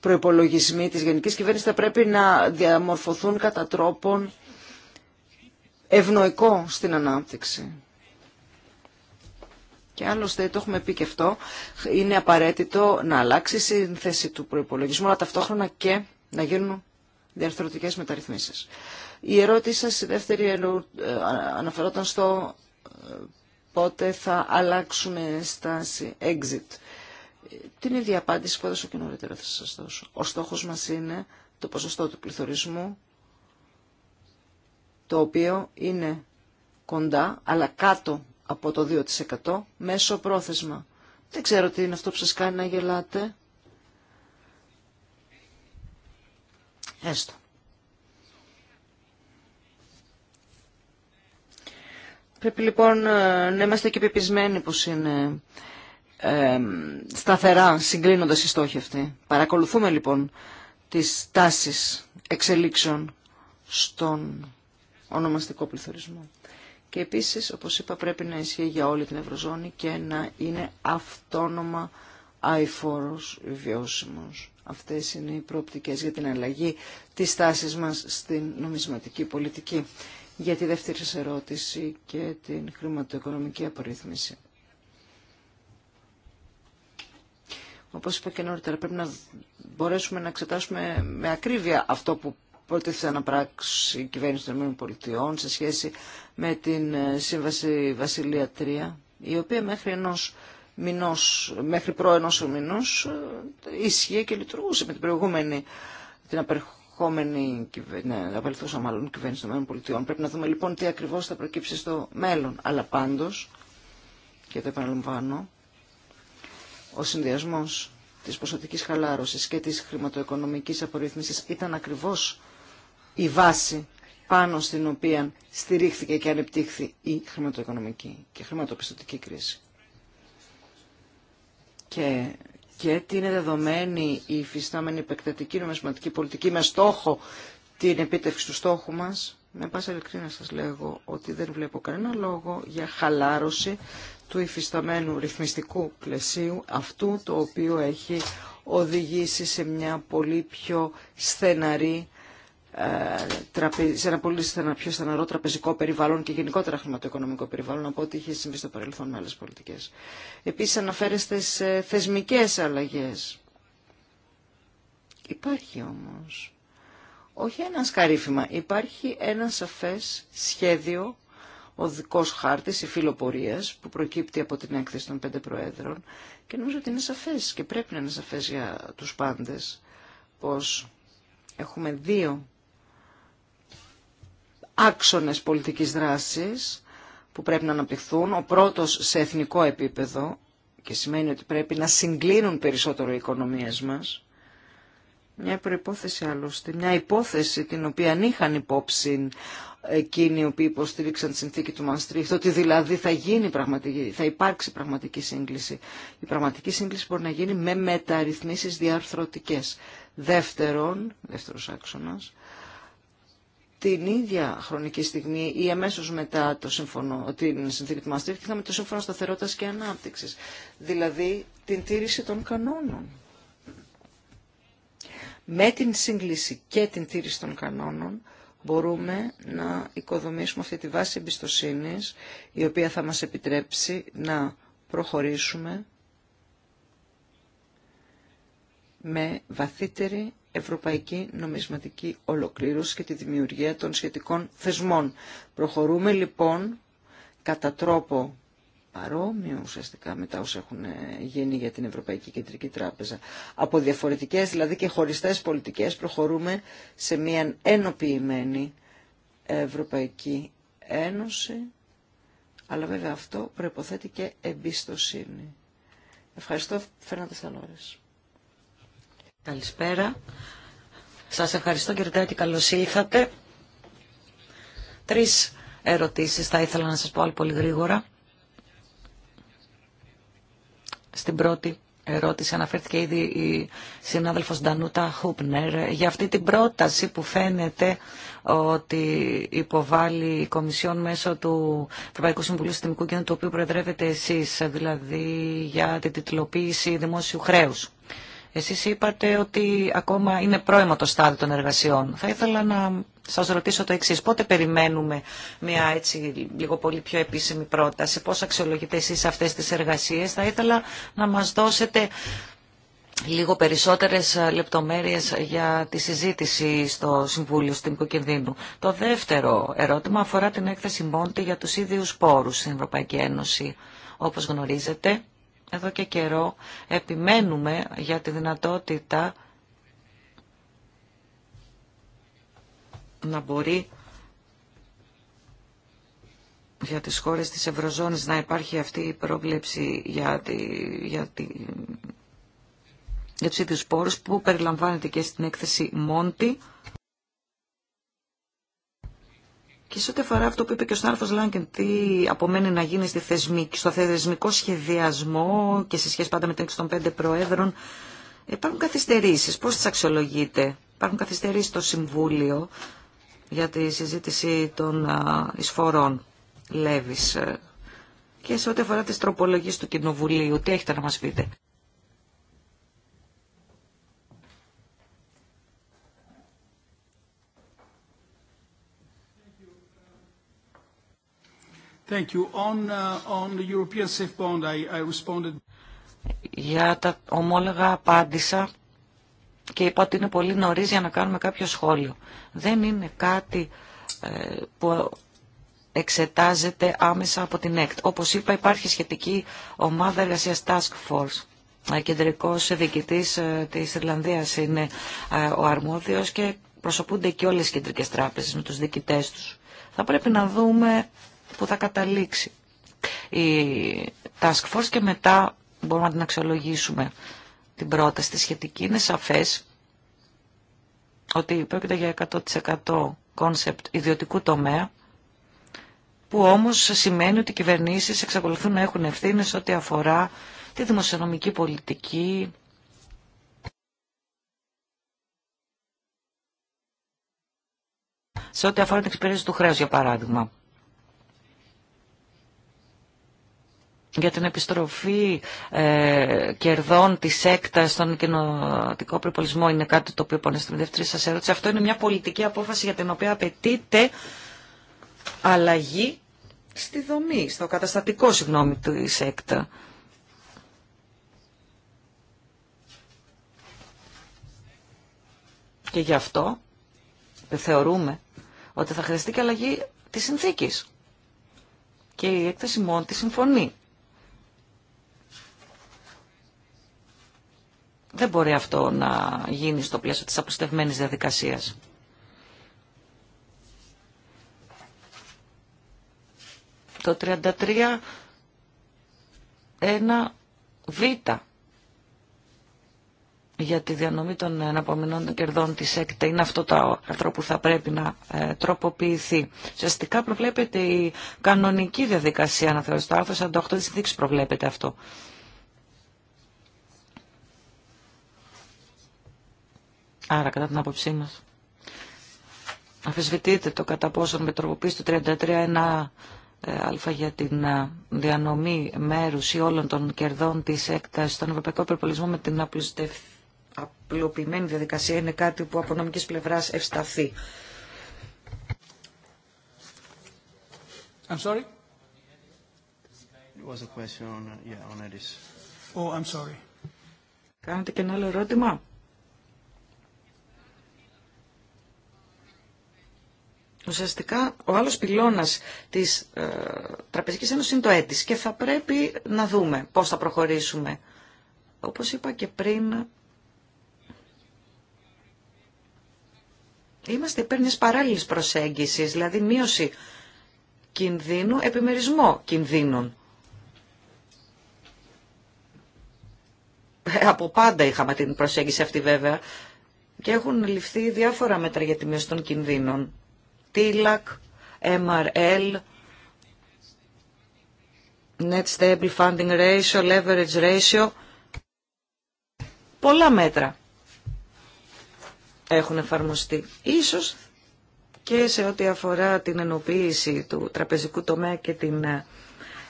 προπολογισμοί τη γενική κυβέρνηση θα πρέπει να διαμορφωθούν κατά τρόπον ευνοϊκό στην ανάπτυξη. Και άλλωστε το έχουμε πει και αυτό, είναι απαραίτητο να αλλάξει η σύνθεση του προπολογισμού, αλλά ταυτόχρονα και να γίνουν διαρθρωτικές μεταρρυθμίσεις. Η ερώτηση σας, η δεύτερη, ε, ε, αναφερόταν στο ε, πότε θα αλλάξουμε στάση exit. Την ίδια απάντηση που έδωσα και νωρίτερα θα σας δώσω. Ο στόχος μας είναι το ποσοστό του πληθωρισμού, το οποίο είναι κοντά, αλλά κάτω από το 2% μέσω πρόθεσμα. Δεν ξέρω τι είναι αυτό που σας κάνει να γελάτε. Έστω. Πρέπει λοιπόν ε, να είμαστε και πεπισμένοι πως είναι ε, σταθερά συγκλίνοντας οι στόχοι αυτοί. Παρακολουθούμε λοιπόν τις τάσεις εξελίξεων στον ονομαστικό πληθωρισμό. Και επίσης, όπως είπα, πρέπει να ισχύει για όλη την Ευρωζώνη και να είναι αυτόνομα αηφόρος βιώσιμος. Αυτές είναι οι προοπτικές για την αλλαγή της στάσης μας στην νομισματική πολιτική. Για τη δεύτερη ερώτηση και την χρηματοοικονομική απορρίθμιση. Όπως είπα και νωρίτερα, πρέπει να μπορέσουμε να εξετάσουμε με ακρίβεια αυτό που προτίθεται να πράξει η κυβέρνηση των ΗΠΑ σε σχέση με την ε, Σύμβαση Βασιλεία 3, η οποία μέχρι ενός μηνός, μέχρι όσο μηνός ίσχυε και λειτουργούσε με την προηγούμενη, την απερχόμενη κυβέρνηση, ναι, μάλλον κυβέρνηση των ΗΠΑ. Πρέπει να δούμε λοιπόν τι ακριβώς θα προκύψει στο μέλλον. Αλλά πάντως, και το επαναλαμβάνω, ο συνδυασμός της ποσοτικής χαλάρωσης και της χρηματοοικονομικής απορρίθμισης ήταν ακριβώς η βάση πάνω στην οποία στηρίχθηκε και ανεπτύχθη η χρηματοοικονομική και χρηματοπιστωτική κρίση και, τι είναι δεδομένη η υφιστάμενη επεκτατική νομισματική πολιτική με στόχο την επίτευξη του στόχου μας, με πάσα ειλικρίνα σας λέγω ότι δεν βλέπω κανένα λόγο για χαλάρωση του υφισταμένου ρυθμιστικού πλαισίου, αυτού το οποίο έχει οδηγήσει σε μια πολύ πιο στεναρή σε ένα πολύ πιο στεναρό τραπεζικό περιβάλλον και γενικότερα χρηματοοικονομικό περιβάλλον από ό,τι είχε συμβεί στο παρελθόν με άλλες πολιτικές. Επίσης αναφέρεστε σε θεσμικές αλλαγέ. Υπάρχει όμω όχι ένα σκαρίφημα, υπάρχει ένα σαφέ σχέδιο οδικός χάρτης ή φιλοπορίας που προκύπτει από την έκθεση των πέντε προέδρων και νομίζω ότι είναι σαφές και πρέπει να είναι σαφές για τους πάντες πως έχουμε δύο άξονες πολιτικής δράσης που πρέπει να αναπτυχθούν. Ο πρώτος σε εθνικό επίπεδο και σημαίνει ότι πρέπει να συγκλίνουν περισσότερο οι οικονομίες μας. Μια προϋπόθεση άλλωστε, μια υπόθεση την οποία είχαν υπόψη εκείνοι οι οποίοι υποστήριξαν τη συνθήκη του Μανστρίχτ, ότι δηλαδή θα, γίνει πραγματική, θα υπάρξει πραγματική σύγκληση. Η πραγματική σύγκληση μπορεί να γίνει με μεταρρυθμίσεις διαρθρωτικές. Δεύτερον, δεύτερος άξονας, την ίδια χρονική στιγμή ή αμέσω μετά το σύμφωνο, την συνθήκη του Μαστρίχτη, είχαμε το σύμφωνο σταθερότητα και ανάπτυξη. Δηλαδή την τήρηση των κανόνων. Με την σύγκληση και την τήρηση των κανόνων μπορούμε να οικοδομήσουμε αυτή τη βάση εμπιστοσύνης η οποία θα μας επιτρέψει να προχωρήσουμε με βαθύτερη ευρωπαϊκή νομισματική ολοκλήρωση και τη δημιουργία των σχετικών θεσμών. Προχωρούμε λοιπόν κατά τρόπο παρόμοιο ουσιαστικά με τα όσα έχουν ε, γίνει για την Ευρωπαϊκή Κεντρική Τράπεζα. Από διαφορετικές δηλαδή και χωριστές πολιτικές προχωρούμε σε μια ενοποιημένη Ευρωπαϊκή Ένωση, αλλά βέβαια αυτό προϋποθέτει και εμπιστοσύνη. Ευχαριστώ, Φέρνατε Καλησπέρα. Σας ευχαριστώ κύριε και καλώς ήλθατε. Τρεις ερωτήσεις θα ήθελα να σας πω πολύ γρήγορα. Στην πρώτη ερώτηση αναφέρθηκε ήδη η συνάδελφος Ντανούτα Χούπνερ για αυτή την πρόταση που φαίνεται ότι υποβάλλει η Κομισιόν μέσω του Ευρωπαϊκού Συμβουλίου Συστημικού Κίνητου το οποίο προεδρεύετε εσείς, δηλαδή για την τιτλοποίηση δημόσιου χρέους. Εσείς είπατε ότι ακόμα είναι πρώιμο το στάδιο των εργασιών. Θα ήθελα να σας ρωτήσω το εξής. Πότε περιμένουμε μια έτσι λίγο πολύ πιο επίσημη πρόταση. Πώς αξιολογείτε εσείς αυτές τις εργασίες. Θα ήθελα να μας δώσετε λίγο περισσότερες λεπτομέρειες για τη συζήτηση στο Συμβούλιο στην Κινδύνου. Το δεύτερο ερώτημα αφορά την έκθεση Μόντι για τους ίδιους πόρους στην Ευρωπαϊκή Ένωση. Όπως γνωρίζετε, εδώ και καιρό επιμένουμε για τη δυνατότητα να μπορεί για τις χώρες της Ευρωζώνης να υπάρχει αυτή η πρόβλεψη για, τη, για, τη, για τους ίδιους που περιλαμβάνεται και στην έκθεση Μόντι και σε ό,τι αφορά αυτό που είπε και ο Στάρφο Λάγκεν, τι απομένει να γίνει στη στο θεσμικό σχεδιασμό και σε σχέση πάντα με την 65 προέδρων, υπάρχουν καθυστερήσεις. Πώς τις αξιολογείτε. Υπάρχουν καθυστερήσεις στο Συμβούλιο για τη συζήτηση των εισφορών Λέβη. Ε, και σε ό,τι αφορά τις τροπολογίες του Κοινοβουλίου. Τι έχετε να μα πείτε. Για τα ομόλογα απάντησα και είπα ότι είναι πολύ νωρίς για να κάνουμε κάποιο σχόλιο. Δεν είναι κάτι ε, που εξετάζεται άμεσα από την ΕΚΤ. Όπως είπα υπάρχει σχετική ομάδα εργασίας Task Force. Ε, κεντρικός διοικητής ε, της Ιρλανδίας είναι ο αρμόδιος και προσωπούνται και όλες οι κεντρικές τράπεζες με τους διοικητές τους. Θα πρέπει να δούμε που θα καταλήξει η Task Force και μετά μπορούμε να την αξιολογήσουμε την πρόταση τη σχετική. Είναι σαφές ότι πρόκειται για 100% κόνσεπτ ιδιωτικού τομέα που όμως σημαίνει ότι οι κυβερνήσεις εξακολουθούν να έχουν ευθύνες ό,τι αφορά τη δημοσιονομική πολιτική, σε ό,τι αφορά την εξυπηρέτηση του χρέους, για παράδειγμα. για την επιστροφή ε, κερδών της ΕΚΤΑ στον κοινοτικό προπολισμό είναι κάτι το οποίο πονέστε με δεύτερη σα ερώτηση. Αυτό είναι μια πολιτική απόφαση για την οποία απαιτείται αλλαγή στη δομή, στο καταστατικό συγγνώμη του ΕΚΤΑ. Και γι' αυτό θεωρούμε ότι θα χρειαστεί και αλλαγή της συνθήκης. Και η έκθεση μόνη τη συμφωνεί Δεν μπορεί αυτό να γίνει στο πλαίσιο της αποστευμένης διαδικασίας. Το 33 ένα β για τη διανομή των αναπομεινών κερδών της ΕΚΤΕ. Είναι αυτό το άρθρο που θα πρέπει να ε, τροποποιηθεί. Ουσιαστικά προβλέπεται η κανονική διαδικασία να θεωρείται Το άρθρο 48 της συνθήκης προβλέπεται αυτό. Άρα, κατά την άποψή μας, αφισβητείτε το κατά πόσον με τροποποίηση του 33.1 ε, α για την ε, διανομή μέρους ή όλων των κερδών της έκτασης στον ευρωπαϊκό περιπολισμό με την απλοποιημένη διαδικασία είναι κάτι που από νομικής πλευράς ευσταθεί. I'm sorry? It was a question on, yeah, on Oh, I'm sorry. Κάνετε και ένα άλλο ερώτημα. Ουσιαστικά ο άλλο πυλώνα της ε, Τραπεζικής είναι το έτης και θα πρέπει να δούμε πώς θα προχωρήσουμε. Όπως είπα και πριν, είμαστε υπέρ μια παράλληλης προσέγγισης, δηλαδή μείωση κινδύνου, επιμερισμό κινδύνων. Ε, από πάντα είχαμε την προσέγγιση αυτή βέβαια και έχουν ληφθεί διάφορα μέτρα για τη μείωση των κινδύνων. TILAC, MRL, Net Stable Funding Ratio, Leverage Ratio. Πολλά μέτρα έχουν εφαρμοστεί. Ίσως και σε ό,τι αφορά την ενοποίηση του τραπεζικού τομέα και την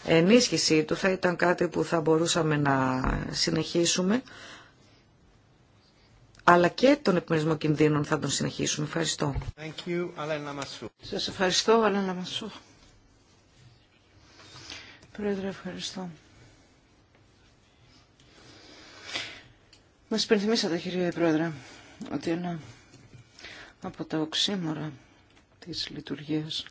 ενίσχυσή του θα ήταν κάτι που θα μπορούσαμε να συνεχίσουμε αλλά και τον επιμερισμό κινδύνων θα τον συνεχίσουμε. Ευχαριστώ. Thank Σας ευχαριστώ, Αλένα Μασού. Πρόεδρε, ευχαριστώ. Μας υπενθυμίσατε, κύριε Πρόεδρε, ότι ένα από τα οξύμορα της λειτουργίας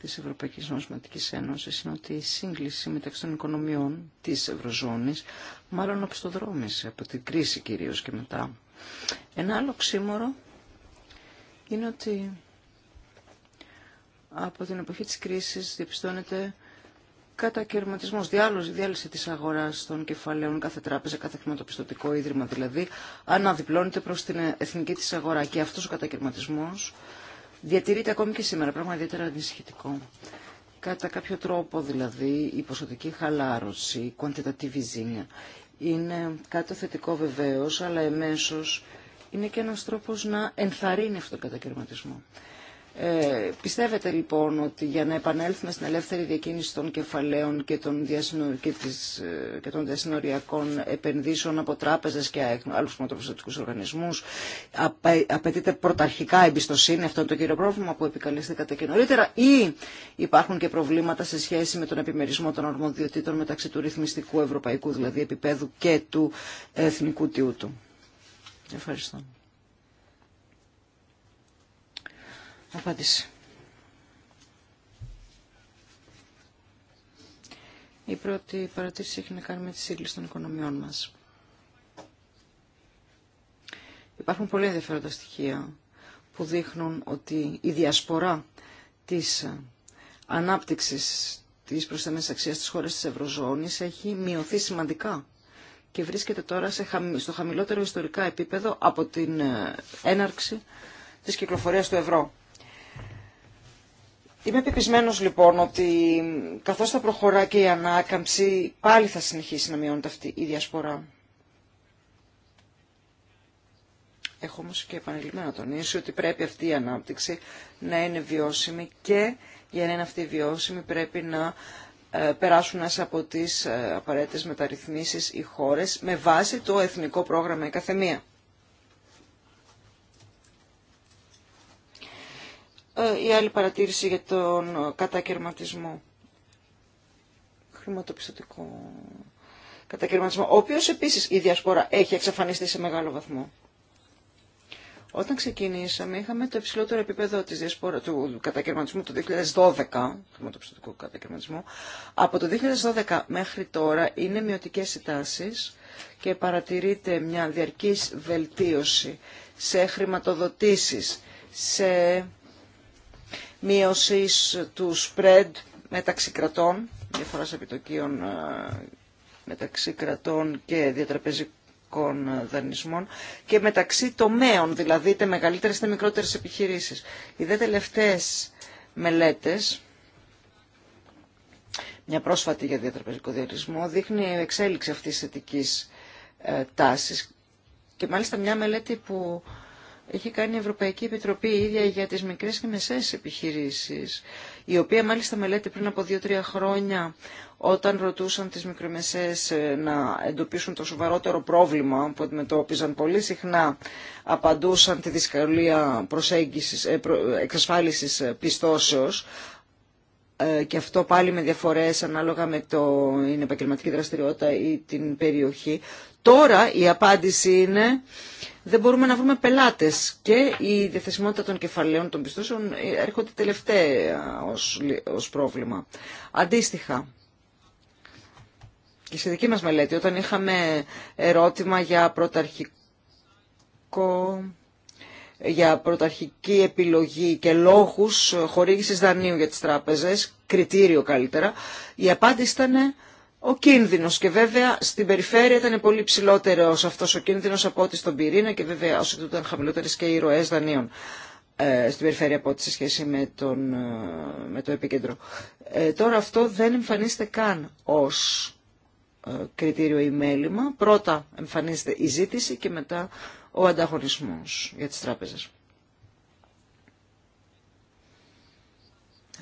της Ευρωπαϊκής Νομισματικής Ένωσης είναι ότι η σύγκληση μεταξύ των οικονομιών της Ευρωζώνης μάλλον οπισθοδρόμησε από την κρίση κυρίως και μετά. Ένα άλλο ξύμορο είναι ότι από την εποχή της κρίσης διαπιστώνεται κατακαιρματισμός, διάλυση τη αγορά των κεφαλαίων, κάθε τράπεζα, κάθε χρηματοπιστωτικό ίδρυμα δηλαδή, αναδιπλώνεται προς την εθνική της αγορά. Και αυτός ο κατακαιρματισμός διατηρείται ακόμη και σήμερα, πράγμα ιδιαίτερα ανησυχητικό. Κατά κάποιο τρόπο δηλαδή η ποσοτική χαλάρωση, η quantitative είναι κάτι θετικό βεβαίως, αλλά εμέσως είναι και ένας τρόπος να ενθαρρύνει αυτόν τον κατακαιρματισμό. Ε, πιστεύετε λοιπόν ότι για να επανέλθουμε στην ελεύθερη διακίνηση των κεφαλαίων και των, διασυνο... και, της... Ε, και των διασυνοριακών επενδύσεων από τράπεζες και άλλους χρηματοπιστωτικούς οργανισμούς απαιτείται πρωταρχικά εμπιστοσύνη, αυτό είναι το κύριο πρόβλημα που επικαλεστήκατε και νωρίτερα ή υπάρχουν και προβλήματα σε σχέση με τον επιμερισμό των αρμοδιοτήτων μεταξύ του ρυθμιστικού ευρωπαϊκού δηλαδή επίπεδου και του εθνικού του. Ευχαριστώ. απάντηση. Η πρώτη παρατήρηση έχει να κάνει με τη σύγκληση των οικονομιών μας. Υπάρχουν πολύ ενδιαφέροντα στοιχεία που δείχνουν ότι η διασπορά της ανάπτυξης της προσθέμενης αξίας της χώρας της Ευρωζώνης έχει μειωθεί σημαντικά και βρίσκεται τώρα στο χαμηλότερο ιστορικά επίπεδο από την ε, έναρξη της κυκλοφορίας του ευρώ. Είμαι πεπισμένο λοιπόν ότι καθώ θα προχωρά και η ανάκαμψη πάλι θα συνεχίσει να μειώνεται αυτή η διασπορά. Έχω όμω και επανειλημμένα τονίσει ότι πρέπει αυτή η ανάπτυξη να είναι βιώσιμη και για να είναι αυτή βιώσιμη πρέπει να ε, περάσουν μέσα από τις ε, απαραίτητε μεταρρυθμίσει οι χώρε με βάση το εθνικό πρόγραμμα η καθεμία. Ε, η άλλη παρατήρηση για τον κατακαιρματισμό. Χρηματοπιστωτικό κατακαιρματισμό, ο οποίος επίσης η διασπορά έχει εξαφανιστεί σε μεγάλο βαθμό. Όταν ξεκινήσαμε είχαμε το υψηλότερο επίπεδο της διασπορά, του κατακαιρματισμού το 2012, Από το 2012 μέχρι τώρα είναι μειωτικέ οι τάσεις και παρατηρείται μια διαρκής βελτίωση σε χρηματοδοτήσεις, σε μείωσης του spread μεταξύ κρατών, διαφοράς επιτοκίων ε, μεταξύ κρατών και διατραπεζικών ε, δανεισμών και μεταξύ τομέων, δηλαδή είτε μεγαλύτερες είτε μικρότερες επιχειρήσεις. Οι δε τελευταίες μελέτες, μια πρόσφατη για διατραπεζικό διαλυσμό, δείχνει εξέλιξη αυτής της θετικής ε, τάσης και μάλιστα μια μελέτη που έχει κάνει η Ευρωπαϊκή Επιτροπή η ίδια για τις μικρές και μεσαίες επιχειρήσεις, η οποία μάλιστα μελέτη πριν απο δυο δύο-τρία χρόνια, όταν ρωτούσαν τις μικρομεσαίες ε, να εντοπίσουν το σοβαρότερο πρόβλημα που αντιμετώπιζαν πολύ συχνά, απαντούσαν τη δυσκολία προσέγγισης, ε, εξασφάλισης ε, πιστώσεως, ε, και αυτό πάλι με διαφορές ανάλογα με το είναι επαγγελματική δραστηριότητα ή την περιοχή. Τώρα η απάντηση είναι δεν μπορούμε να βρούμε πελάτες και η διαθεσιμότητα των κεφαλαίων των πιστώσεων ε, έρχονται τελευταία ως, ως πρόβλημα. Αντίστοιχα, και στη δική μας μελέτη όταν είχαμε ερώτημα για πρωταρχικό για πρωταρχική επιλογή και λόγους χορήγησης δανείου για τις τράπεζες, κριτήριο καλύτερα, η απάντηση ήταν ο κίνδυνος και βέβαια στην περιφέρεια ήταν πολύ ψηλότερος αυτός ο κίνδυνος από ό,τι στον πυρήνα και βέβαια όσο ήταν χαμηλότερες και οι ροές δανείων ε, στην περιφέρεια από ό,τι σε σχέση με, τον, ε, με το επίκεντρο. Ε, τώρα αυτό δεν εμφανίζεται καν ως κριτήριο ή μέλημα. Πρώτα εμφανίζεται η ζήτηση και μετά ο ανταγωνισμός για τις τράπεζες.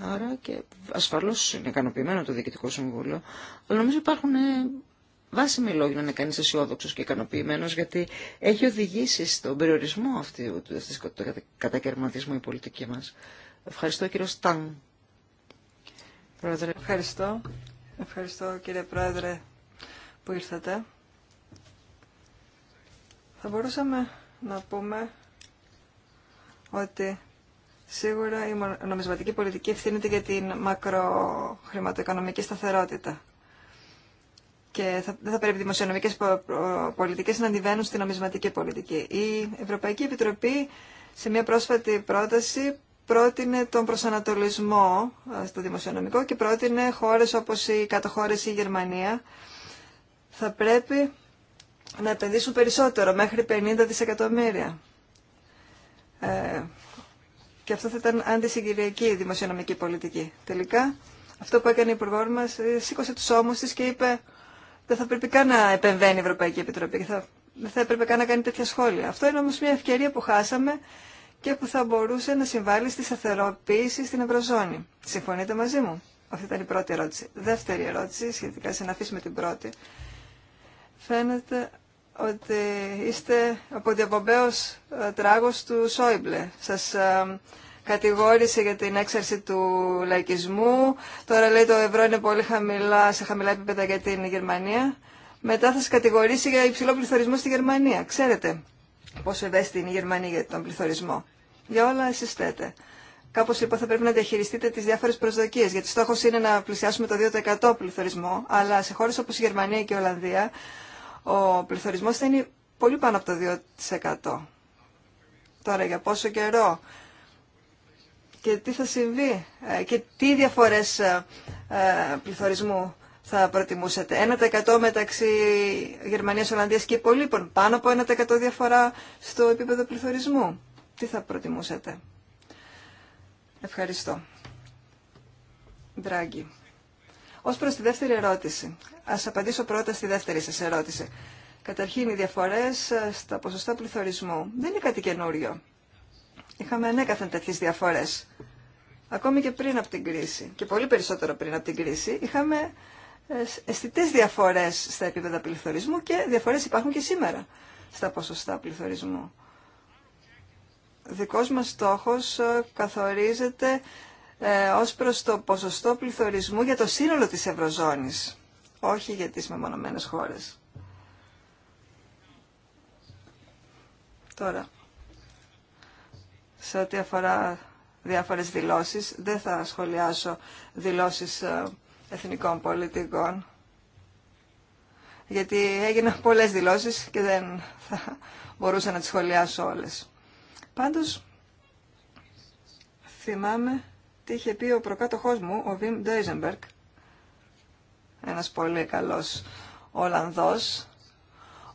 Άρα και ασφαλώς είναι ικανοποιημένο το Διοικητικό Συμβούλιο, αλλά νομίζω υπάρχουν ε, βάσιμοι λόγοι να είναι κανείς αισιόδοξο και ικανοποιημένο γιατί έχει οδηγήσει στον περιορισμό αυτή του κατακαιρματισμού η πολιτική μας. Ευχαριστώ κύριο Στάν. Ευχαριστώ. Ευχαριστώ κύριε Πρόεδρε που ήρθατε. Θα μπορούσαμε να πούμε ότι σίγουρα η νομισματική πολιτική ευθύνεται για την μακροχρηματοοικονομική σταθερότητα. Και θα, δεν θα πρέπει οι δημοσιονομικέ πολιτικέ να αντιβαίνουν στη νομισματική πολιτική. Η Ευρωπαϊκή Επιτροπή σε μια πρόσφατη πρόταση πρότεινε τον προσανατολισμό ε, στο δημοσιονομικό και πρότεινε χώρες όπως οι κατοχώρες ή η Γερμανία θα πρέπει να επενδύσουν περισσότερο, μέχρι 50 δισεκατομμύρια. Ε, και αυτό θα ήταν αντισυγκυριακή δημοσιονομική πολιτική. Τελικά, αυτό που έκανε η Υπουργό μα, ε, σήκωσε του ώμου τη και είπε δεν θα πρέπει καν να επεμβαίνει η Ευρωπαϊκή Επιτροπή και θα, δεν θα έπρεπε καν να κάνει τέτοια σχόλια. Αυτό είναι όμω μια ευκαιρία που χάσαμε και που θα μπορούσε να συμβάλλει στη σταθεροποίηση στην Ευρωζώνη. Συμφωνείτε μαζί μου. Αυτή ήταν η πρώτη ερώτηση. Δεύτερη ερώτηση, σχετικά να αφήσουμε την πρώτη. Φαίνεται ότι είστε από διαπομπέως ε, τράγος του Σόιμπλε. Σας ε, κατηγόρησε για την έξαρση του λαϊκισμού. Τώρα λέει το ευρώ είναι πολύ χαμηλά, σε χαμηλά επίπεδα για την Γερμανία. Μετά θα σας κατηγορήσει για υψηλό πληθωρισμό στη Γερμανία. Ξέρετε πόσο ευαίσθητη είναι η Γερμανία για τον πληθωρισμό. Για όλα εσείς Κάπω λοιπόν θα πρέπει να διαχειριστείτε τις διάφορες προσδοκίε, γιατί στόχο είναι να πλησιάσουμε το 2% πληθωρισμό, αλλά σε χώρες όπως η Γερμανία και η Ολλανδία ο πληθωρισμός θα είναι πολύ πάνω από το 2%. Τώρα για πόσο καιρό και τι θα συμβεί ε, και τι διαφορές ε, ε, πληθωρισμού θα προτιμούσατε. 1% μεταξύ Γερμανίας, Ολλανδίας και υπολείπων. Πάνω από 1% διαφορά στο επίπεδο πληθωρισμού. Τι θα προτιμούσατε. Ευχαριστώ. Δράγκη. Ω προ τη δεύτερη ερώτηση. Ας απαντήσω πρώτα στη δεύτερη σα ερώτηση. Καταρχήν οι διαφορές ε, στα ποσοστά πληθωρισμού δεν είναι κάτι καινούριο. Είχαμε ανέκαθεν τέτοιε διαφορές. Ακόμη και πριν από την κρίση και πολύ περισσότερο πριν από την κρίση είχαμε ε, αισθητέ διαφορές στα επίπεδα πληθωρισμού και διαφορέ υπάρχουν και σήμερα στα ποσοστά πληθωρισμού δικός μας στόχος ε, καθορίζεται ε, ως προς το ποσοστό πληθωρισμού για το σύνολο της Ευρωζώνης, όχι για τις μεμονωμένες χώρες. Τώρα, σε ό,τι αφορά διάφορες δηλώσεις, δεν θα σχολιάσω δηλώσεις ε, εθνικών πολιτικών, γιατί έγιναν πολλές δηλώσεις και δεν θα μπορούσα να τις σχολιάσω όλες. Πάντως, θυμάμαι τι είχε πει ο προκάτοχός μου, ο Βιμ Ντέιζενμπέρκ, ένας πολύ καλός Ολλανδός,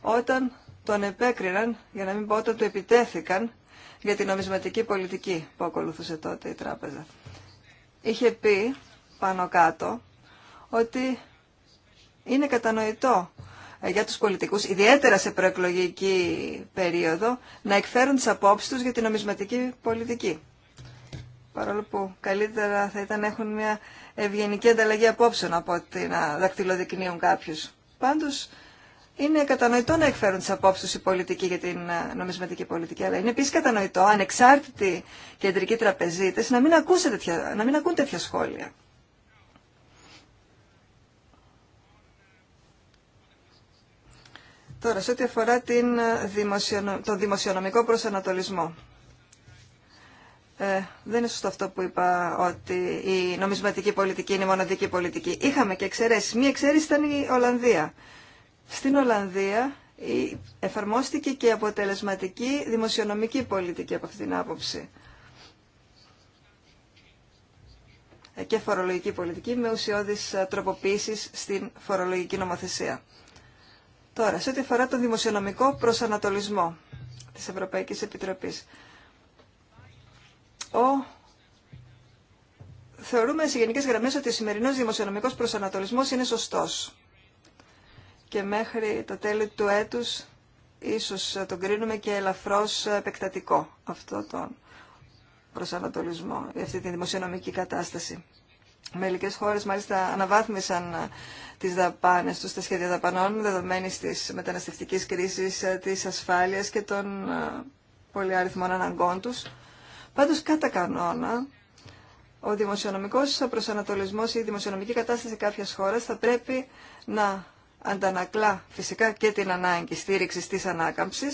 όταν τον επέκριναν, για να μην πω όταν του επιτέθηκαν, για την νομισματική πολιτική που ακολουθούσε τότε η τράπεζα. Είχε πει πάνω κάτω ότι είναι κατανοητό για τους πολιτικούς, ιδιαίτερα σε προεκλογική περίοδο, να εκφέρουν τις απόψεις τους για την νομισματική πολιτική. Παρόλο που καλύτερα θα ήταν να έχουν μια ευγενική ανταλλαγή απόψεων από ότι να δακτυλοδεικνύουν κάποιου. Πάντως, είναι κατανοητό να εκφέρουν τι απόψει του οι πολιτικοί για την ε, νομισματική πολιτική, αλλά είναι επίση κατανοητό ανεξάρτητοι κεντρικοί τραπεζίτε να, να μην ακούν τέτοια σχόλια. Τώρα, σε ό,τι αφορά την ε, τον δημοσιονομικό προσανατολισμό. Ε, δεν είναι σωστό αυτό που είπα ότι η νομισματική πολιτική είναι η μοναδική πολιτική. Είχαμε και εξαιρέσει. Μία εξαίρεση ήταν η Ολλανδία. Στην Ολλανδία εφαρμόστηκε και αποτελεσματική δημοσιονομική πολιτική από αυτήν την άποψη. Ε, και φορολογική πολιτική με ουσιώδεις τροποποίησης στην φορολογική νομοθεσία. Τώρα, σε ό,τι αφορά τον δημοσιονομικό προσανατολισμό της Ευρωπαϊκής Επιτροπής. Ο... Θεωρούμε σε γενικές γραμμές ότι ο σημερινός δημοσιονομικός προσανατολισμός είναι σωστός. Και μέχρι το τέλος του έτους ίσως τον κρίνουμε και ελαφρώς επεκτατικό αυτό τον προσανατολισμό, αυτή τη δημοσιονομική κατάσταση. Μερικέ χώρες μάλιστα αναβάθμισαν ε, τις δαπάνες του τα σχέδια δαπανών δεδομένη της μεταναστευτική κρίση ε, της ασφάλειας και των ε, πολυαριθμών αναγκών τους. Πάντως κατά κανόνα ο δημοσιονομικός προσανατολισμό ή η δημοσιονομική κατάσταση κάποιας χώρα θα πρέπει να αντανακλά φυσικά και την ανάγκη στήριξη τη ανάκαμψη,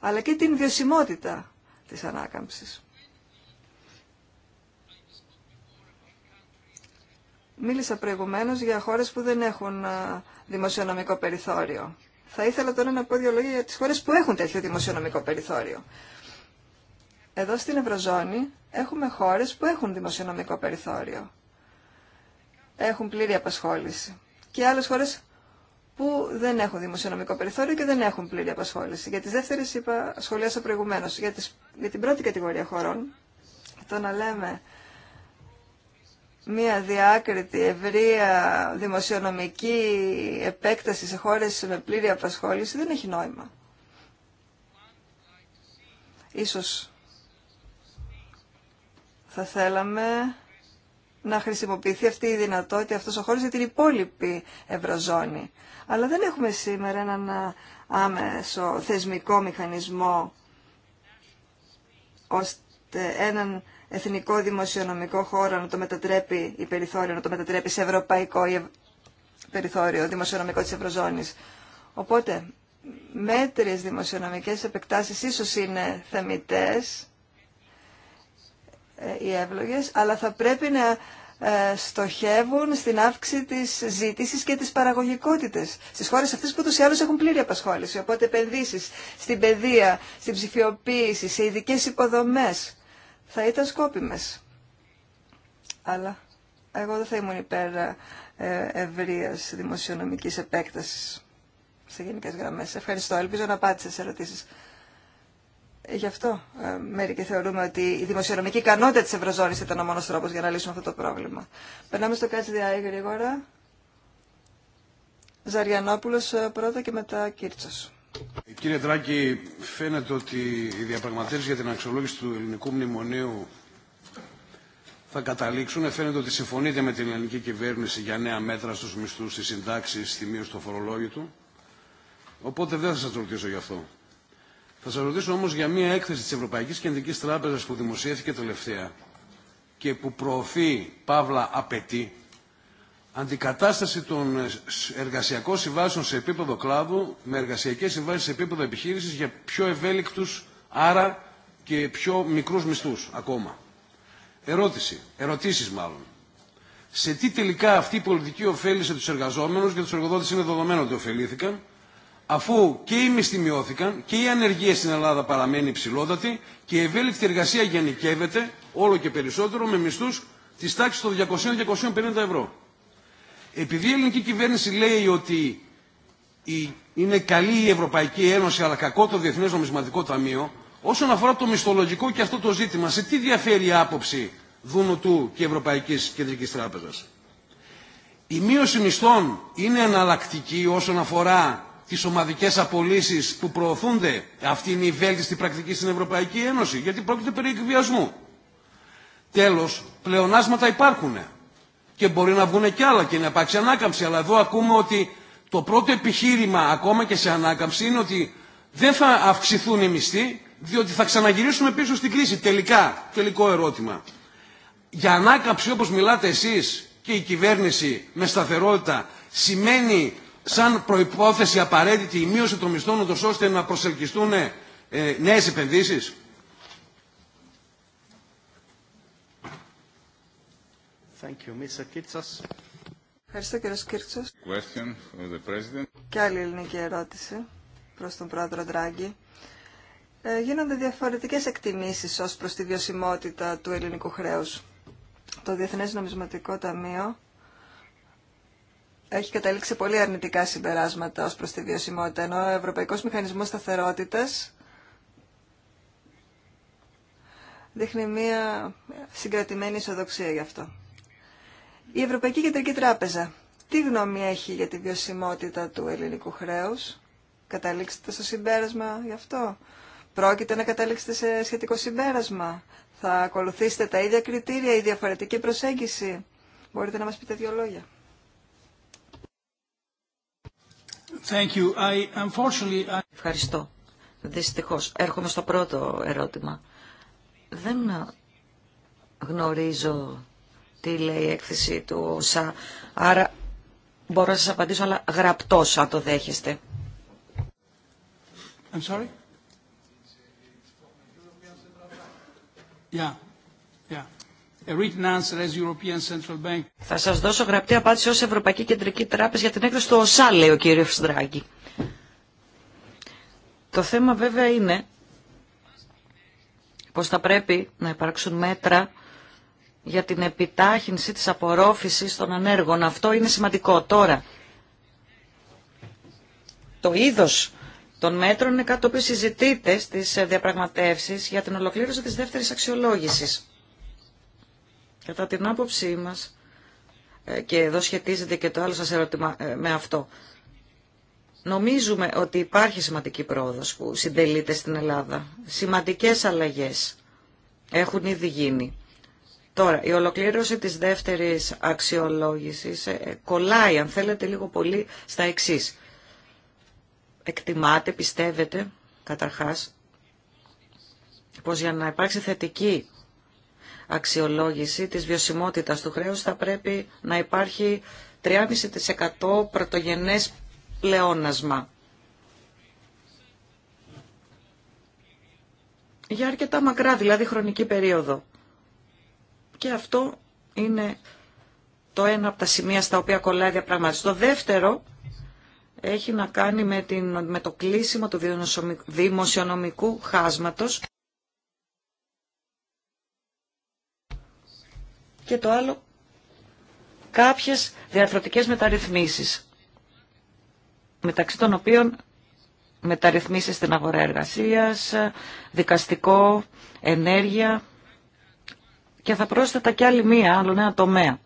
αλλά και την βιωσιμότητα της ανάκαμψη. Μίλησα προηγουμένω για χώρε που δεν έχουν δημοσιονομικό περιθώριο. Θα ήθελα τώρα να πω δύο λόγια για τι χώρε που έχουν τέτοιο δημοσιονομικό περιθώριο. Εδώ στην Ευρωζώνη έχουμε χώρε που έχουν δημοσιονομικό περιθώριο. Έχουν πλήρη απασχόληση. Και άλλε χώρε που δεν έχουν δημοσιονομικό περιθώριο και δεν έχουν πλήρη απασχόληση. Για τι δεύτερε είπα, σχολιάσα προηγουμένω, για, για την πρώτη κατηγορία χωρών, το να λέμε μια διάκριτη, ευρεία, δημοσιονομική επέκταση σε χώρες με πλήρη απασχόληση δεν έχει νόημα. Ίσως θα θέλαμε να χρησιμοποιηθεί αυτή η δυνατότητα, αυτός ο χώρος για την υπόλοιπη Ευρωζώνη. Αλλά δεν έχουμε σήμερα έναν άμεσο θεσμικό μηχανισμό ώστε έναν εθνικό δημοσιονομικό χώρο να το μετατρέπει η περιθώριο, να το μετατρέπει σε ευρωπαϊκό περιθώριο δημοσιονομικό της Ευρωζώνης. Οπότε, μέτρες δημοσιονομικές επεκτάσεις ίσως είναι θεμητές ε, οι εύλογες, αλλά θα πρέπει να ε, στοχεύουν στην αύξηση της ζήτησης και της παραγωγικότητας στις χώρες αυτές που τους ή άλλους έχουν πλήρη απασχόληση. Οπότε επενδύσεις στην παιδεία, στην ψηφιοποίηση, σε ειδικέ υποδομές θα ήταν σκόπιμες. Αλλά εγώ δεν θα ήμουν υπέρ ε, ευρείας δημοσιονομικής επέκτασης σε γενικές γραμμές. Ευχαριστώ. Ελπίζω να απάντησες σε ερωτήσεις. Γι' αυτό ε, μερικοί θεωρούμε ότι η δημοσιονομική ικανότητα της Ευρωζώνης ήταν ο μόνος τρόπος για να λύσουμε αυτό το πρόβλημα. Περνάμε στο Κάτσι Διάη γρήγορα. Ζαριανόπουλος ε, πρώτα και μετά Κύρτσος. Ε, κύριε Τράκη, φαίνεται ότι οι διαπραγματεύσει για την αξιολόγηση του ελληνικού μνημονίου θα καταλήξουν. Φαίνεται ότι συμφωνείτε με την ελληνική κυβέρνηση για νέα μέτρα στους μισθούς, στι συντάξει στη μείωση του φορολόγιο του. Οπότε δεν θα σας ρωτήσω γι' αυτό. Θα σας ρωτήσω όμως για μια έκθεση της Ευρωπαϊκή Κεντρικής Τράπεζα που δημοσιεύθηκε τελευταία και που προωθεί, παύλα απαιτεί, αντικατάσταση των εργασιακών συμβάσεων σε επίπεδο κλάδου με εργασιακές συμβάσεις σε επίπεδο επιχείρησης για πιο ευέλικτους, άρα και πιο μικρούς μισθούς ακόμα. Ερώτηση, ερωτήσεις μάλλον. Σε τι τελικά αυτή η πολιτική ωφέλησε τους εργαζόμενους και τους εργοδότες είναι δεδομένο ότι ωφελήθηκαν, αφού και οι μισθοί μειώθηκαν και η ανεργία στην Ελλάδα παραμένει υψηλότατη και η ευέλικτη εργασία γενικεύεται όλο και περισσότερο με μισθούς τη τάξη των 200-250 ευρώ. Επειδή η ελληνική κυβέρνηση λέει ότι είναι καλή η Ευρωπαϊκή Ένωση αλλά κακό το Διεθνές Νομισματικό Ταμείο, όσον αφορά το μισθολογικό και αυτό το ζήτημα, σε τι διαφέρει η άποψη Δούνου και Ευρωπαϊκής Κεντρικής Τράπεζας. Η μείωση μισθών είναι εναλλακτική όσον αφορά τις ομαδικές απολύσεις που προωθούνται. Αυτή είναι η βέλτιστη πρακτική στην Ευρωπαϊκή Ένωση, γιατί πρόκειται περί εκβιασμού. Τέλος, πλεονάσματα υπάρχουν και μπορεί να βγουν και άλλα και να υπάρξει ανάκαμψη. Αλλά εδώ ακούμε ότι το πρώτο επιχείρημα ακόμα και σε ανάκαμψη είναι ότι δεν θα αυξηθούν οι μισθοί διότι θα ξαναγυρίσουμε πίσω στην κρίση. Τελικά, τελικό ερώτημα. Για ανάκαμψη όπως μιλάτε εσείς και η κυβέρνηση με σταθερότητα σημαίνει σαν προϋπόθεση απαραίτητη η μείωση των μισθών ώστε να προσελκυστούν ε, νέες επενδύσεις. Thank you, Ευχαριστώ κύριο Κίρτσος. Και άλλη ελληνική ερώτηση προς τον πρόεδρο Ντράγκη. Ε, γίνονται διαφορετικές εκτιμήσεις ως προς τη βιωσιμότητα του ελληνικού χρέους. Το Διεθνές Νομισματικό Ταμείο έχει καταλήξει πολύ αρνητικά συμπεράσματα ως προς τη βιωσιμότητα, ενώ ο Ευρωπαϊκός Μηχανισμός Σταθερότητας δείχνει μια συγκρατημένη ισοδοξία γι' αυτό. Η Ευρωπαϊκή Κεντρική Τράπεζα. Τι γνώμη έχει για τη βιωσιμότητα του ελληνικού χρέους. Καταλήξετε στο συμπέρασμα γι' αυτό. Πρόκειται να καταλήξετε σε σχετικό συμπέρασμα. Θα ακολουθήσετε τα ίδια κριτήρια, η διαφορετική προσέγγιση. Μπορείτε να μας πείτε δύο λόγια. Thank you. I, unfortunately, Ευχαριστώ. Δυστυχώς. Έρχομαι στο πρώτο ερώτημα. Δεν γνωρίζω τι λέει η έκθεση του ΩΣΑ. Άρα μπορώ να σας απαντήσω, αλλά γραπτός αν το δέχεστε. I'm sorry? Yeah. Yeah. A written as European Central Bank. Θα σας δώσω γραπτή απάντηση ως Ευρωπαϊκή Κεντρική Τράπεζα για την έκθεση του ΩΣΑ, λέει ο κύριος Στράγκη. Το θέμα βέβαια είναι πως θα πρέπει να υπάρξουν μέτρα για την επιτάχυνση της απορρόφησης των ανέργων. Αυτό είναι σημαντικό. Τώρα, το είδος των μέτρων είναι κάτι το οποίο συζητείται στις διαπραγματεύσεις για την ολοκλήρωση της δεύτερης αξιολόγησης. Κατά την άποψή μας, ε, και εδώ σχετίζεται και το άλλο σας ερώτημα ε, με αυτό, νομίζουμε ότι υπάρχει σημαντική πρόοδος που συντελείται στην Ελλάδα. Σημαντικές αλλαγές έχουν ήδη γίνει Τώρα, η ολοκλήρωση της δεύτερης αξιολόγησης ε, κολλάει, αν θέλετε, λίγο πολύ στα εξής. Εκτιμάτε, πιστεύετε, καταρχάς, πως για να υπάρξει θετική αξιολόγηση της βιωσιμότητας του χρέους θα πρέπει να υπάρχει 3,5% πρωτογενές πλεόνασμα. Για αρκετά μακρά, δηλαδή χρονική περίοδο. Και αυτό είναι το ένα από τα σημεία στα οποία κολλάει διαπραγμάτευση. Το δεύτερο έχει να κάνει με, την, με το κλείσιμο του δημοσιονομικού χάσματος. Και το άλλο, κάποιες διαρθρωτικές μεταρρυθμίσεις, μεταξύ των οποίων μεταρρυθμίσεις στην αγορά εργασίας, δικαστικό, ενέργεια, και θα πρόσθετα κι άλλη μία, άλλο ένα τομέα.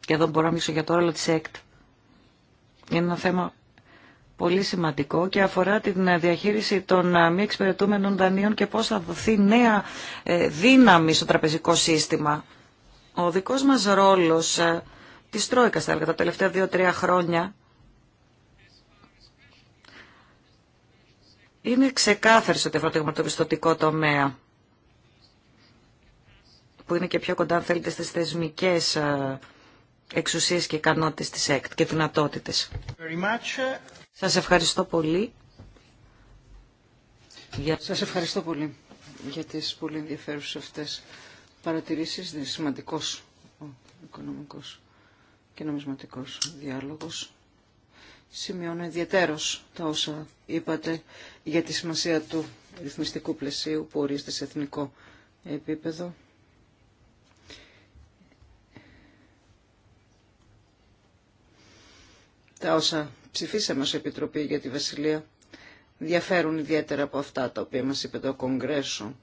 Και εδώ μπορώ να μιλήσω για το ρόλο της ΕΚΤ. Είναι ένα θέμα πολύ σημαντικό και αφορά την διαχείριση των μη εξυπηρετούμενων δανείων και πώς θα δοθεί νέα ε, δύναμη στο τραπεζικό σύστημα. Ο δικός μας ρόλος ε, της Τρόικας, θα τα τελευταία δύο-τρία χρόνια είναι ξεκάθαρη ότι αφορά το πιστοτικό τομέα που είναι και πιο κοντά αν θέλετε στις θεσμικές ε, εξουσίες και ικανότητες της ΕΚΤ και δυνατότητες. Σας ευχαριστώ πολύ. Για... Σας ευχαριστώ πολύ για τις πολύ ενδιαφέρουσες αυτές παρατηρήσεις. Είναι σημαντικός ο οικονομικός και νομισματικός διάλογος. Σημειώνω ιδιαίτερος τα όσα είπατε για τη σημασία του ρυθμιστικού πλαισίου που ορίζεται σε εθνικό επίπεδο. τα όσα ψηφίσαμε ως Επιτροπή για τη Βασιλεία διαφέρουν ιδιαίτερα από αυτά τα οποία μας είπε το Κογκρέσο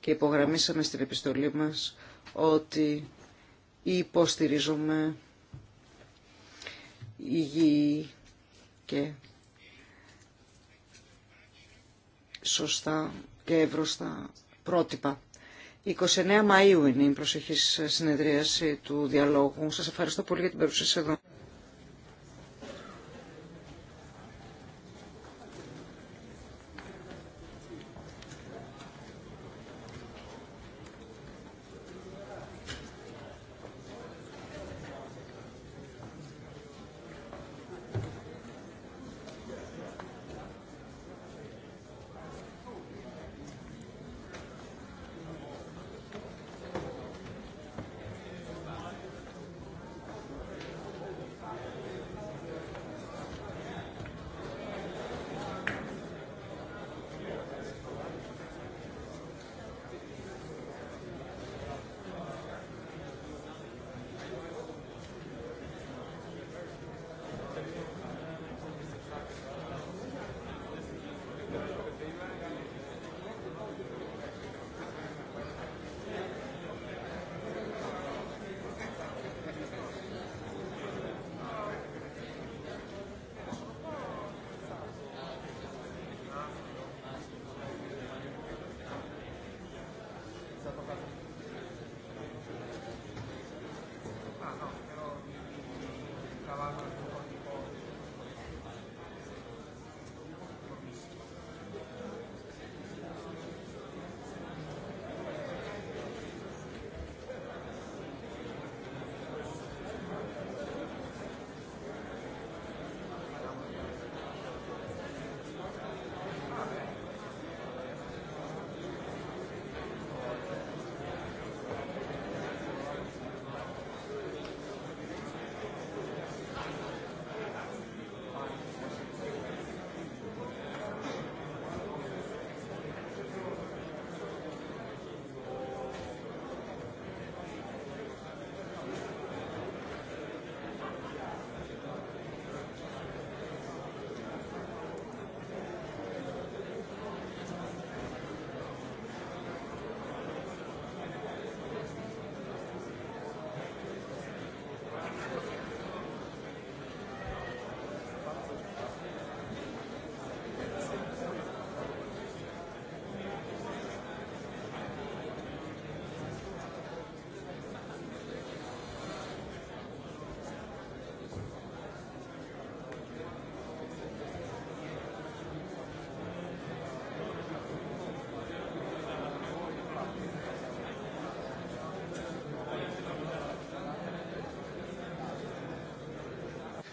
και υπογραμμίσαμε στην επιστολή μας ότι υποστηρίζουμε υγιή και σωστά και εύρωστα πρότυπα. 29 Μαΐου είναι η προσεχής συνεδρίαση του διαλόγου. Σας ευχαριστώ πολύ για την παρουσία εδώ.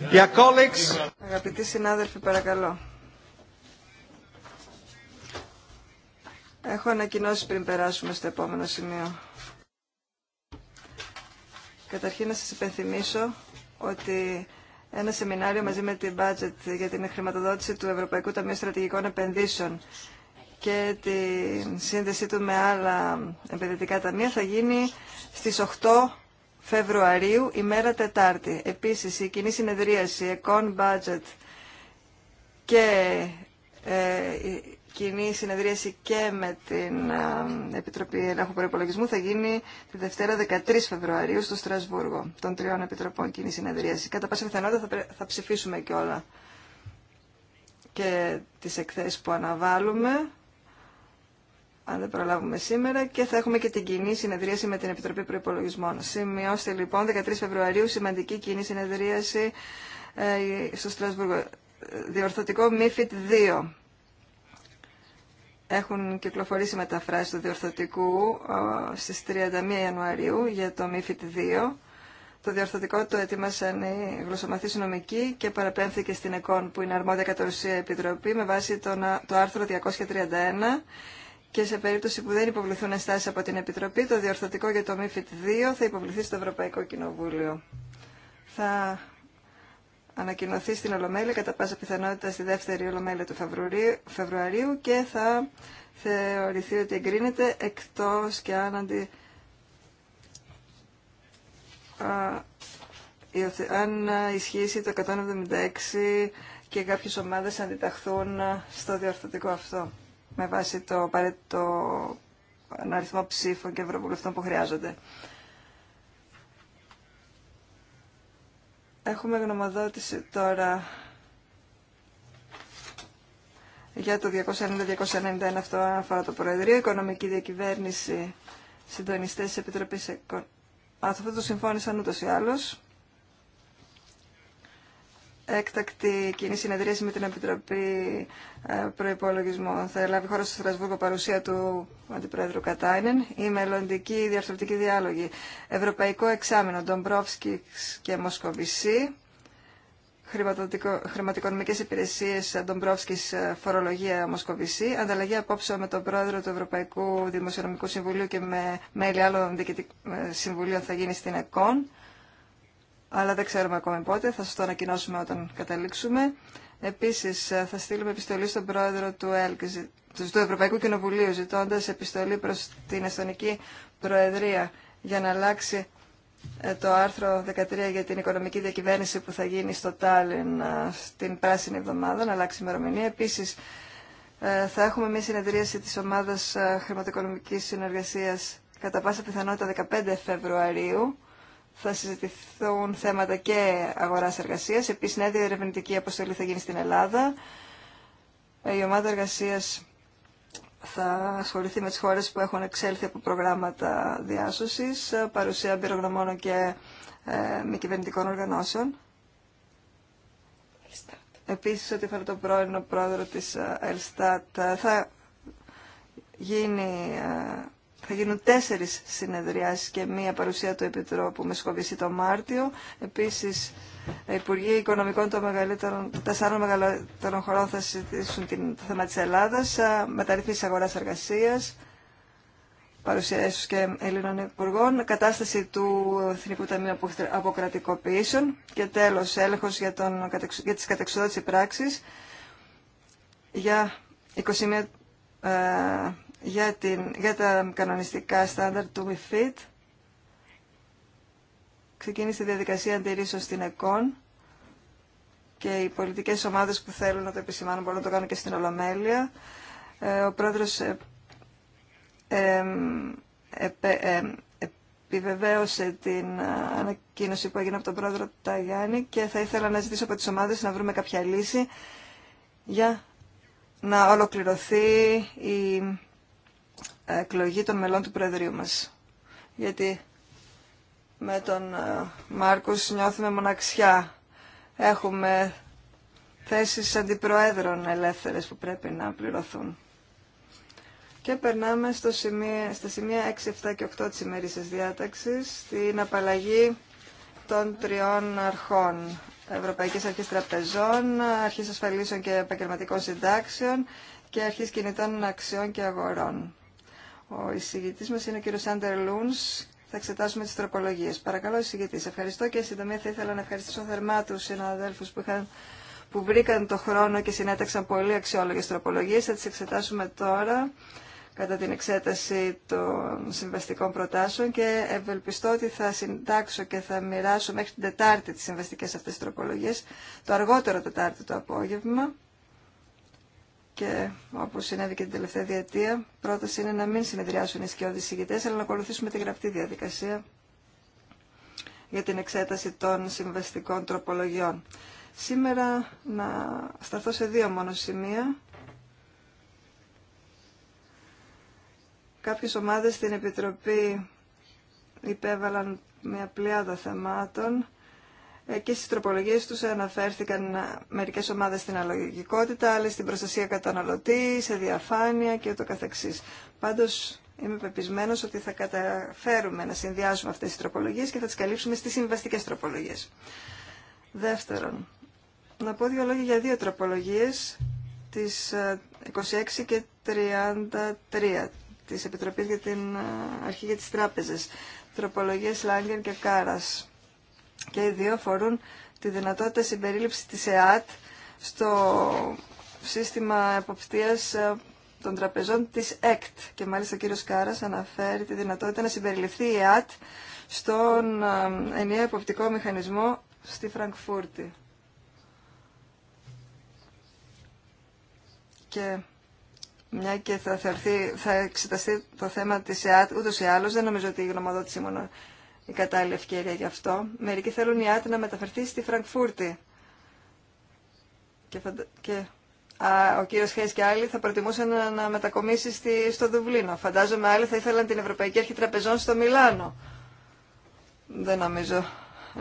Για colleagues. Αγαπητοί συνάδελφοι, παρακαλώ. Έχω ανακοινώσει πριν περάσουμε στο επόμενο σημείο. Καταρχήν να σας υπενθυμίσω ότι ένα σεμινάριο μαζί με την budget για την χρηματοδότηση του Ευρωπαϊκού Ταμείου Στρατηγικών Επενδύσεων και τη σύνδεσή του με άλλα επενδυτικά ταμεία θα γίνει στις 8 Φεβρουαρίου, ημέρα Τετάρτη. Επίσης, η κοινή συνεδρίαση Econ Budget και ε, η κοινή συνεδρίαση και με την ε, Επιτροπή Ελέγχου Προπολογισμού θα γίνει τη Δευτέρα 13 Φεβρουαρίου στο Στρασβούργο των τριών επιτροπών κοινή συνεδρίαση. Κατά πάση πιθανότητα θα, θα ψηφίσουμε και όλα και τις εκθέσεις που αναβάλουμε αν δεν προλάβουμε σήμερα και θα έχουμε και την κοινή συνεδρίαση με την Επιτροπή Προϋπολογισμών. Σημειώστε λοιπόν 13 Φεβρουαρίου σημαντική κοινή συνεδρίαση ε, στο Στρασβούργο. Διορθωτικό ΜΥΦΙΤ 2. Έχουν κυκλοφορήσει μεταφράσεις του διορθωτικού ε, στις 31 Ιανουαρίου για το ΜΥΦΙΤ 2. Το διορθωτικό το ετοίμασαν οι γλωσσομαθείς νομικοί και παραπέμφθηκε στην ΕΚΟΝ που είναι αρμόδια κατορουσία επιτροπή με βάση το άρθρο 231 και σε περίπτωση που δεν υποβληθούν ενστάσει από την Επιτροπή, το διορθωτικό για το MIFID 2 θα υποβληθεί στο Ευρωπαϊκό Κοινοβούλιο. Θα ανακοινωθεί στην Ολομέλεια κατά πάσα πιθανότητα στη δεύτερη Ολομέλεια του Φεβρουαρίου και θα θεωρηθεί ότι εγκρίνεται εκτός και αν, αντι... αν ισχύσει το 176 και κάποιες ομάδες αντιταχθούν στο διορθωτικό αυτό με βάση το απαραίτητο αριθμό ψήφων και ευρωβουλευτών που χρειάζονται. Έχουμε γνωμοδότηση τώρα για το 290-291 αυτό αφορά το Προεδρείο, Οικονομική Διακυβέρνηση, Συντονιστές της Επιτροπής Εκο... Αυτό το συμφώνησαν ούτως ή άλλως έκτακτη κοινή συνεδρίαση με την Επιτροπή ε, Προπολογισμών. Θα λάβει χώρα στο Στρασβούργο παρουσία του Αντιπρόεδρου Κατάινεν. Η μελλοντική διαρθρωτική διάλογη. Ευρωπαϊκό εξάμεινο Ντομπρόφσκι και Μοσκοβισή. Χρηματοοικονομικές υπηρεσίε Ντομπρόφσκι ε, Φορολογία Μοσκοβισή. Ανταλλαγή απόψε με τον πρόεδρο του Ευρωπαϊκού Δημοσιονομικού Συμβουλίου και με μέλη άλλων ε, συμβουλίων θα γίνει στην ΕΚΟΝ αλλά δεν ξέρουμε ακόμα πότε, θα σας το ανακοινώσουμε όταν καταλήξουμε. Επίσης ε, θα στείλουμε επιστολή στον πρόεδρο του, ΕΛΚ, του Ευρωπαϊκού Κοινοβουλίου ζητώντας επιστολή προς την Εστονική Προεδρία για να αλλάξει ε, το άρθρο 13 για την οικονομική διακυβέρνηση που θα γίνει στο Τάλιν ε, στην Πράσινη Εβδομάδα, να αλλάξει ημερομηνία. Επίσης θα έχουμε μια συνεδρίαση της Ομάδας Χρηματοοικονομικής Συνεργασίας κατά πάσα πιθανότητα 15 Φεβρουαρίου θα συζητηθούν θέματα και αγοράς εργασίας. Επίσης, νέα διερευνητική αποστολή θα γίνει στην Ελλάδα. Η ομάδα εργασίας θα ασχοληθεί με τις χώρες που έχουν εξέλθει από προγράμματα διάσωσης, παρουσία πυρογνωμόνων και ε, μη κυβερνητικών οργανώσεων. Επίσης, ότι το τον πρώην πρόεδρο της ε, Ελστάτ, ε, θα γίνει ε, θα γίνουν τέσσερι συνεδριάσει και μία παρουσία του Επιτρόπου Μεσκοβίση το Μάρτιο. Επίση, οι Υπουργοί Οικονομικών των, μεγαλύτερων, τεσσάρων μεγαλύτερων χωρών θα συζητήσουν το θέμα τη Ελλάδα. μεταρρυθμίσεις αγορά εργασία, παρουσία και Ελλήνων Υπουργών, κατάσταση του Εθνικού Ταμείου Αποκρατικοποιήσεων και τέλος έλεγχος για, τον, για τις πράξεις για 21 για, την, για τα κανονιστικά στάνταρ του MIFID. Ξεκίνησε η διαδικασία αντιρρήσεως στην ΕΚΟΝ και οι πολιτικές ομάδες που θέλουν να το επισημάνουν μπορούν να το κάνουν και στην Ολομέλεια. Ε, ο πρόεδρος ε, επιβεβαίωσε την ε, ανακοίνωση που έγινε από τον πρόεδρο Ταγιάννη και θα ήθελα να ζητήσω από τις ομάδες να βρούμε κάποια λύση για να ολοκληρωθεί η εκλογή των μελών του Προεδρείου μας. Γιατί με τον ε, Μάρκος νιώθουμε μοναξιά. Έχουμε θέσεις αντιπροέδρων ελεύθερες που πρέπει να πληρωθούν. Και περνάμε στο σημείο, στα σημεία 6, 7 και 8 της ημερήσιας διάταξης, στην απαλλαγή των τριών αρχών. Ευρωπαϊκής Αρχής Τραπεζών, Αρχής Ασφαλίσεων και Επαγγελματικών Συντάξεων και Αρχής Κινητών Αξιών και Αγορών. Ο εισηγητής μας είναι ο κύριος Άντερ Λούνς. Θα εξετάσουμε τις τροπολογίες. Παρακαλώ, εισηγητής. Ευχαριστώ και συντομία θα ήθελα να ευχαριστήσω θερμά τους συναδέλφους που, βρήκαν το χρόνο και συνέταξαν πολύ αξιόλογες τροπολογίες. Θα τις εξετάσουμε τώρα κατά την εξέταση των συμβαστικών προτάσεων και ευελπιστώ ότι θα συντάξω και θα μοιράσω μέχρι την Τετάρτη τις συμβαστικές αυτές τροπολογίες, το αργότερο Τετάρτη το απόγευμα και όπως συνέβη και την τελευταία διετία, πρόταση είναι να μην συνεδριάσουν οι σκιώδει ηγητέ, αλλά να ακολουθήσουμε τη γραπτή διαδικασία για την εξέταση των συμβαστικών τροπολογιών. Σήμερα να σταθώ σε δύο μόνο σημεία. Κάποιες ομάδες στην Επιτροπή υπέβαλαν μια πλειάδα θεμάτων ε, και στις τροπολογίες τους αναφέρθηκαν μερικές ομάδες στην αλλογικότητα, άλλες στην προστασία καταναλωτή, σε διαφάνεια και ούτω καθεξής. Πάντως είμαι πεπισμένος ότι θα καταφέρουμε να συνδυάσουμε αυτές τις τροπολογίες και θα τις καλύψουμε στις συμβαστικές τροπολογίες. Δεύτερον, να πω δύο λόγια για δύο τροπολογίες, τις 26 ε, και 33 της Επιτροπής για την ε, Αρχή για τις Τράπεζες, τροπολογίες Λάγκεν και Κάρας και οι δύο αφορούν τη δυνατότητα συμπερίληψης της ΕΑΤ στο σύστημα εποπτείας ε, των τραπεζών της ΕΚΤ. Και μάλιστα ο κύριος Κάρας αναφέρει τη δυνατότητα να συμπεριληφθεί η ΕΑΤ στον ε, ενιαίο εποπτικό μηχανισμό στη Φραγκφούρτη. Και μια και θα, θεωρθεί, εξεταστεί το θέμα της ΕΑΤ, ούτως ή άλλως δεν νομίζω ότι η γνωμοδότηση μόνο η κατάλληλη ευκαιρία γι' αυτό. Μερικοί θέλουν η Άτη να μεταφερθεί στη Φραγκφούρτη. Και, φαντα... και... Α, ο κύριο Χέι και άλλοι θα προτιμούσαν να, να μετακομίσει στη... στο Δουβλίνο. Φαντάζομαι άλλοι θα ήθελαν την Ευρωπαϊκή Αρχή Τραπεζών στο Μιλάνο. Δεν νομίζω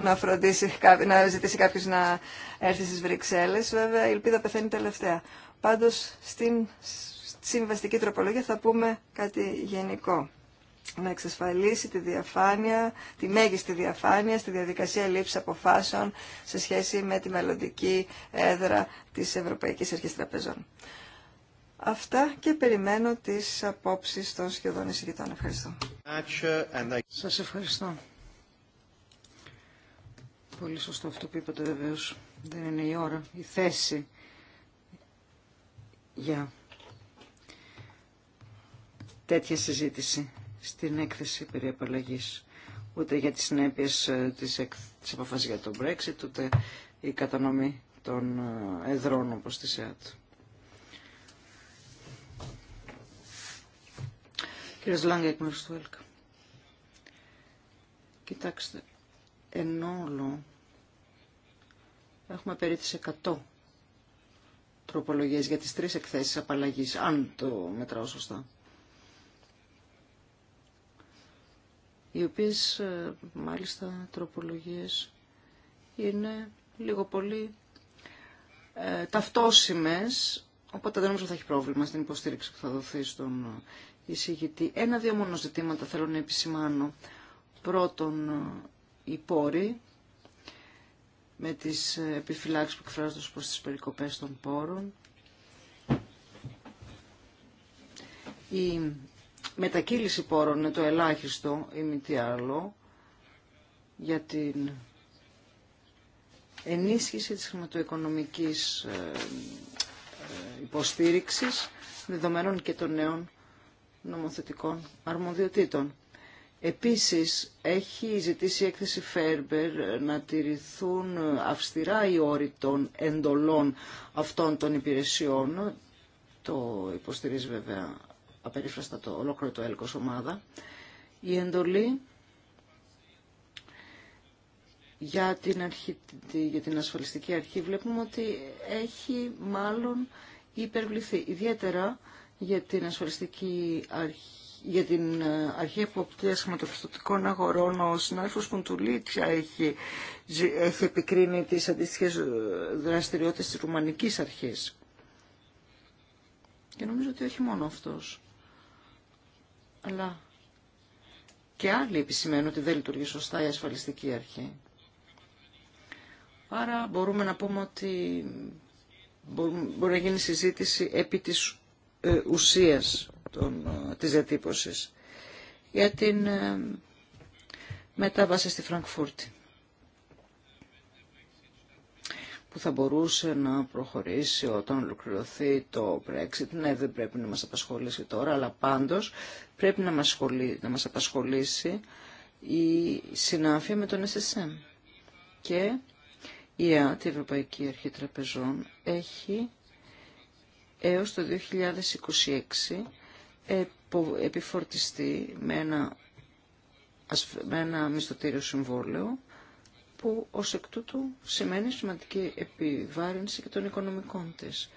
να, φροντίσει, να ζητήσει κάποιο να έρθει στι Βρυξέλλε. Βέβαια, η ελπίδα πεθαίνει τελευταία. Πάντω, στην συμβαστική τροπολογία θα πούμε κάτι γενικό να εξασφαλίσει τη διαφάνεια, τη μέγιστη διαφάνεια στη διαδικασία λήψη αποφάσεων σε σχέση με τη μελλοντική έδρα της Ευρωπαϊκής Αρχής Τραπεζών. Αυτά και περιμένω τις απόψεις των σχεδόν εισηγητών. Ευχαριστώ. Σας ευχαριστώ. Πολύ σωστό αυτό που είπατε βεβαίω. Δεν είναι η ώρα, η θέση για τέτοια συζήτηση στην έκθεση περί απαλλαγής. Ούτε για τις συνέπειες ε, της, εκ, της αποφάσης για το Brexit, ούτε η κατανομή των ε, εδρών όπως τη ΣΕΑΤ. Κύριε Λάγκα, εκ του ΕΛΚΑ. Κοιτάξτε, εν όλο έχουμε περί 100 τροπολογίες για τις τρεις εκθέσεις απαλλαγής, αν το μετράω σωστά. οι οποίες ε, μάλιστα τροπολογίες είναι λίγο πολύ ε, οπότε δεν νομίζω θα έχει πρόβλημα στην υποστήριξη που θα δοθεί στον εισηγητή. Ένα-δύο μόνο ζητήματα θέλω να επισημάνω. Πρώτον, ε, οι πόροι, με τις ε, επιφυλάξεις που εκφράζονται προς τις περικοπές των πόρων μετακύληση πόρων είναι το ελάχιστο ή μη τι άλλο για την ενίσχυση της χρηματοοικονομικής ε, ε, υποστήριξης δεδομένων και των νέων νομοθετικών αρμοδιοτήτων. Επίσης, έχει ζητήσει η έκθεση Φέρμπερ να τηρηθούν αυστηρά οι όροι των εντολών αυτών των υπηρεσιών. Το υποστηρίζει βέβαια απερίφραστα το ολόκληρο το έλκος ομάδα, η εντολή για την, αρχή, για την ασφαλιστική αρχή βλέπουμε ότι έχει μάλλον υπερβληθεί. Ιδιαίτερα για την ασφαλιστική αρχή για την ε, αρχή εποπτείας χρηματοπιστωτικών αγορών ο συνάδελφος Κουντουλίτσια έχει, έχει επικρίνει τις αντίστοιχες ε, δραστηριότητες της Ρουμανικής Αρχής. Και νομίζω ότι όχι μόνο αυτός αλλά και άλλοι επισημαίνουν ότι δεν λειτουργεί σωστά η ασφαλιστική αρχή. Άρα μπορούμε να πούμε ότι μπορεί να γίνει συζήτηση επί της ε, ουσίας των, ε, της διατύπωσης για την ε, μετάβαση στη Φραγκφούρτη. που θα μπορούσε να προχωρήσει όταν ολοκληρωθεί το Brexit. Ναι, δεν πρέπει να μας απασχολήσει τώρα, αλλά πάντως πρέπει να μας, να μας απασχολήσει η συνάφεια με τον SSM. Και η ΕΑΤ, η Ευρωπαϊκή Αρχή Τραπεζών, έχει έως το 2026 επιφορτιστεί με ένα, με ένα μισθωτήριο συμβόλαιο που ως εκ τούτου σημαίνει σημαντική επιβάρυνση και των οικονομικών της.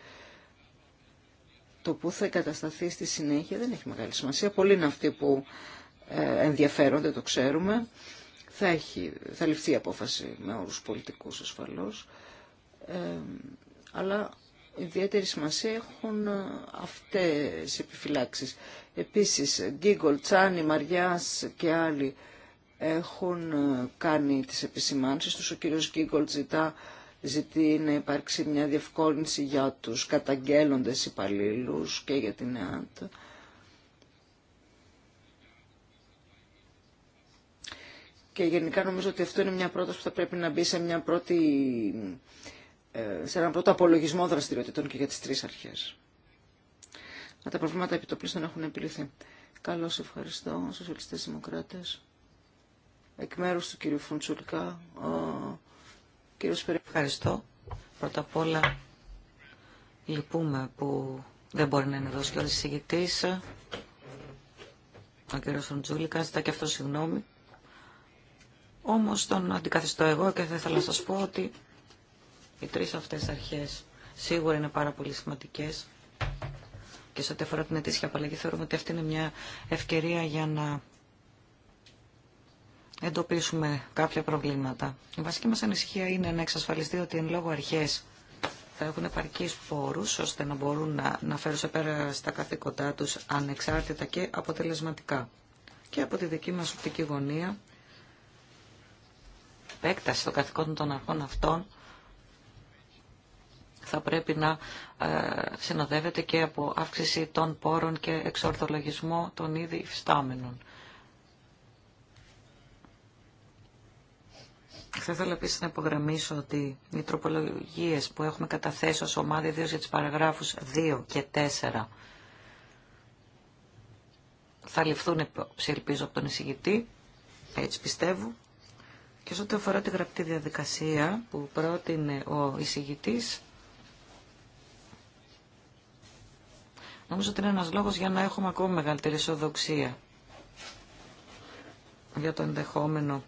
Το που θα εγκατασταθεί στη συνέχεια δεν έχει μεγάλη σημασία. Πολλοί είναι αυτοί που ε, ενδιαφέρονται, το ξέρουμε. Θα, έχει, θα ληφθεί η απόφαση με όρους πολιτικούς ασφαλώς. Ε, αλλά ιδιαίτερη σημασία έχουν ε, αυτές οι επιφυλάξεις. Επίσης, Γκίγκολ, Τσάνι, Μαριάς και άλλοι έχουν ε, κάνει τις επισημάνσεις τους. Ο κύριος Γκίγκολτ ζητά, ζητεί να υπάρξει μια διευκόλυνση για τους καταγγέλλοντες υπαλλήλου και για την ΕΑΤ. Και γενικά νομίζω ότι αυτό είναι μια πρόταση που θα πρέπει να μπει σε, μια πρώτη, ε, σε έναν πρώτο απολογισμό δραστηριοτήτων και για τις τρεις αρχές. Να τα προβλήματα επιτοπλίστων έχουν επιληθεί. Καλώς ευχαριστώ, σοσιαλιστές δημοκράτες εκ μέρους του κύριου Φουντσουλικά. Ο κύριος Περί... Ευχαριστώ. Πρώτα απ' όλα λυπούμε που δεν μπορεί να είναι εδώ και ο εισηγητής. Ο κύριος Φουντσουλικά ζητά και αυτό συγγνώμη. Όμως τον αντικαθιστώ εγώ και θα ήθελα να σας πω ότι οι τρεις αυτές αρχές σίγουρα είναι πάρα πολύ σημαντικές και σε ό,τι αφορά την αιτήσια απαλλαγή θεωρούμε ότι αυτή είναι μια ευκαιρία για να εντοπίσουμε κάποια προβλήματα. Η βασική μας ανησυχία είναι να εξασφαλιστεί ότι εν λόγω αρχές θα έχουν επαρκείς πόρους ώστε να μπορούν να, να φέρουν σε πέρα στα καθήκοντά τους ανεξάρτητα και αποτελεσματικά. Και από τη δική μας οπτική γωνία, επέκταση των καθηκόντων των αρχών αυτών θα πρέπει να ε, συνοδεύεται και από αύξηση των πόρων και εξορθολογισμό των ήδη υφιστάμενων. Θα ήθελα επίση να υπογραμμίσω ότι οι τροπολογίε που έχουμε καταθέσει ω ομάδα, ιδίω για τι παραγράφου 2 και 4, θα ληφθούν, ελπίζω, από τον εισηγητή. Έτσι πιστεύω. Και ό,τι αφορά τη γραπτή διαδικασία που πρότεινε ο εισηγητή, νομίζω ότι είναι ένα λόγο για να έχουμε ακόμη μεγαλύτερη ισοδοξία για το ενδεχόμενο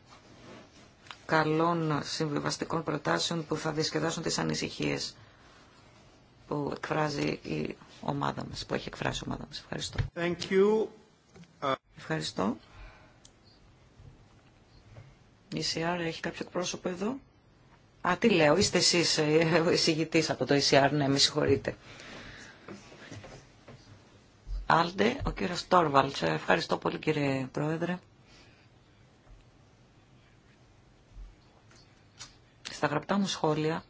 καλών συμβιβαστικών προτάσεων που θα δισκεδάσουν τις ανησυχίες που εκφράζει η ομάδα μας, που έχει εκφράσει η ομάδα μας. Ευχαριστώ. Ευχαριστώ. Η ECR έχει κάποιο πρόσωπο εδώ. Α, τι λέω, είστε εσείς ε, ο εισηγητής από το ECR, ναι, με συγχωρείτε. Άλντε, ο κύριος Τόρβαλτς. Ε, ευχαριστώ πολύ κύριε Πρόεδρε. στα γραπτά μου σχόλια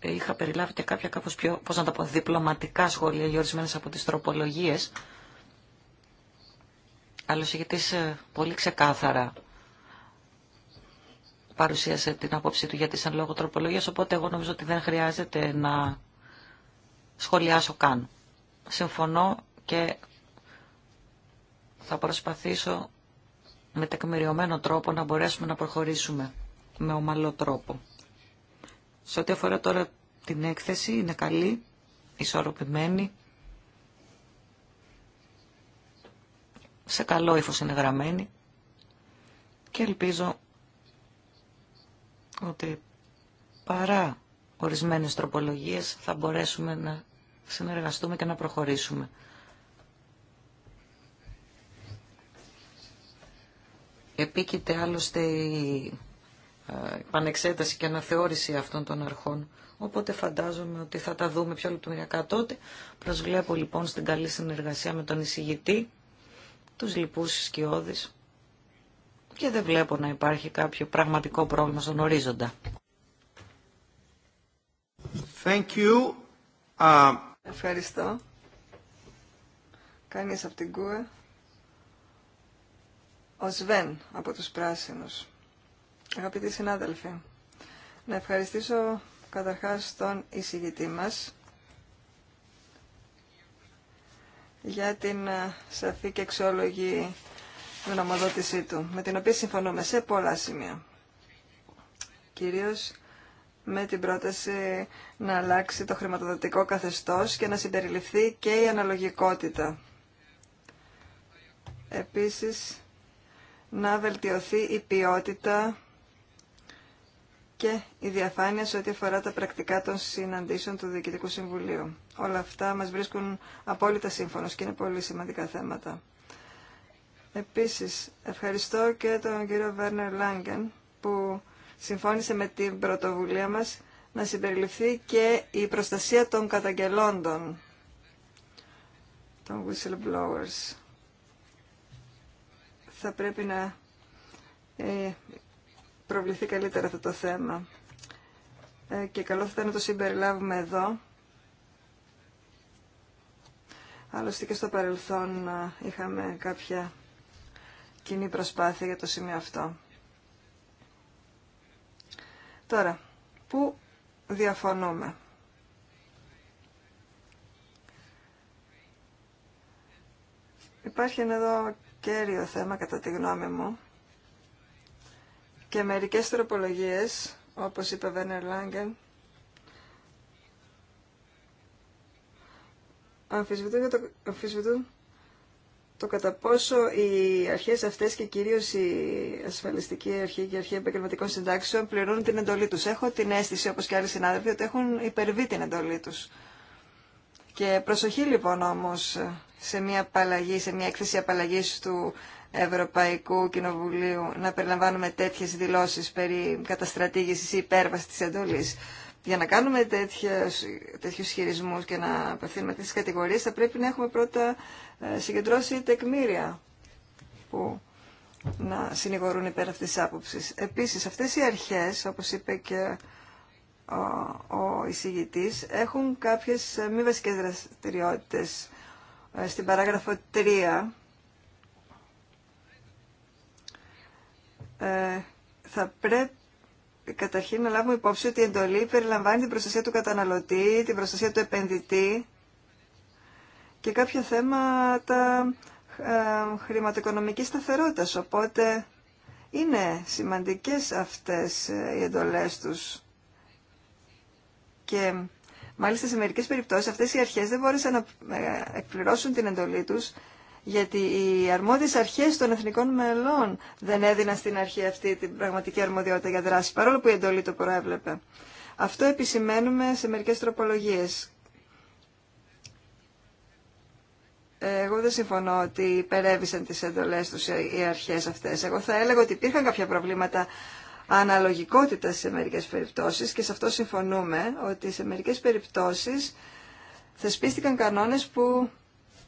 ε, είχα περιλάβει και κάποια κάπως πιο, πώς να διπλωματικά σχόλια για ορισμένες από τις τροπολογίες. Αλλά ο ε, πολύ ξεκάθαρα παρουσίασε την απόψη του για σαν λόγο τροπολογίας οπότε εγώ νομίζω ότι δεν χρειάζεται να σχολιάσω καν. Συμφωνώ και θα προσπαθήσω με τεκμηριωμένο τρόπο να μπορέσουμε να προχωρήσουμε με ομαλό τρόπο. Σε ό,τι αφορά τώρα την έκθεση, είναι καλή, ισορροπημένη, σε καλό ύφος είναι γραμμένη και ελπίζω ότι παρά ορισμένες τροπολογίες θα μπορέσουμε να συνεργαστούμε και να προχωρήσουμε. Επίκειται άλλωστε η ε, πανεξέταση και αναθεώρηση αυτών των αρχών. Οπότε φαντάζομαι ότι θα τα δούμε πιο λεπτομεριακά τότε. Προσβλέπω λοιπόν στην καλή συνεργασία με τον εισηγητή, τους λοιπούς σκιώδεις και δεν βλέπω να υπάρχει κάποιο πραγματικό πρόβλημα στον ορίζοντα. Thank you. Ευχαριστώ. Κανείς από την ΚΟΕ ο Σβέν από τους Πράσινους. Αγαπητοί συνάδελφοι, να ευχαριστήσω καταρχάς τον εισηγητή μας για την ε, σαφή και εξόλογη γνωμοδότησή του, με την οποία συμφωνούμε σε πολλά σημεία. Κυρίως με την πρόταση να αλλάξει το χρηματοδοτικό καθεστώς και να συμπεριληφθεί και η αναλογικότητα. Επίσης, να βελτιωθεί η ποιότητα και η διαφάνεια σε ό,τι αφορά τα πρακτικά των συναντήσεων του Διοικητικού Συμβουλίου. Όλα αυτά μας βρίσκουν απόλυτα σύμφωνος και είναι πολύ σημαντικά θέματα. Επίσης, ευχαριστώ και τον κύριο Βέρνερ Λάγκεν που συμφώνησε με την πρωτοβουλία μας να συμπεριληφθεί και η προστασία των καταγγελόντων, των whistleblowers θα πρέπει να ε, προβληθεί καλύτερα αυτό το θέμα. Ε, και καλό θα ήταν να το συμπεριλάβουμε εδώ. Άλλωστε και στο παρελθόν ε, είχαμε κάποια κοινή προσπάθεια για το σημείο αυτό. Τώρα, πού διαφωνούμε. Υπάρχει εδώ κέριο θέμα κατά τη γνώμη μου και μερικές τροπολογίες, όπως είπε Βένερ Λάγκεν, αμφισβητούν το, αμφισβητούν το κατά πόσο οι αρχές αυτές και κυρίως η ασφαλιστική αρχή και η αρχή επαγγελματικών συντάξεων πληρώνουν την εντολή τους. Έχω την αίσθηση, όπως και άλλοι συνάδελφοι, ότι έχουν υπερβεί την εντολή τους. Και προσοχή λοιπόν όμως σε μια απαλλαγή, σε μια έκθεση απαλλαγή του Ευρωπαϊκού Κοινοβουλίου να περιλαμβάνουμε τέτοιες δηλώσει περί καταστρατήγηση ή υπέρβασης της εντολή. Για να κάνουμε τέτοιου τέτοιους και να απευθύνουμε τέτοιε κατηγορίες θα πρέπει να έχουμε πρώτα ε, συγκεντρώσει τεκμήρια που να συνηγορούν υπέρ αυτής της άποψη. Επίσης αυτές οι αρχές, όπω είπε και ο εισηγητή, έχουν κάποιες ε, μη βασικέ δραστηριότητε. Ε, στην παράγραφο 3 ε, θα πρέπει καταρχήν να λάβουμε υπόψη ότι η εντολή περιλαμβάνει την προστασία του καταναλωτή, την προστασία του επενδυτή και κάποια θέματα ε, χρηματοοικονομικής σταθερότητας. Οπότε είναι σημαντικές αυτές οι εντολές τους και Μάλιστα σε μερικές περιπτώσεις αυτές οι αρχές δεν μπόρεσαν να ε, εκπληρώσουν την εντολή τους γιατί οι αρμόδιες αρχές των εθνικών μελών δεν έδιναν στην αρχή αυτή την πραγματική αρμοδιότητα για δράση, παρόλο που η εντολή το προέβλεπε. Αυτό επισημαίνουμε σε μερικές τροπολογίες. Ε, εγώ δεν συμφωνώ ότι υπερέβησαν τις εντολές τους οι αρχές αυτές. Εγώ θα έλεγα ότι υπήρχαν κάποια προβλήματα αναλογικότητα σε μερικές περιπτώσεις και σε αυτό συμφωνούμε ότι σε μερικές περιπτώσεις θεσπίστηκαν κανόνες που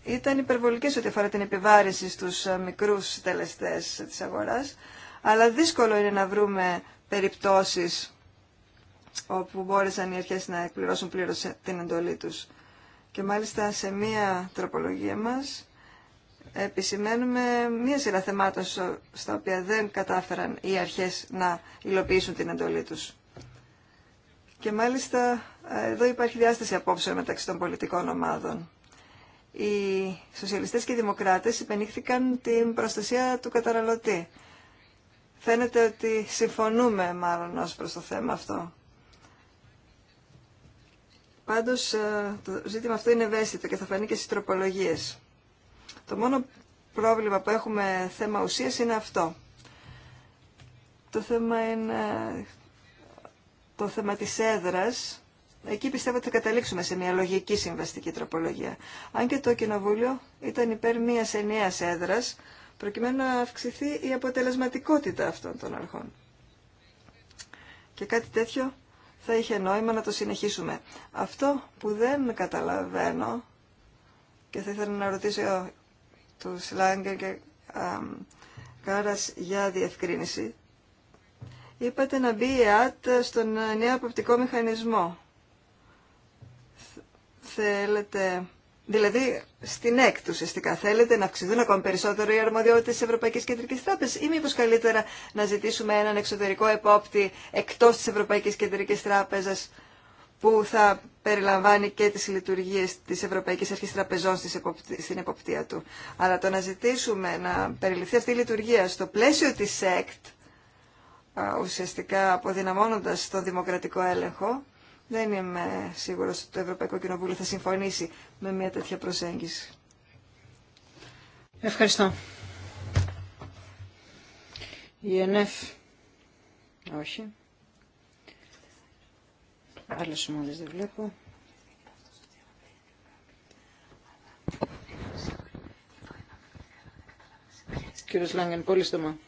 ήταν υπερβολικές ό,τι αφορά την επιβάρηση στους μικρούς τελεστές της αγοράς, αλλά δύσκολο είναι να βρούμε περιπτώσεις όπου μπόρεσαν οι αρχές να εκπληρώσουν πλήρως την εντολή τους. Και μάλιστα σε μία τροπολογία μας επισημαίνουμε μία σειρά θεμάτων στα οποία δεν κατάφεραν οι αρχές να υλοποιήσουν την εντολή τους. Και μάλιστα ε, εδώ υπάρχει διάσταση απόψεων μεταξύ των πολιτικών ομάδων. Οι σοσιαλιστές και οι δημοκράτες υπενήχθηκαν την προστασία του καταναλωτή. Φαίνεται ότι συμφωνούμε μάλλον ως προς το θέμα αυτό. Πάντως ε, το ζήτημα αυτό είναι ευαίσθητο και θα φανεί και στις τροπολογίες. Το μόνο πρόβλημα που έχουμε θέμα ουσίας είναι αυτό. Το θέμα είναι το θέμα της έδρας. Εκεί πιστεύω ότι θα καταλήξουμε σε μια λογική συμβαστική τροπολογία. Αν και το Κοινοβούλιο ήταν υπέρ μια ενιαία έδρας, προκειμένου να αυξηθεί η αποτελεσματικότητα αυτών των αρχών. Και κάτι τέτοιο θα είχε νόημα να το συνεχίσουμε. Αυτό που δεν καταλαβαίνω και θα ήθελα να ρωτήσω του Σλάγκερ και Κάρας για διευκρίνηση. Είπατε να μπει η ΕΑΤ στον νέο αποπτικό μηχανισμό. Θέλετε, δηλαδή στην ΕΚΤ ουσιαστικά, θέλετε να αυξηθούν ακόμη περισσότερο οι αρμοδιότητες της Ευρωπαϊκής Κεντρικής Τράπεζας ή μήπως καλύτερα να ζητήσουμε έναν εξωτερικό επόπτη εκτός της Ευρωπαϊκής Κεντρικής Τράπεζας που θα περιλαμβάνει και τις λειτουργίες της Ευρωπαϊκής Αρχής Τραπεζών στην εποπτεία του. Αλλά το να ζητήσουμε να περιληφθεί αυτή η λειτουργία στο πλαίσιο της ΕΚΤ, ουσιαστικά αποδυναμώνοντας τον δημοκρατικό έλεγχο, δεν είμαι σίγουρος ότι το Ευρωπαϊκό Κοινοβούλιο θα συμφωνήσει με μια τέτοια προσέγγιση. Ευχαριστώ. Η ΕΝΕΦ. Όχι. Άλλες ομάδε δεν βλέπω. Κύριος Λάγκεν, πολύ στόμα.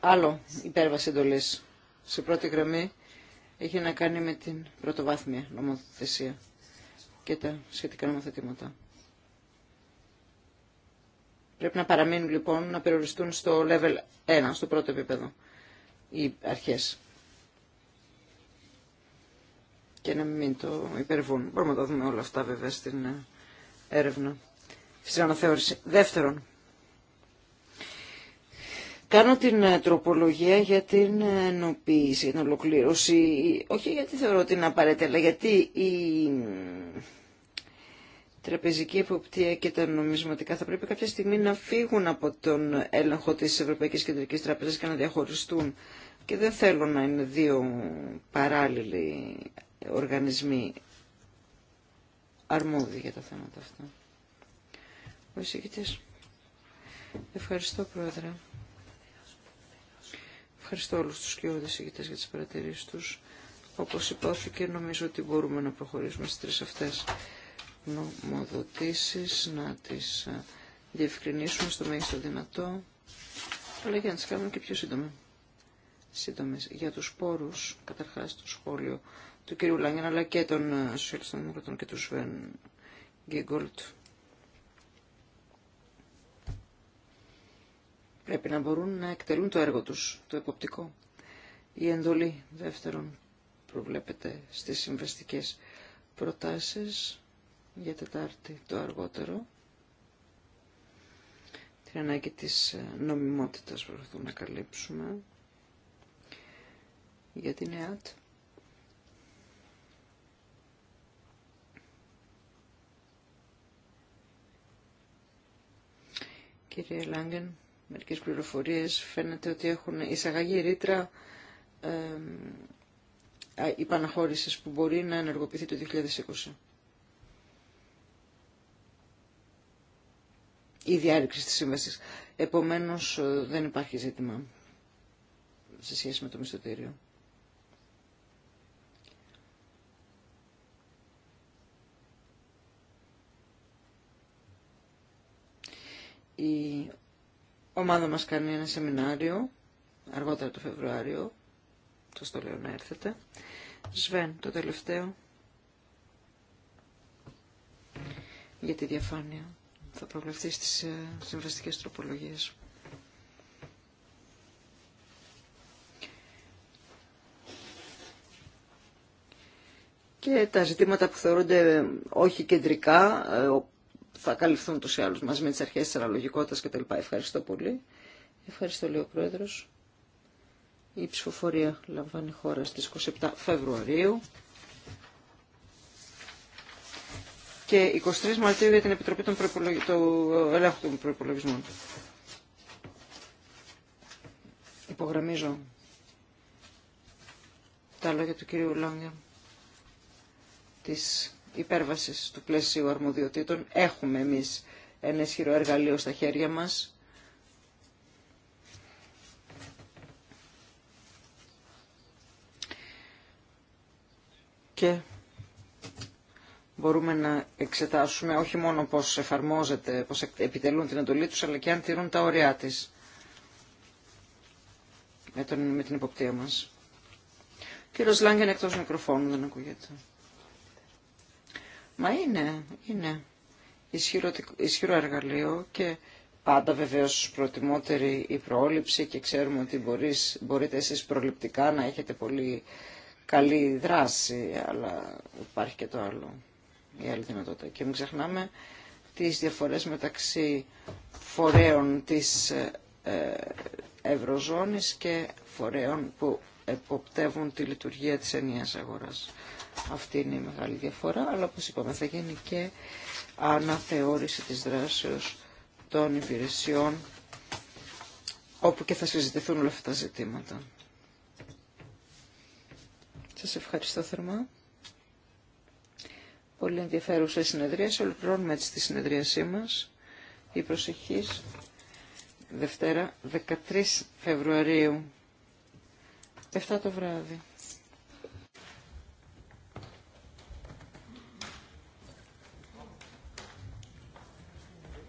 Άλλο υπέρβαση εντολή σε πρώτη γραμμή έχει να κάνει με την πρωτοβάθμια νομοθεσία και τα σχετικά νομοθετήματα. Πρέπει να παραμείνουν λοιπόν να περιοριστούν στο level 1, στο πρώτο επίπεδο, οι αρχές και να μην το υπερβούν. Μπορούμε να δούμε όλα αυτά βέβαια στην ε, έρευνα, στην αναθεώρηση. Δεύτερον, Κάνω την ε, τροπολογία για την ενοποίηση, για την ολοκλήρωση, όχι γιατί θεωρώ ότι είναι απαραίτητα, αλλά γιατί η τραπεζική εποπτεία και τα νομισματικά θα πρέπει κάποια στιγμή να φύγουν από τον έλεγχο της Ευρωπαϊκής Κεντρικής Τράπεζας και να διαχωριστούν. Και δεν θέλω να είναι δύο παράλληλοι οργανισμοί αρμόδιοι για τα θέματα αυτά. Ο εισηγητής. Ευχαριστώ, Πρόεδρε. Ευχαριστώ όλους τους εισηγητές για τις παρατηρήσεις τους. Όπως υπόθηκε, νομίζω ότι μπορούμε να προχωρήσουμε στις τρεις αυτές νομοδοτήσεις, να τις ε, διευκρινίσουμε στο μέγιστο δυνατό, αλλά για να τις κάνουμε και πιο σύντομα. Σύντομες. Για τους πόρους, καταρχάς το σχόλιο του κυρίου Λάγκεν αλλά και των ε, Σοσιαλιστών Δημοκρατών και του Σβέν Γκίγκολτ. Πρέπει να μπορούν να εκτελούν το έργο τους, το εποπτικό. Η εντολή δεύτερον προβλέπεται στις συμβαστικές προτάσεις για Τετάρτη το αργότερο. Την ανάγκη της ε, νομιμότητας προσπαθούμε να καλύψουμε για την ΕΑΤ. κύριε Λάγκεν. Μερικές πληροφορίες φαίνεται ότι έχουν εισαγαγή ρήτρα ε, υπαναχώρησης που μπορεί να ενεργοποιηθεί το 2020. Η διάρρηξη της σύμβασης. Επομένως ε, δεν υπάρχει ζήτημα σε σχέση με το μισθωτήριο. Η ομάδα μας κάνει ένα σεμινάριο αργότερα το Φεβρουάριο. Σας το λέω να έρθετε. Σβέν, το τελευταίο. Για τη διαφάνεια. Θα προβλεφθεί στις ε, συμβαστικές τροπολογίες. και τα ζητήματα που θεωρούνται ε, όχι κεντρικά, ε, θα καλυφθούν τους άλλους μαζί με τις αρχές της αναλογικότητας κτλ. Ευχαριστώ πολύ. Ευχαριστώ λέει ο Πρόεδρος. Η ψηφοφορία λαμβάνει χώρα στις 27 Φεβρουαρίου και 23 Μαρτίου για την Επιτροπή των του Ελέγχου των Προϋπολογισμών. Υπογραμμίζω τα λόγια του κυρίου Λόγια. της υπέρβασης του πλαίσιου αρμοδιοτήτων. Έχουμε εμείς ένα ισχυρό εργαλείο στα χέρια μας. Και μπορούμε να εξετάσουμε όχι μόνο πώς εφαρμόζεται, πώς επιτελούν την εντολή τους, αλλά και αν τηρούν τα ωριά της με, με την υποπτία μας. Κύριος Λάγκεν εκτός μικροφώνου δεν ακούγεται. Μα είναι, είναι ισχυρό, ισχυρό εργαλείο και πάντα βεβαίως προτιμότερη η πρόληψη και ξέρουμε ότι μπορείς, μπορείτε εσείς προληπτικά να έχετε πολύ καλή δράση, αλλά υπάρχει και το άλλο, η άλλη δυνατότητα. Και μην ξεχνάμε τις διαφορές μεταξύ φορέων της ε, Ευρωζώνης και φορέων που εποπτεύουν τη λειτουργία της ενιαίας αγοράς. Αυτή είναι η μεγάλη διαφορά, αλλά όπως είπαμε θα γίνει και αναθεώρηση της δράσεως των υπηρεσιών όπου και θα συζητηθούν όλα αυτά τα ζητήματα. Σας ευχαριστώ θερμά. Πολύ ενδιαφέρουσα η συνεδρίαση. Ολοκληρώνουμε έτσι τη συνεδρίασή μας. Η προσεχής Δευτέρα 13 Φεβρουαρίου 7 το βράδυ.